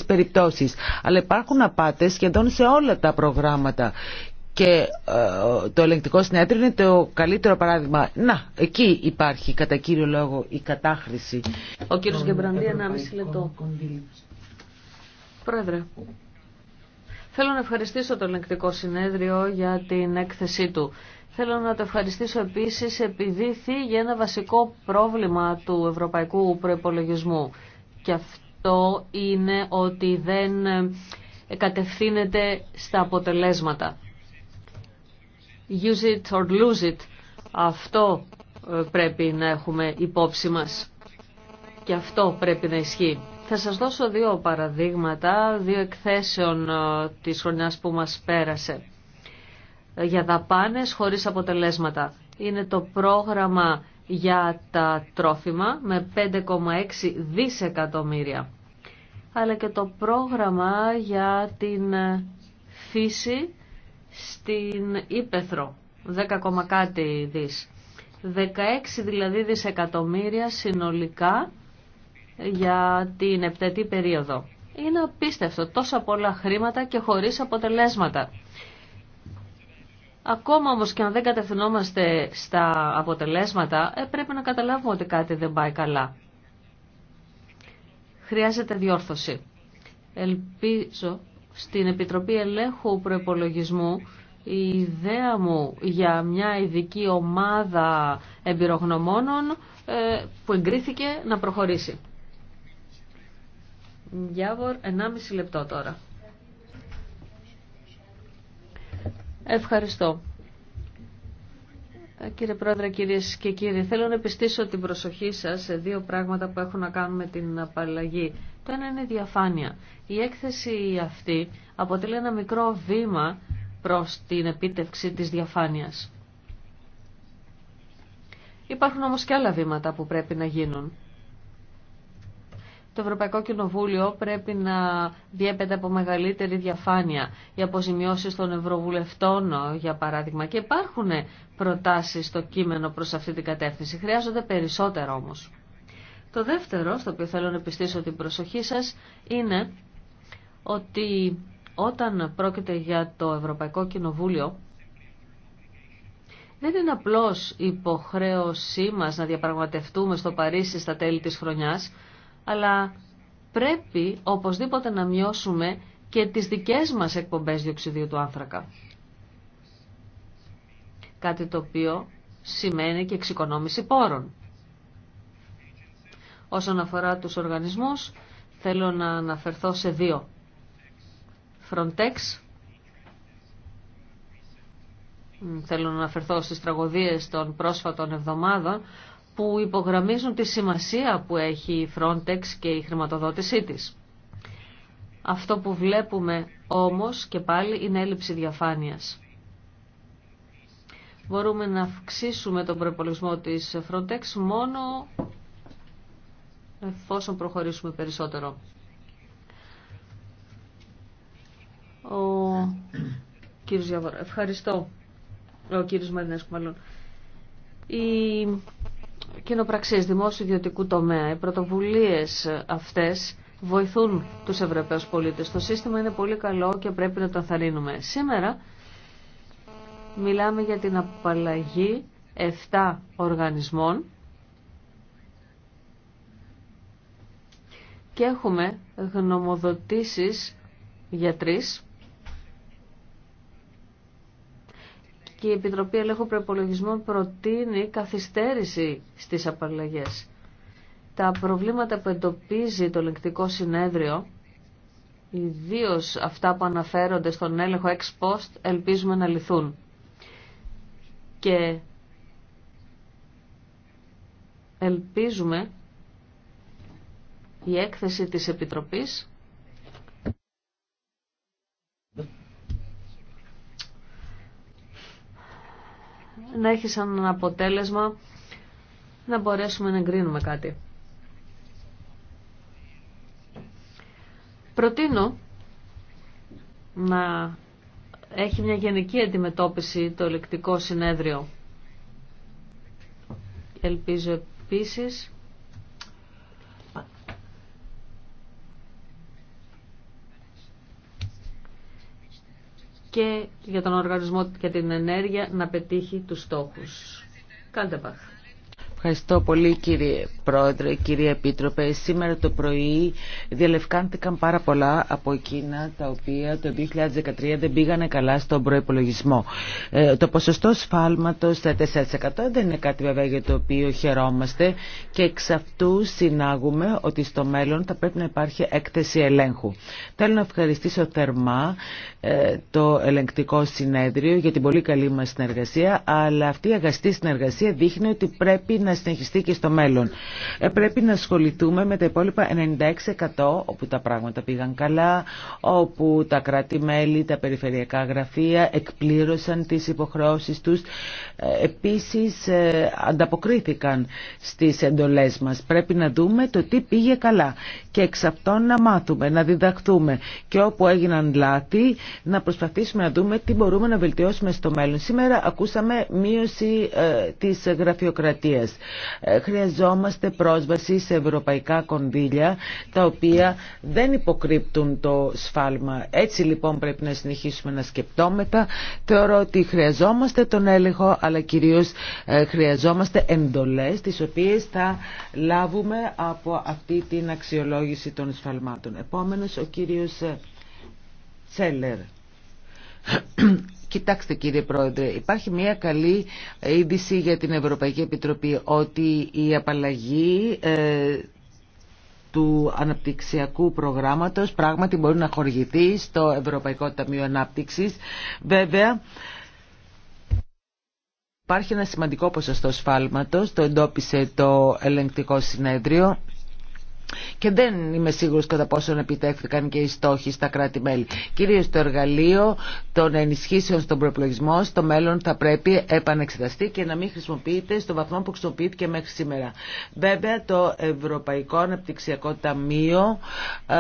περιπτώσεις. Αλλά υπάρχουν απάτες σχεδόν σε όλα τα προγράμματα. Και ε, το ελεγκτικό συνέδριο είναι το καλύτερο παράδειγμα. Να, εκεί υπάρχει κατά κύριο λόγο η κατάχρηση. Ο κύριος Γεμπραντή, ένα μισή λεπτό. Πρόεδρε. Θέλω να ευχαριστήσω το ελεγκτικό συνέδριο για την έκθεσή του. Θέλω να το ευχαριστήσω επίσης επειδή για ένα βασικό πρόβλημα του ευρωπαϊκού προϋπολογισμού. Και αυτό είναι ότι δεν ε, κατευθύνεται στα αποτελέσματα. Use it or lose it. Αυτό ε, πρέπει να έχουμε υπόψη μας. Και αυτό πρέπει να ισχύει. Θα σας δώσω δύο παραδείγματα, δύο εκθέσεων ε, της χρονιάς που μας πέρασε για δαπάνες χωρίς αποτελέσματα. Είναι το πρόγραμμα για τα τρόφιμα με 5,6 δισεκατομμύρια. Αλλά και το πρόγραμμα για την φύση στην Ήπεθρο, 10, κάτι δις. 16 δηλαδή δισεκατομμύρια συνολικά για την επτετή περίοδο. Είναι απίστευτο, τόσα πολλά χρήματα και χωρίς αποτελέσματα. Ακόμα όμως και αν δεν κατευθυνόμαστε στα αποτελέσματα, ε, πρέπει να καταλάβουμε ότι κάτι δεν πάει καλά. Χρειάζεται διόρθωση. Ελπίζω στην Επιτροπή Ελέγχου Προπολογισμού η ιδέα μου για μια ειδική ομάδα εμπειρογνωμόνων ε, που εγκρίθηκε να προχωρήσει. Γιάβορ, 1,5 λεπτό τώρα. Ευχαριστώ. Ε, κύριε Πρόεδρε, κυρίες και κύριοι, θέλω να επιστήσω την προσοχή σας σε δύο πράγματα που έχουν να κάνουν με την απαλλαγή. Το ένα είναι η διαφάνεια. Η έκθεση αυτή αποτελεί ένα μικρό βήμα προς την επίτευξη της διαφάνειας. Υπάρχουν όμως και άλλα βήματα που πρέπει να γίνουν. Το Ευρωπαϊκό Κοινοβούλιο πρέπει να διέπεται από μεγαλύτερη διαφάνεια. Οι αποζημιώσεις των Ευρωβουλευτών, για παράδειγμα, και υπάρχουν προτάσεις στο κείμενο προς αυτή την κατεύθυνση. Χρειάζονται περισσότερο όμως. Το δεύτερο, στο οποίο θέλω να επιστήσω την προσοχή σας, είναι ότι όταν πρόκειται για το Ευρωπαϊκό Κοινοβούλιο, δεν είναι απλώς υποχρέωσή μας να διαπραγματευτούμε στο Παρίσι στα τέλη της χρονιάς, αλλά πρέπει οπωσδήποτε να μειώσουμε και τις δικές μας εκπομπές διοξιδίου του άνθρακα. Κάτι το οποίο σημαίνει και εξοικονόμηση πόρων. Όσον αφορά τους οργανισμούς, θέλω να αναφερθώ σε δύο. Frontex, θέλω να αναφερθώ στις τραγωδίες των πρόσφατων εβδομάδων, που υπογραμμίζουν τη σημασία που έχει η Frontex και η χρηματοδότησή της. Αυτό που βλέπουμε όμως και πάλι είναι έλλειψη διαφάνειας. Μπορούμε να αυξήσουμε τον προπολογισμό της Frontex μόνο εφόσον προχωρήσουμε περισσότερο. Ο κύριος ευχαριστώ. Ο κύριος Μαρινέσκου μάλλον. Η κοινοπραξίες δημόσιο ιδιωτικού τομέα, οι πρωτοβουλίες αυτές βοηθούν τους Ευρωπαίους πολίτες. Το σύστημα είναι πολύ καλό και πρέπει να το ενθαρρύνουμε. Σήμερα μιλάμε για την απαλλαγή 7 οργανισμών και έχουμε γνωμοδοτήσεις για τρεις και η Επιτροπή Ελέγχου Προπολογισμών προτείνει καθυστέρηση στις απαλλαγές. Τα προβλήματα που εντοπίζει το λεκτικό συνέδριο, ιδίω αυτά που αναφέρονται στον έλεγχο ex post, ελπίζουμε να λυθούν. Και ελπίζουμε η έκθεση της Επιτροπής να έχει σαν αποτέλεσμα να μπορέσουμε να εγκρίνουμε κάτι. Προτείνω να έχει μια γενική αντιμετώπιση το ελεκτικό συνέδριο. Ελπίζω επίσης και για τον οργανισμό και την ενέργεια να πετύχει τους στόχους. Κάντε Ευχαριστώ πολύ κύριε Πρόεδρε, κύριε Επίτροπε. Σήμερα το πρωί διαλευκάνθηκαν πάρα πολλά από εκείνα τα οποία το 2013 δεν πήγανε καλά στον προϋπολογισμό. Ε, το ποσοστό σφάλματος στα 4% δεν είναι κάτι βέβαια για το οποίο χαιρόμαστε και εξ αυτού συνάγουμε ότι στο μέλλον θα πρέπει να υπάρχει έκθεση ελέγχου. Θέλω να ευχαριστήσω θερμά ε, το ελεγκτικό συνέδριο για την πολύ καλή μας συνεργασία, αλλά αυτή η αγαστή συνεργασία δείχνει ότι πρέπει να να συνεχιστεί και στο μέλλον. Ε, πρέπει να ασχοληθούμε με τα υπόλοιπα 96% όπου τα πράγματα πήγαν καλά, όπου τα κράτη-μέλη, τα περιφερειακά γραφεία εκπλήρωσαν τις υποχρεώσεις τους. Ε, επίσης ε, ανταποκρίθηκαν στις εντολές μας. Πρέπει να δούμε το τι πήγε καλά και εξ αυτών να μάθουμε, να διδαχθούμε και όπου έγιναν λάθη να προσπαθήσουμε να δούμε τι μπορούμε να βελτιώσουμε στο μέλλον. Σήμερα ακούσαμε μείωση της γραφειοκρατίας. Ε, χρειαζόμαστε πρόσβαση σε ευρωπαϊκά κονδύλια τα οποία δεν υποκρύπτουν το σφάλμα. Έτσι λοιπόν πρέπει να συνεχίσουμε να σκεπτόμετα. Θεωρώ ότι χρειαζόμαστε τον έλεγχο αλλά κυρίως ε, χρειαζόμαστε εντολές τις οποίες θα λάβουμε από αυτή την αξιολόγηση των σφαλμάτων. Επόμενος ο κύριος ε, Τσέλερ. Κοιτάξτε κύριε Πρόεδρε, υπάρχει μια καλή είδηση για την Ευρωπαϊκή Επιτροπή ότι η απαλλαγή ε, του αναπτυξιακού προγράμματος πράγματι μπορεί να χορηγηθεί στο Ευρωπαϊκό Ταμείο Ανάπτυξης. Βέβαια, υπάρχει ένα σημαντικό ποσοστό σφάλματος, το εντόπισε το ελεγκτικό συνέδριο και δεν είμαι σίγουρος κατά πόσο επιτέχθηκαν και οι στόχοι στα κράτη-μέλη. Κυρίως το εργαλείο των ενισχύσεων στον προεπλογισμό στο μέλλον θα πρέπει επανεξεταστεί και να μην χρησιμοποιείται στο βαθμό που χρησιμοποιήθηκε μέχρι σήμερα. Βέβαια το Ευρωπαϊκό Αναπτυξιακό Ταμείο ε,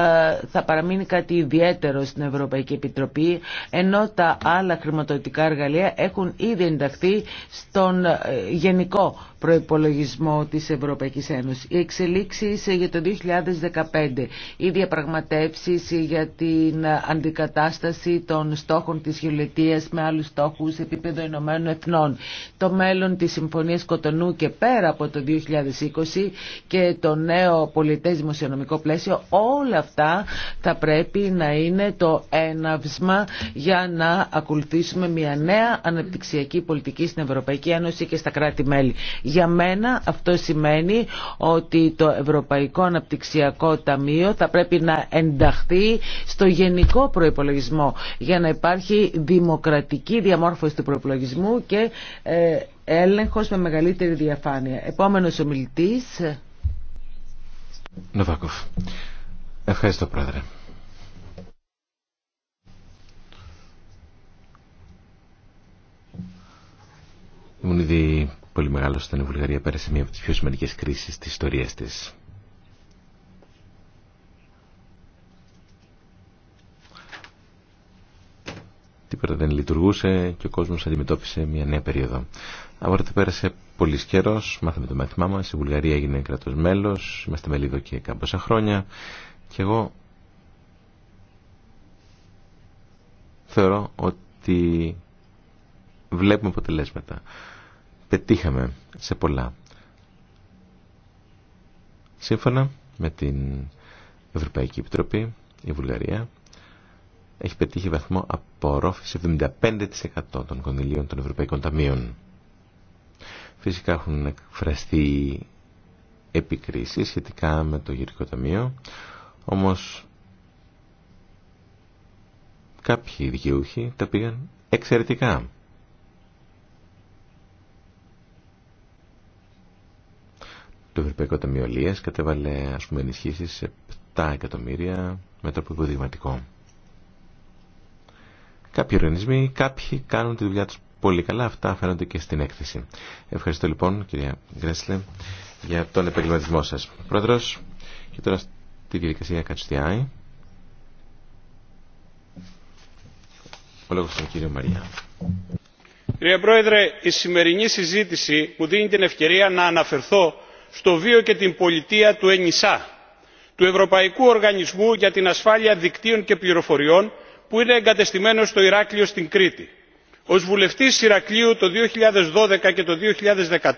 θα παραμείνει κάτι ιδιαίτερο στην Ευρωπαϊκή Επιτροπή ενώ τα άλλα χρηματοδοτικά εργαλεία έχουν ήδη ενταχθεί στον ε, γενικό Προπολογισμό της Ευρωπαϊκής Ένωσης. Οι εξελίξεις για το 2015, οι διαπραγματεύσεις για την αντικατάσταση των στόχων της χιλιετίας με άλλους στόχους σε επίπεδο Ηνωμένων Εθνών, το μέλλον της Συμφωνίας Κοτονού και πέρα από το 2020 και το νέο πολιτές δημοσιονομικό πλαίσιο, όλα αυτά θα πρέπει να είναι το έναυσμα για να ακολουθήσουμε μια νέα αναπτυξιακή πολιτική στην Ευρωπαϊκή Ένωση και στα κράτη-μέλη. Για μένα αυτό σημαίνει ότι το Ευρωπαϊκό Αναπτυξιακό Ταμείο θα πρέπει να ενταχθεί στο γενικό προϋπολογισμό για να υπάρχει δημοκρατική διαμόρφωση του προϋπολογισμού και ε, έλεγχος με μεγαλύτερη διαφάνεια. Επόμενος ομιλητής. Νοβάκοφ. Ευχαριστώ πρόεδρε. Ήμουν ήδη πολύ μεγάλο όταν η Βουλγαρία πέρασε μία από τις πιο σημαντικές κρίσεις της ιστορίας της. Τίποτα δεν λειτουργούσε και ο κόσμος αντιμετώπισε μία νέα περίοδο. Από τότε πέρασε πολύ καιρό, μάθαμε το μάθημά μας, η Βουλγαρία έγινε κρατός μέλος, είμαστε μέλη εδώ και κάμποσα χρόνια και εγώ θεωρώ ότι βλέπουμε αποτελέσματα πετύχαμε σε πολλά. Σύμφωνα με την Ευρωπαϊκή Επιτροπή, η Βουλγαρία έχει πετύχει βαθμό απορρόφηση 75% των κονδυλίων των Ευρωπαϊκών Ταμείων. Φυσικά έχουν εκφραστεί επικρίσεις σχετικά με το Γερικό Ταμείο, όμως κάποιοι δικαιούχοι τα πήγαν εξαιρετικά. Το Ευρωπαϊκό Ταμείο κατέβαλε ας πούμε ενισχύσεις σε 7 εκατομμύρια με τρόπο υποδειγματικό. Κάποιοι οργανισμοί, κάποιοι κάνουν τη δουλειά τους πολύ καλά. Αυτά φαίνονται και στην έκθεση. Ευχαριστώ λοιπόν κυρία Γκρέσλε για τον επαγγελματισμό σας. Πρόεδρος, και τώρα στη διαδικασία Κατστιάη. Ο λόγος στον κύριο Μαριά. Κύριε Πρόεδρε, η σημερινή συζήτηση μου δίνει την ευκαιρία να αναφερθώ στο βίο και την πολιτεία του ενισα του ευρωπαϊκού οργανισμού για την ασφάλεια δικτύων και πληροφοριών που είναι εγκατεστημένο στο ηράκλειο στην κρήτη. ω βουλευτή ηρακλείου το 2012 και το 2013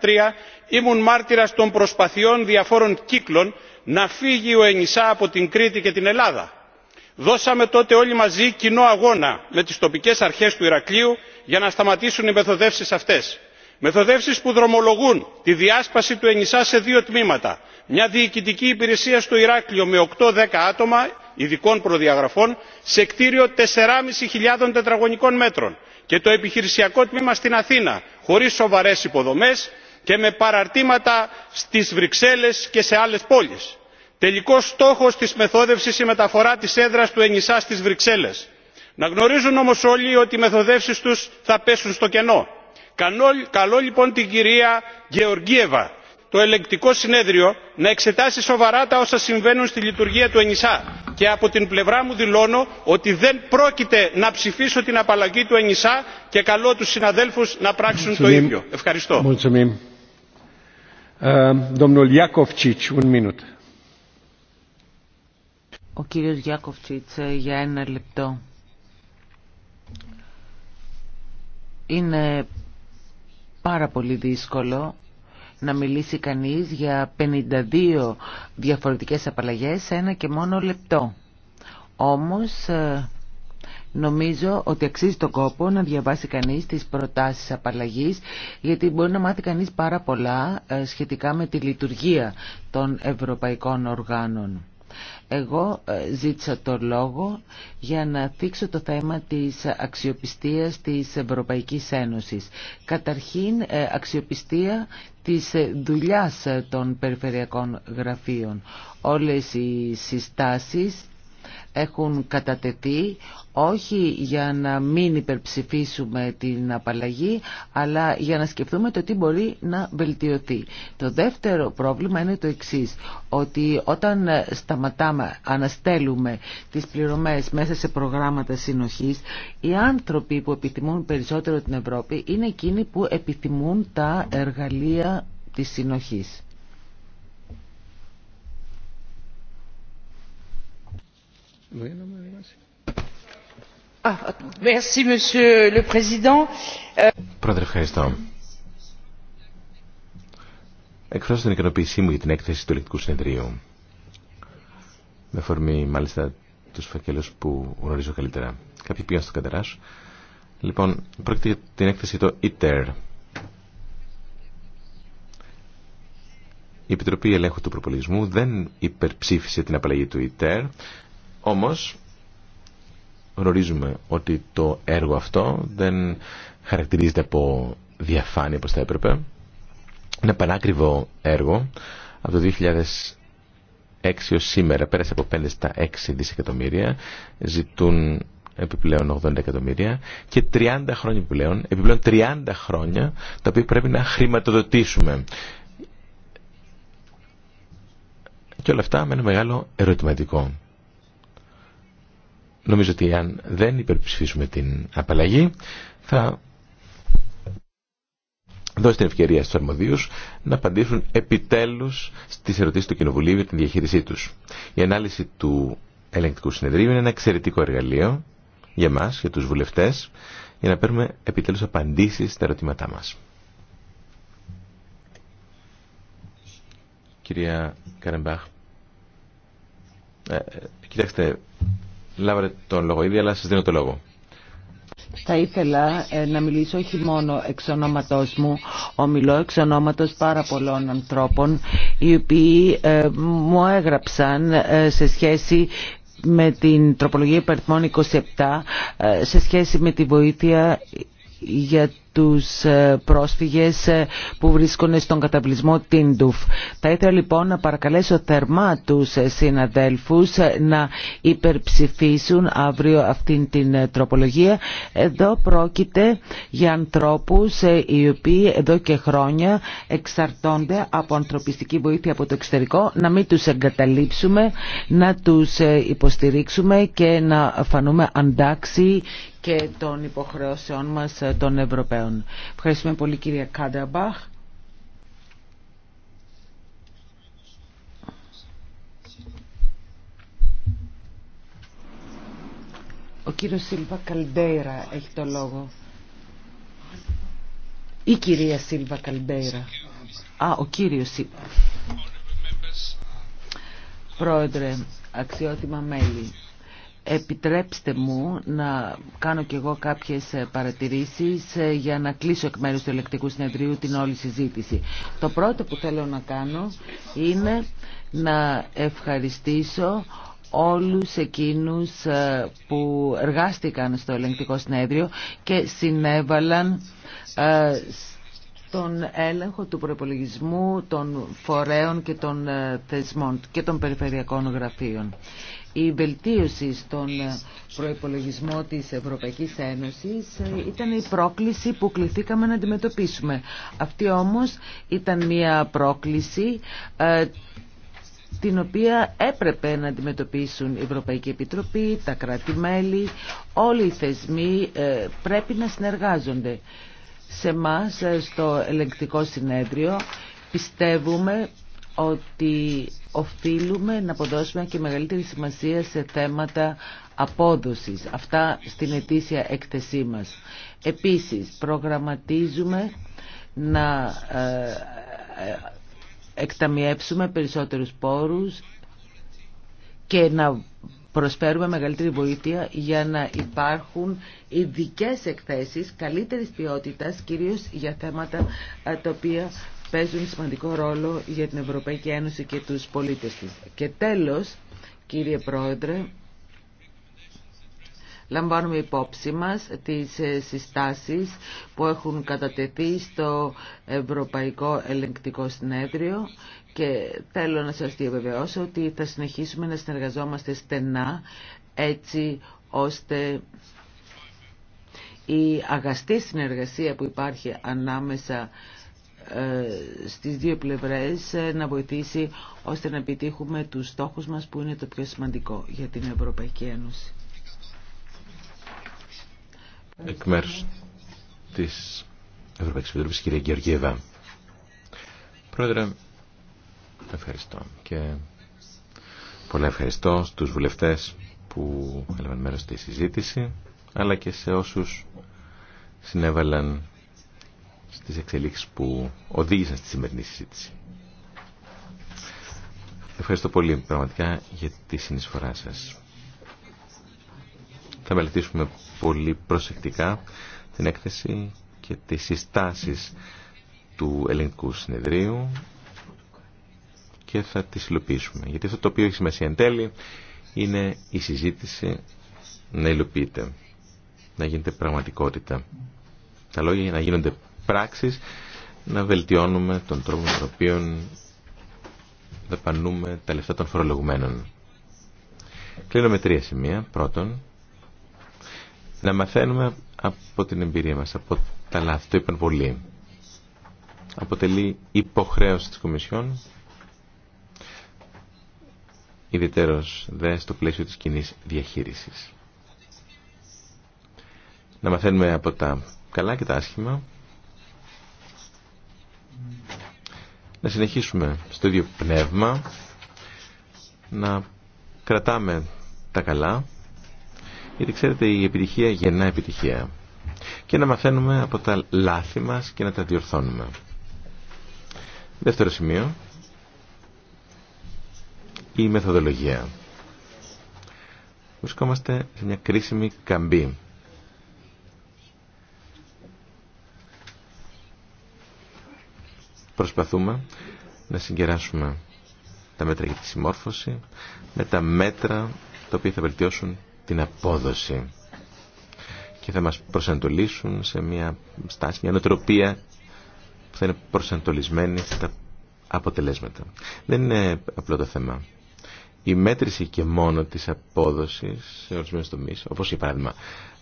ήμουν μάρτυρα των προσπαθειών διαφόρων κύκλων να φύγει ο ενισα από την κρήτη και την ελλάδα. δώσαμε τότε όλοι μαζί κοινό αγώνα με τι τοπικέ αρχέ του ηρακλείου για να σταματήσουν οι μεθοδεύσει αυτέ μεθοδεύσεις που δρομολογούν τη διάσπαση του ενισά σε δύο τμήματα μια διοικητική υπηρεσία στο ηράκλειο με οκτώ δέκα άτομα ειδικών προδιαγραφών σε κτίριο τεσσεράμισι χιλιάδων τετραγωνικών μέτρων και το επιχειρησιακό τμήμα στην αθήνα χωρίς σοβαρές υποδομές και με παραρτήματα στις βρυξέλλες και σε άλλες πόλεις. τελικός στόχος της μεθόδευσης η μεταφορά της έδρας του ενισά στις βρυξέλλες. να γνωρίζουν όμως όλοι ότι οι μεθοδεύσεις τους θα πέσουν στο κενό καλώ λοιπόν την κυρία Γεωργίεβα το ελεγκτικό συνέδριο να εξετάσει σοβαρά τα όσα συμβαίνουν στη λειτουργία του ενισά και από την πλευρά μου δηλώνω ότι δεν πρόκειται να ψηφίσω την απαλλαγή του ενισά και καλώ τους συναδέλφους να πράξουν το ίδιο. ευχαριστώ. Ε, Ο κύριος Γιάκοφτσιτς ε, για ένα πάρα πολύ δύσκολο να μιλήσει κανείς για 52 διαφορετικές απαλλαγές σε ένα και μόνο λεπτό. Όμως ε, νομίζω ότι αξίζει τον κόπο να διαβάσει κανείς τις προτάσεις απαλλαγής γιατί μπορεί να μάθει κανείς πάρα πολλά ε, σχετικά με τη λειτουργία των ευρωπαϊκών οργάνων. Εγώ ε, ζήτησα το λόγο για να θίξω το θέμα της αξιοπιστίας της Ευρωπαϊκής Ένωσης. Καταρχήν ε, αξιοπιστία της ε, δουλειάς των περιφερειακών γραφείων. Όλες οι συστάσεις έχουν κατατεθεί όχι για να μην υπερψηφίσουμε την απαλλαγή αλλά για να σκεφτούμε το τι μπορεί να βελτιωθεί. Το δεύτερο πρόβλημα είναι το εξής ότι όταν σταματάμε, αναστέλουμε τις πληρωμές μέσα σε προγράμματα συνοχής οι άνθρωποι που επιθυμούν περισσότερο την Ευρώπη είναι εκείνοι που επιθυμούν τα εργαλεία της συνοχής. Ah, euh, Πρόεδρε, ευχαριστώ. Εκφράζω την ικανοποίησή μου για την έκθεση του Ελεκτικού Συνεδρίου. Με αφορμή, μάλιστα, τους φακέλους που γνωρίζω καλύτερα. Κάποιοι πήγαν στο Κατεράς. Λοιπόν, πρόκειται για την έκθεση το ITER. Η Επιτροπή Ελέγχου του προπολισμού δεν υπερψήφισε την απαλλαγή του ΙΤΕΡ όμως γνωρίζουμε ότι το έργο αυτό δεν χαρακτηρίζεται από διαφάνεια όπως θα έπρεπε. Είναι πανάκριβο έργο από το 2006 ως σήμερα πέρασε από 5 στα 6 δισεκατομμύρια ζητούν επιπλέον 80 εκατομμύρια και 30 χρόνια επιπλέον, επιπλέον 30 χρόνια τα οποία πρέπει να χρηματοδοτήσουμε. Και όλα αυτά με ένα μεγάλο ερωτηματικό. Νομίζω ότι αν δεν υπερψηφίσουμε την απαλλαγή θα δώσει την ευκαιρία στους αρμοδίους να απαντήσουν επιτέλους στις ερωτήσεις του Κοινοβουλίου για την διαχείρισή τους. Η ανάλυση του ελεγκτικού συνεδρίου είναι ένα εξαιρετικό εργαλείο για μας, για τους βουλευτές, για να παίρνουμε επιτέλους απαντήσεις στα ερωτήματά μας. Κυρία Καρεμπάχ, ε, ε, κοιτάξτε, λάβατε τον λόγο ήδη, αλλά σας δίνω το λόγο. Θα ήθελα ε, να μιλήσω όχι μόνο εξ ονόματός μου, ομιλώ εξ ονόματος πάρα πολλών ανθρώπων οι οποίοι ε, μου έγραψαν ε, σε σχέση με την τροπολογία υπερθμών 27 σε σχέση με τη βοήθεια για τους ε, πρόσφυγες ε, που βρίσκονται στον καταβλισμό Τίντουφ. Θα ήθελα λοιπόν να παρακαλέσω θερμά τους ε, συναδέλφους να υπερψηφίσουν αύριο αυτήν την τροπολογία. Εδώ πρόκειται για ανθρώπους οι οποίοι εδώ και χρόνια εξαρτώνται από ανθρωπιστική βοήθεια από το εξωτερικό, να μην τους εγκαταλείψουμε, να τους υποστηρίξουμε και να φανούμε αντάξιοι και των υποχρεώσεών μας ε, των Ευρωπαίων. Ευχαριστούμε πολύ κυρία Κάνταμπαχ. Ο κύριος Σίλβα Καλντέιρα έχει το λόγο. Η κυρία Σίλβα Καλντέιρα. Α, ο κύριος Σίλβα. Πρόεδρε, αξιότιμα μέλη. Επιτρέψτε μου να κάνω κι εγώ κάποιες ε, παρατηρήσεις ε, για να κλείσω εκ μέρους του ελεκτικού συνεδρίου την όλη συζήτηση. Το πρώτο που θέλω να κάνω είναι να ευχαριστήσω όλους εκείνους ε, που εργάστηκαν στο Ελεκτικό συνέδριο και συνέβαλαν τον έλεγχο του προπολογισμού των φορέων και των θεσμών και των περιφερειακών γραφείων η βελτίωση στον προϋπολογισμό της Ευρωπαϊκής Ένωσης ε, ήταν η πρόκληση που κληθήκαμε να αντιμετωπίσουμε. Αυτή όμως ήταν μια πρόκληση ε, την οποία έπρεπε να αντιμετωπίσουν η Ευρωπαϊκή Επιτροπή, τα κράτη-μέλη, όλοι οι θεσμοί ε, πρέπει να συνεργάζονται. Σε μας στο ελεγκτικό συνέδριο πιστεύουμε ότι οφείλουμε να αποδώσουμε και μεγαλύτερη σημασία σε θέματα απόδοσης. Αυτά στην ετήσια εκθεσή μας. Επίσης, προγραμματίζουμε να ε, ε, εκταμιεύσουμε περισσότερους πόρους και να προσφέρουμε μεγαλύτερη βοήθεια για να υπάρχουν ειδικέ εκθέσεις καλύτερης ποιότητας, κυρίως για θέματα ε, τα οποία παίζουν σημαντικό ρόλο για την Ευρωπαϊκή Ένωση και τους πολίτες της. Και τέλος, κύριε Πρόεδρε, λαμβάνουμε υπόψη μας τις ε, συστάσεις που έχουν κατατεθεί στο Ευρωπαϊκό Ελεγκτικό Συνέδριο και θέλω να σας διαβεβαιώσω ότι θα συνεχίσουμε να συνεργαζόμαστε στενά έτσι ώστε η αγαστή συνεργασία που υπάρχει ανάμεσα ε, στις δύο πλευρές ε, να βοηθήσει ώστε να επιτύχουμε τους στόχους μας που είναι το πιο σημαντικό για την Ευρωπαϊκή Ένωση. Εκ μέρους της Ευρωπαϊκής Επιτροπής, κυρία Γεωργίευα. Πρόεδρε, ευχαριστώ και πολλά ευχαριστώ στους βουλευτές που έλαβαν μέρος στη συζήτηση αλλά και σε όσους συνέβαλαν στις εξελίξεις που οδήγησαν στη σημερινή συζήτηση. Ευχαριστώ πολύ πραγματικά για τη συνεισφορά σας. Θα μελετήσουμε πολύ προσεκτικά την έκθεση και τις συστάσεις του ελληνικού συνεδρίου και θα τις υλοποιήσουμε. Γιατί αυτό το οποίο έχει σημασία εν τέλει είναι η συζήτηση να υλοποιείται, να γίνεται πραγματικότητα. Τα λόγια να γίνονται πράξεις να βελτιώνουμε τον τρόπο με τον οποίο δαπανούμε τα λεφτά των φορολογουμένων. Κλείνω με τρία σημεία. Πρώτον, να μαθαίνουμε από την εμπειρία μας, από τα λάθη. Το είπαν πολλοί. Αποτελεί υποχρέωση της Κομισιόν, ιδιαίτερος δε στο πλαίσιο της κοινή διαχείρισης. Να μαθαίνουμε από τα καλά και τα άσχημα, να συνεχίσουμε στο ίδιο πνεύμα, να κρατάμε τα καλά, γιατί ξέρετε η επιτυχία γεννά επιτυχία και να μαθαίνουμε από τα λάθη μας και να τα διορθώνουμε. Δεύτερο σημείο, η μεθοδολογία. Βρισκόμαστε σε μια κρίσιμη καμπή Προσπαθούμε να συγκεράσουμε τα μέτρα για τη συμμόρφωση με τα μέτρα τα οποία θα βελτιώσουν την απόδοση και θα μας προσανατολίσουν σε μια στάση, μια νοοτροπία που θα είναι προσανατολισμένη στα αποτελέσματα. Δεν είναι απλό το θέμα. Η μέτρηση και μόνο της απόδοσης σε ορισμένους τομείς, όπως για παράδειγμα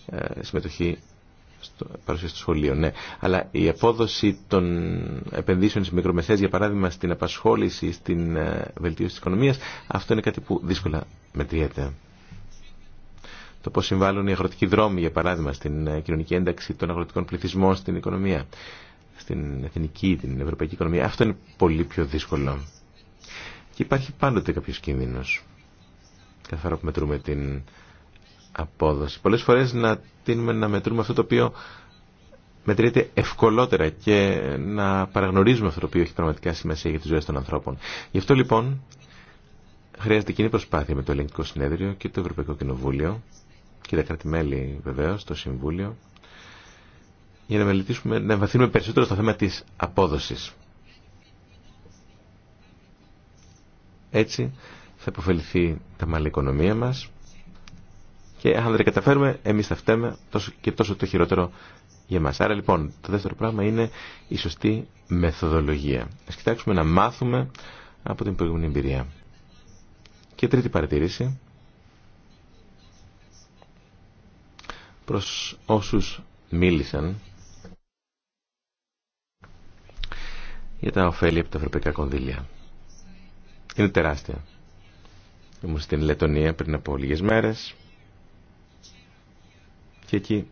ε, συμμετοχή στο, παρουσία του σχολείο, ναι. Αλλά η απόδοση των επενδύσεων στις μικρομεσαίες, για παράδειγμα, στην απασχόληση, στην ε, βελτίωση της οικονομίας, αυτό είναι κάτι που δύσκολα μετριέται. Το πώς συμβάλλουν οι αγροτικοί δρόμοι, για παράδειγμα, στην ε, κοινωνική ένταξη των αγροτικών πληθυσμών στην οικονομία, στην εθνική, την ευρωπαϊκή οικονομία, αυτό είναι πολύ πιο δύσκολο. Και υπάρχει πάντοτε κάποιος κίνδυνος. Καθαρά που μετρούμε την απόδοση. Πολλές φορές να τίνουμε να μετρούμε αυτό το οποίο μετρείται ευκολότερα και να παραγνωρίζουμε αυτό το οποίο έχει πραγματικά σημασία για τις ζωές των ανθρώπων. Γι' αυτό λοιπόν χρειάζεται κοινή προσπάθεια με το Ελληνικό Συνέδριο και το Ευρωπαϊκό Κοινοβούλιο και τα κράτη-μέλη βεβαίω, το Συμβούλιο, για να μελετήσουμε, να εμβαθύνουμε περισσότερο στο θέμα της απόδοσης. Έτσι θα υποφεληθεί τα μάλλη οικονομία μας, και αν δεν τα καταφέρουμε εμείς θα φταίμε τόσο και τόσο το χειρότερο για μας. Άρα λοιπόν το δεύτερο πράγμα είναι η σωστή μεθοδολογία. Α κοιτάξουμε να μάθουμε από την προηγούμενη εμπειρία. Και τρίτη παρατήρηση. Προς όσους μίλησαν για τα ωφέλη από τα ευρωπαϊκά κονδύλια. Είναι τεράστια. Ήμουν στην Λετωνία πριν από λίγες μέρες και εκεί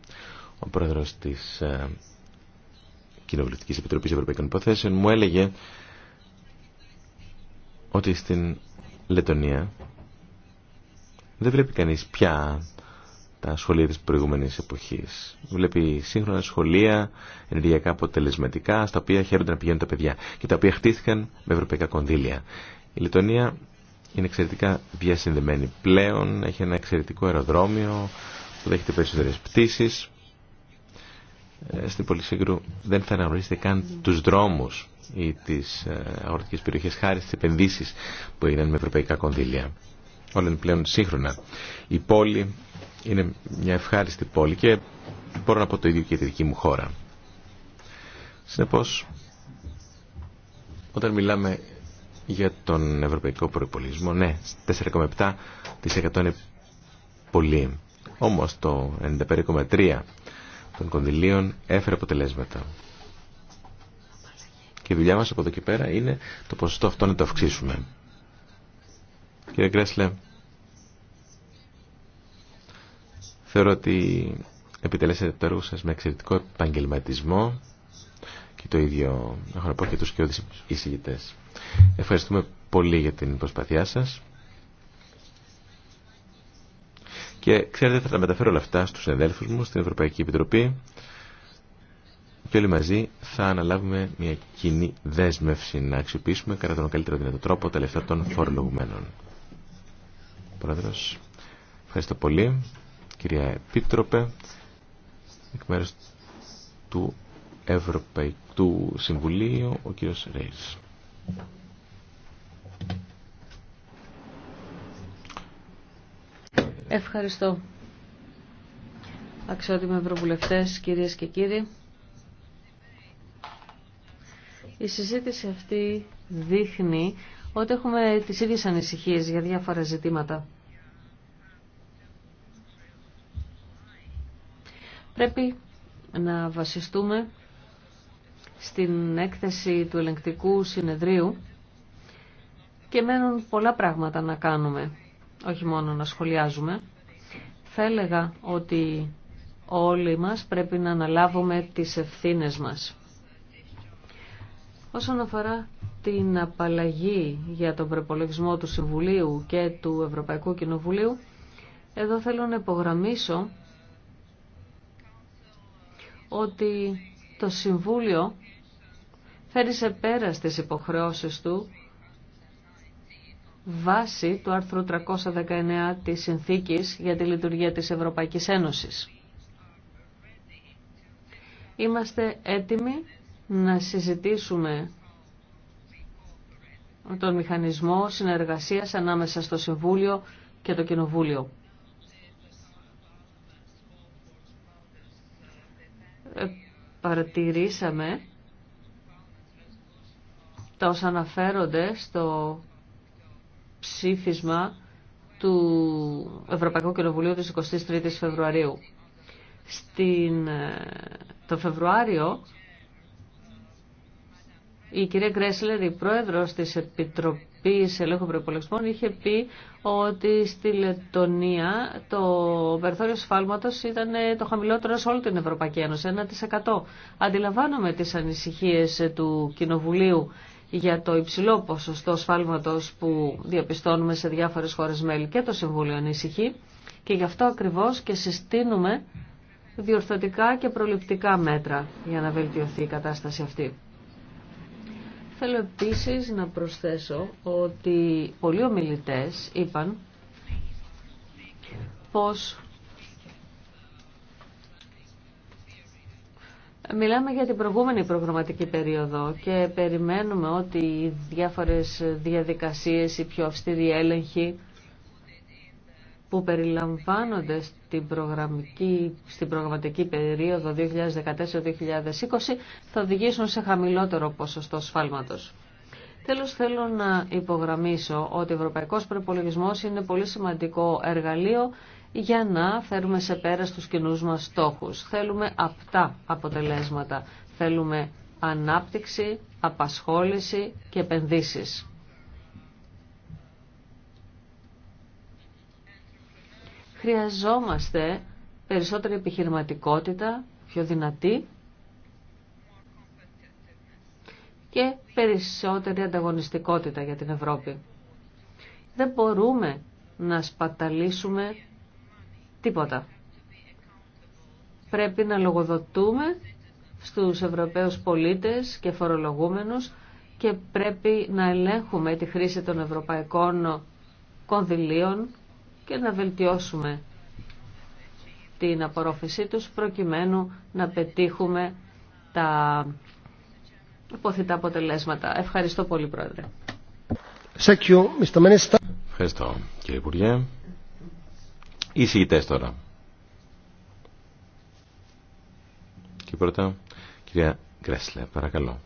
ο πρόεδρος της ε, Κοινοβουλευτικής Επιτροπής Ευρωπαϊκών Υποθέσεων μου έλεγε ότι στην Λετωνία δεν βλέπει κανείς πια τα σχολεία της προηγούμενης εποχής. Βλέπει σύγχρονα σχολεία, ενεργειακά αποτελεσματικά, στα οποία χαίρονται να πηγαίνουν τα παιδιά και τα οποία χτίστηκαν με ευρωπαϊκά κονδύλια. Η Λετωνία είναι εξαιρετικά διασυνδεμένη πλέον, έχει ένα εξαιρετικό αεροδρόμιο, που δέχεται περισσότερες πτήσεις. Ε, στην Πολυσύγκρου δεν θα αναγνωρίσετε καν τους δρόμους ή τις ε, αγροτικές περιοχές χάρη στις επενδύσεις που έγιναν με ευρωπαϊκά κονδύλια. Όλα είναι πλέον σύγχρονα. Η τις αγροτικε περιοχε χαρη στι επενδυσει που εγιναν με είναι μια ευχάριστη πόλη και μπορώ να πω το ίδιο και τη δική μου χώρα. Συνεπώ. όταν μιλάμε για τον ευρωπαϊκό προπολογισμό, ναι, 4,7% είναι πολύ. Όμως το 95,3 των κονδυλίων έφερε αποτελέσματα. Και η δουλειά μας από εδώ και πέρα είναι το ποσοστό αυτό να το αυξήσουμε. Κύριε Γκρέσλε, θεωρώ ότι επιτελέσετε το έργο σας με εξαιρετικό επαγγελματισμό και το ίδιο έχω να πω και τους οι εισηγητές. Ευχαριστούμε πολύ για την προσπαθειά σας. Και ξέρετε θα τα μεταφέρω όλα αυτά στους αδέλφους μου στην Ευρωπαϊκή Επιτροπή και όλοι μαζί θα αναλάβουμε μια κοινή δέσμευση να αξιοποιήσουμε κατά τον καλύτερο δυνατό τρόπο τα λεφτά των φορολογουμένων. Πρόεδρος, ευχαριστώ πολύ. Κυρία Επίτροπε, εκ μέρους του Ευρωπαϊκού Συμβουλίου, ο κύριος Ρέις. Ευχαριστώ. Αξιότιμοι Ευρωβουλευτές, κυρίες και κύριοι. Η συζήτηση αυτή δείχνει ότι έχουμε τις ίδιες ανησυχίες για διάφορα ζητήματα. Πρέπει να βασιστούμε στην έκθεση του ελεγκτικού συνεδρίου και μένουν πολλά πράγματα να κάνουμε όχι μόνο να σχολιάζουμε. Θα έλεγα ότι όλοι μας πρέπει να αναλάβουμε τις ευθύνες μας. Όσον αφορά την απαλλαγή για τον προπολογισμό του Συμβουλίου και του Ευρωπαϊκού Κοινοβουλίου, εδώ θέλω να υπογραμμίσω ότι το Συμβούλιο φέρει σε πέρα στις υποχρεώσεις του βάση του άρθρου 319 της Συνθήκης για τη λειτουργία της Ευρωπαϊκής Ένωσης. Είμαστε έτοιμοι να συζητήσουμε τον μηχανισμό συνεργασίας ανάμεσα στο Συμβούλιο και το Κοινοβούλιο. Παρατηρήσαμε τα όσα αναφέρονται στο ψήφισμα του Ευρωπαϊκού Κοινοβουλίου της 23ης Φεβρουαρίου. Στην, ε, το Φεβρουάριο η κυρία Γκρέσλερ, η πρόεδρος της Επιτροπής Ελέγχου Προπολογισμών, είχε πει ότι στη Λετωνία το περιθώριο σφάλματος ήταν ε, το χαμηλότερο σε όλη την Ευρωπαϊκή Ένωση, 1%. Αντιλαμβάνομαι τις ανησυχίες του Κοινοβουλίου για το υψηλό ποσοστό σφάλματος που διαπιστώνουμε σε διάφορες χώρες μέλη και το Συμβούλιο ανησυχεί και γι' αυτό ακριβώς και συστήνουμε διορθωτικά και προληπτικά μέτρα για να βελτιωθεί η κατάσταση αυτή. Θέλω επίσης να προσθέσω ότι πολλοί ομιλητές είπαν πως Μιλάμε για την προηγούμενη προγραμματική περίοδο και περιμένουμε ότι οι διάφορες διαδικασίες, οι πιο αυστηροί έλεγχοι που περιλαμβάνονται στην, προγραμματική, στην προγραμματική περίοδο 2014-2020 θα οδηγήσουν σε χαμηλότερο ποσοστό σφάλματος. Τέλος θέλω να υπογραμμίσω ότι ο Ευρωπαϊκός Προπολογισμός είναι πολύ σημαντικό εργαλείο για να φέρουμε σε πέρα στους κοινούς μας στόχους. Θέλουμε απτά αποτελέσματα. Θέλουμε ανάπτυξη, απασχόληση και επενδύσεις. Χρειαζόμαστε περισσότερη επιχειρηματικότητα, πιο δυνατή και περισσότερη ανταγωνιστικότητα για την Ευρώπη. Δεν μπορούμε να σπαταλήσουμε Τίποτα. Πρέπει να λογοδοτούμε στους Ευρωπαίους πολίτες και φορολογούμενους και πρέπει να ελέγχουμε τη χρήση των ευρωπαϊκών κονδυλίων και να βελτιώσουμε την απορρόφησή τους προκειμένου να πετύχουμε τα υποθητά αποτελέσματα. Ευχαριστώ πολύ Πρόεδρε. Ευχαριστώ κύριε Υπουργέ. Οι εισηγητές τώρα. Και πρώτα, κυρία Γκρέσλε, παρακαλώ.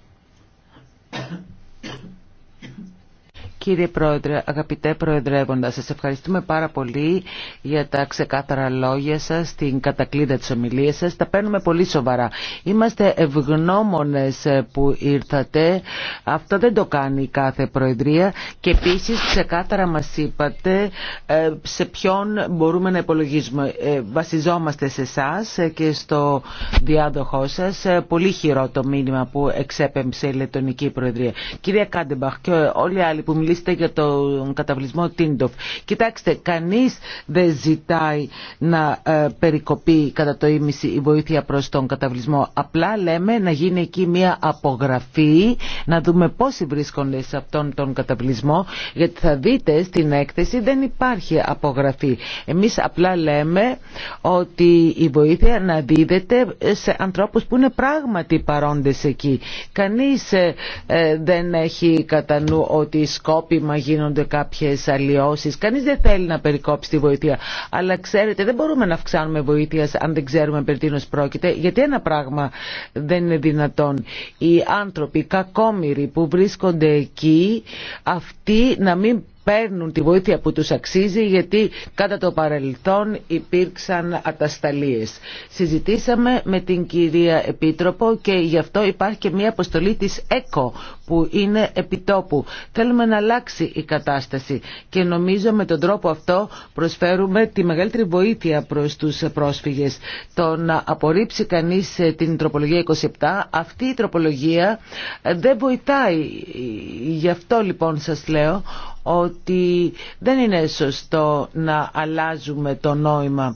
Κύριε Πρόεδρε, αγαπητέ Προεδρεύοντα, σας ευχαριστούμε πάρα πολύ για τα ξεκάθαρα λόγια σας, την κατακλείδα της ομιλίας σας. Τα παίρνουμε πολύ σοβαρά. Είμαστε ευγνώμονες που ήρθατε. Αυτό δεν το κάνει κάθε Προεδρία. Και επίσης ξεκάθαρα μας είπατε ε, σε ποιον μπορούμε να υπολογίζουμε. Ε, βασιζόμαστε σε εσά και στο διάδοχό σας. Ε, πολύ χειρό το μήνυμα που εξέπεμψε η Λετωνική Προεδρία. Κυρία Κάντεμπαχ και όλοι άλλοι που μιλήσετε για τον καταβλισμό Τίντοφ. Κοιτάξτε, κανείς δεν ζητάει να ε, περικοπεί κατά το ίμιση η βοήθεια προς τον καταβλισμό. Απλά λέμε να γίνει εκεί μια απογραφή, να δούμε πόσοι βρίσκονται σε αυτόν τον καταβλισμό, γιατί θα δείτε στην έκθεση δεν υπάρχει απογραφή. Εμείς απλά λέμε ότι η βοήθεια να δίδεται σε ανθρώπου που είναι πράγματι παρόντε εκεί. Ε, ε, δεν έχει κατά νου ότι περικόπημα γίνονται κάποιες αλλοιώσεις. Κανείς δεν θέλει να περικόψει τη βοήθεια. Αλλά ξέρετε δεν μπορούμε να αυξάνουμε βοήθεια αν δεν ξέρουμε περί πρόκειται. Γιατί ένα πράγμα δεν είναι δυνατόν. Οι άνθρωποι οι κακόμοιροι που βρίσκονται εκεί αυτοί να μην παίρνουν τη βοήθεια που τους αξίζει γιατί κατά το παρελθόν υπήρξαν ατασταλίες. Συζητήσαμε με την κυρία Επίτροπο και γι' αυτό υπάρχει και μια αποστολή της ΕΚΟ που είναι επιτόπου. Θέλουμε να αλλάξει η κατάσταση και νομίζω με τον τρόπο αυτό προσφέρουμε τη μεγαλύτερη βοήθεια προς τους πρόσφυγες. Το να απορρίψει κανείς ε, την τροπολογία 27, αυτή η τροπολογία ε, δεν βοηθάει. Γι' αυτό λοιπόν σας λέω ότι δεν είναι σωστό να αλλάζουμε το νόημα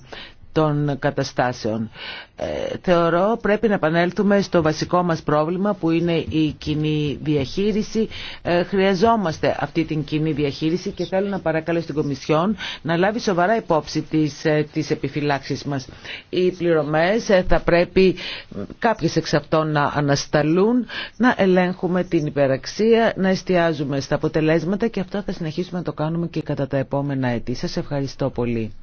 των καταστάσεων. Ε, θεωρώ πρέπει να επανέλθουμε στο βασικό μας πρόβλημα που είναι η κοινή διαχείριση. Ε, χρειαζόμαστε αυτή την κοινή διαχείριση και θέλω να παρακαλώ στην Κομισιόν να λάβει σοβαρά υπόψη τις, ε, τις επιφυλάξεις μας. Οι πληρωμές θα πρέπει κάποιες εξ αυτών να ανασταλούν, να ελέγχουμε την υπεραξία, να εστιάζουμε στα αποτελέσματα και αυτό θα συνεχίσουμε να το κάνουμε και κατά τα επόμενα έτη. Σας ευχαριστώ πολύ.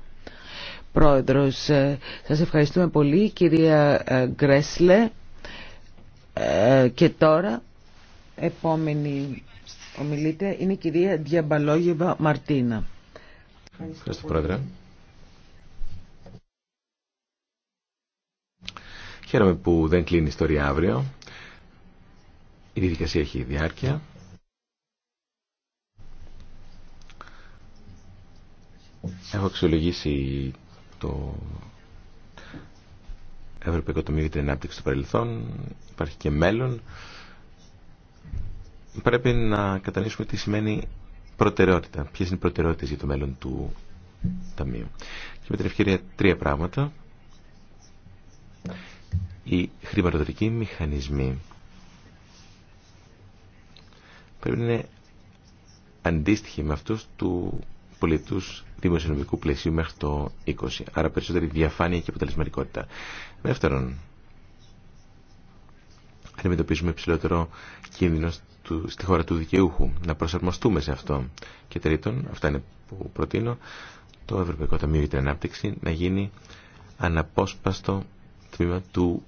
Πρόεδρος. Ε, σας ευχαριστούμε πολύ κυρία ε, Γκρέσλε. Ε, και τώρα, επόμενη ομιλήτρια είναι η κυρία Διαμπαλόγευα Μαρτίνα. Ευχαριστώ Πρόεδρε. Χαίρομαι που δεν κλείνει η ιστορία αύριο. Η διαδικασία έχει διάρκεια. Έχω αξιολογήσει το Ευρωπαϊκό Τομείο για την Ανάπτυξη του Παρελθόν, υπάρχει και μέλλον. Πρέπει να κατανοήσουμε τι σημαίνει προτεραιότητα, Ποιε είναι οι προτεραιότητε για το μέλλον του Ταμείου. Και με την ευκαιρία τρία πράγματα. Οι χρηματοδοτικοί μηχανισμοί πρέπει να είναι αντίστοιχοι με αυτούς του πολιτού δημοσιονομικού πλαισίου μέχρι το 20. Άρα περισσότερη διαφάνεια και αποτελεσματικότητα. Δεύτερον, αντιμετωπίζουμε υψηλότερο κίνδυνο στη χώρα του δικαιούχου. Να προσαρμοστούμε σε αυτό. Και τρίτον, αυτά είναι που προτείνω, το Ευρωπαϊκό Ταμείο για την Ανάπτυξη να γίνει αναπόσπαστο τμήμα του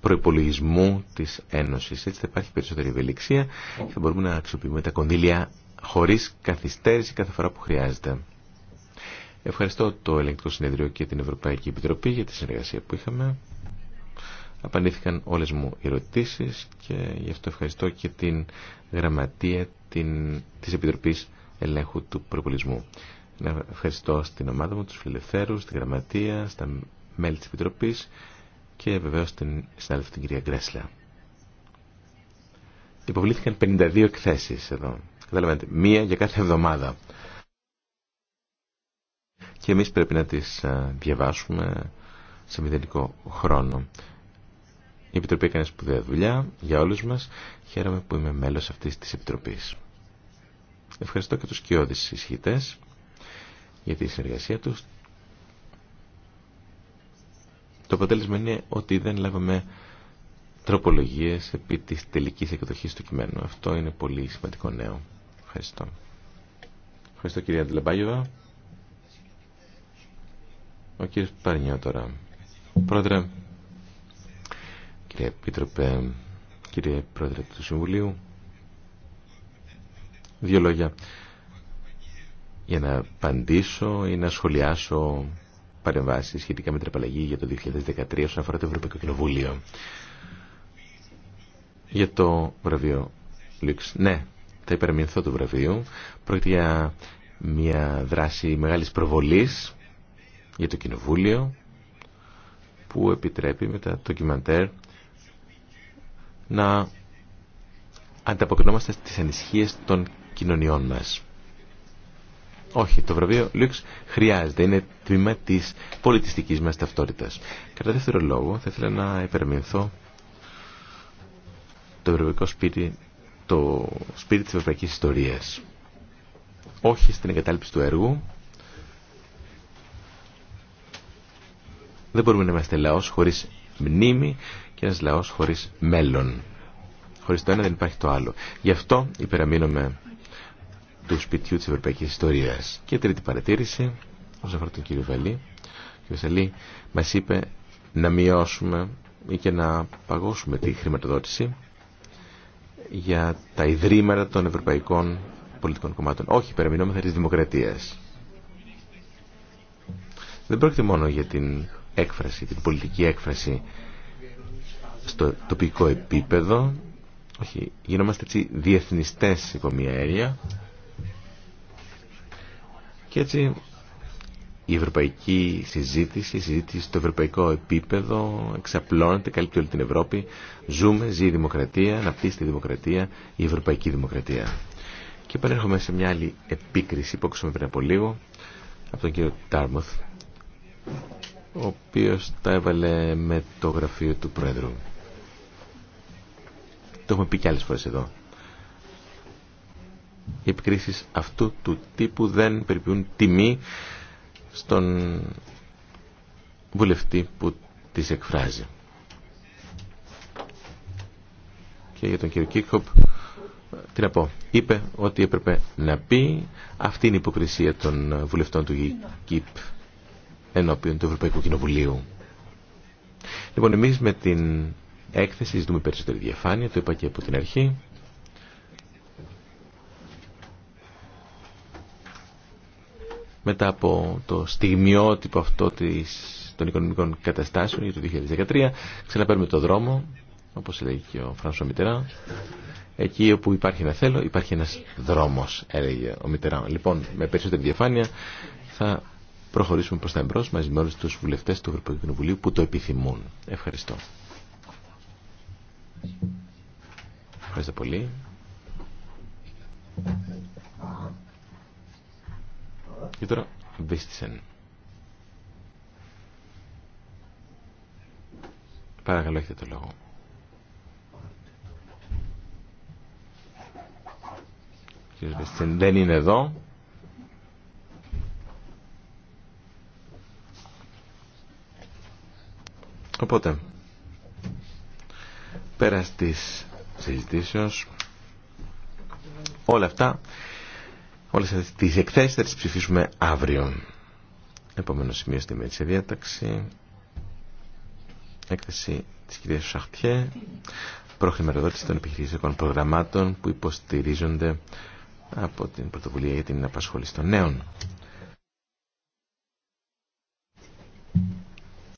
προπολογισμού τη Ένωση. Έτσι θα υπάρχει περισσότερη ευελιξία και θα μπορούμε να αξιοποιούμε τα κονδύλια χωρί καθυστέρηση κάθε φορά που χρειάζεται. Ευχαριστώ το Ελεγκτικό Συνεδρίο και την Ευρωπαϊκή Επιτροπή για τη συνεργασία που είχαμε. Απαντήθηκαν όλες μου οι ερωτήσεις και γι' αυτό ευχαριστώ και την γραμματεία την, της Επιτροπής Ελέγχου του Προπολισμού. Να ευχαριστώ στην ομάδα μου, τους φιλελευθέρους, τη γραμματεία, στα μέλη της Επιτροπής και βεβαίως στην συνάδελφη την κυρία Γκρέσλα. Υποβλήθηκαν 52 εκθέσεις εδώ. Καταλαβαίνετε, μία για κάθε εβδομάδα και εμείς πρέπει να τις διαβάσουμε σε μηδενικό χρόνο. Η Επιτροπή έκανε σπουδαία δουλειά για όλους μας. Χαίρομαι που είμαι μέλος αυτής της Επιτροπής. Ευχαριστώ και τους κοιόδης ισχυτές για τη συνεργασία τους. Το αποτέλεσμα είναι ότι δεν λάβαμε τροπολογίες επί της τελικής εκδοχής του κειμένου. Αυτό είναι πολύ σημαντικό νέο. Ευχαριστώ. Ευχαριστώ κυρία Αντιλαμπάγεβα. Ο κύριος Παρνιώ τώρα. Πρόεδρε, κύριε Επίτροπε, κύριε Πρόεδρε του Συμβουλίου, δύο λόγια για να απαντήσω ή να σχολιάσω παρεμβάσεις σχετικά με την απαλλαγή για το 2013 όσον αφορά το Ευρωπαϊκό Κοινοβούλιο. Για το βραβείο Λουξ. Ναι, θα υπερμηνθώ του βραβείου. Πρόκειται για μια δράση μεγάλης προβολής για το Κοινοβούλιο που επιτρέπει με το ντοκιμαντέρ να ανταποκρινόμαστε στις ανισχύες των κοινωνιών μας. Όχι, το βραβείο Λίξ χρειάζεται, είναι τμήμα της πολιτιστικής μας ταυτότητας. Κατά δεύτερο λόγο θα ήθελα να υπερμηνθώ το ευρωπαϊκό σπίτι, το σπίτι της ευρωπαϊκής ιστορίας. Όχι στην εγκατάλειψη του έργου, Δεν μπορούμε να είμαστε λαός χωρίς μνήμη και ένας λαός χωρίς μέλλον. Χωρίς το ένα δεν υπάρχει το άλλο. Γι' αυτό υπεραμείνομαι του σπιτιού της Ευρωπαϊκής Ιστορίας. Και τρίτη παρατήρηση, όσον αφορά τον κύριο Βαλή. Ο κύριο Βαλή μας είπε να μειώσουμε ή και να παγώσουμε τη χρηματοδότηση για τα ιδρύματα των ευρωπαϊκών πολιτικών κομμάτων. Όχι, περαμεινόμεθα της δημοκρατίας. Δεν πρόκειται μόνο για την έκφραση, την πολιτική έκφραση στο τοπικό επίπεδο. Όχι, γινόμαστε έτσι διεθνιστές σε μια αέρια Και έτσι η ευρωπαϊκή συζήτηση, η συζήτηση στο ευρωπαϊκό επίπεδο εξαπλώνεται, καλύπτει όλη την Ευρώπη. Ζούμε, ζει η δημοκρατία, αναπτύσσεται τη δημοκρατία, η ευρωπαϊκή δημοκρατία. Και επανέρχομαι σε μια άλλη επίκριση που ακούσαμε πριν από λίγο από τον κύριο Τάρμοθ ο οποίος τα έβαλε με το γραφείο του Πρόεδρου. Το έχουμε πει και άλλες φορές εδώ. Οι επικρίσεις αυτού του τύπου δεν περιποιούν τιμή στον βουλευτή που τις εκφράζει. Και για τον κύριο Κίκοπ, τι να πω, είπε ότι έπρεπε να πει αυτή είναι η υποκρισία των βουλευτών του ΚΙΠ ενώπιον του Ευρωπαϊκού Κοινοβουλίου. Λοιπόν, εμείς με την έκθεση ζητούμε περισσότερη διαφάνεια, το είπα και από την αρχή. Μετά από το στιγμιότυπο αυτό της, των οικονομικών καταστάσεων για το 2013, ξαναπαίρνουμε το δρόμο, όπως έλεγε και ο Φρανσό Μητερά, Εκεί όπου υπάρχει ένα θέλω, υπάρχει ένας δρόμος, έλεγε ο Μητερά. Λοιπόν, με περισσότερη διαφάνεια θα προχωρήσουμε προς τα εμπρός μαζί με όλους τους βουλευτές του Ευρωπαϊκού Κοινοβουλίου που το επιθυμούν. Ευχαριστώ. Ευχαριστώ πολύ. Και τώρα Βίστησεν. Παρακαλώ έχετε το λόγο. Κύριε Βίστησεν δεν είναι εδώ. Οπότε, πέρα της συζητήσεω, όλα αυτά, όλες τις εκθέσεις θα τι ψηφίσουμε αύριο. Επόμενο σημείο στη μέση διάταξη, έκθεση της κυρίας Σαχτιέ, προχρημεροδότηση των επιχειρησιακών προγραμμάτων που υποστηρίζονται από την πρωτοβουλία για την απασχόληση των νέων.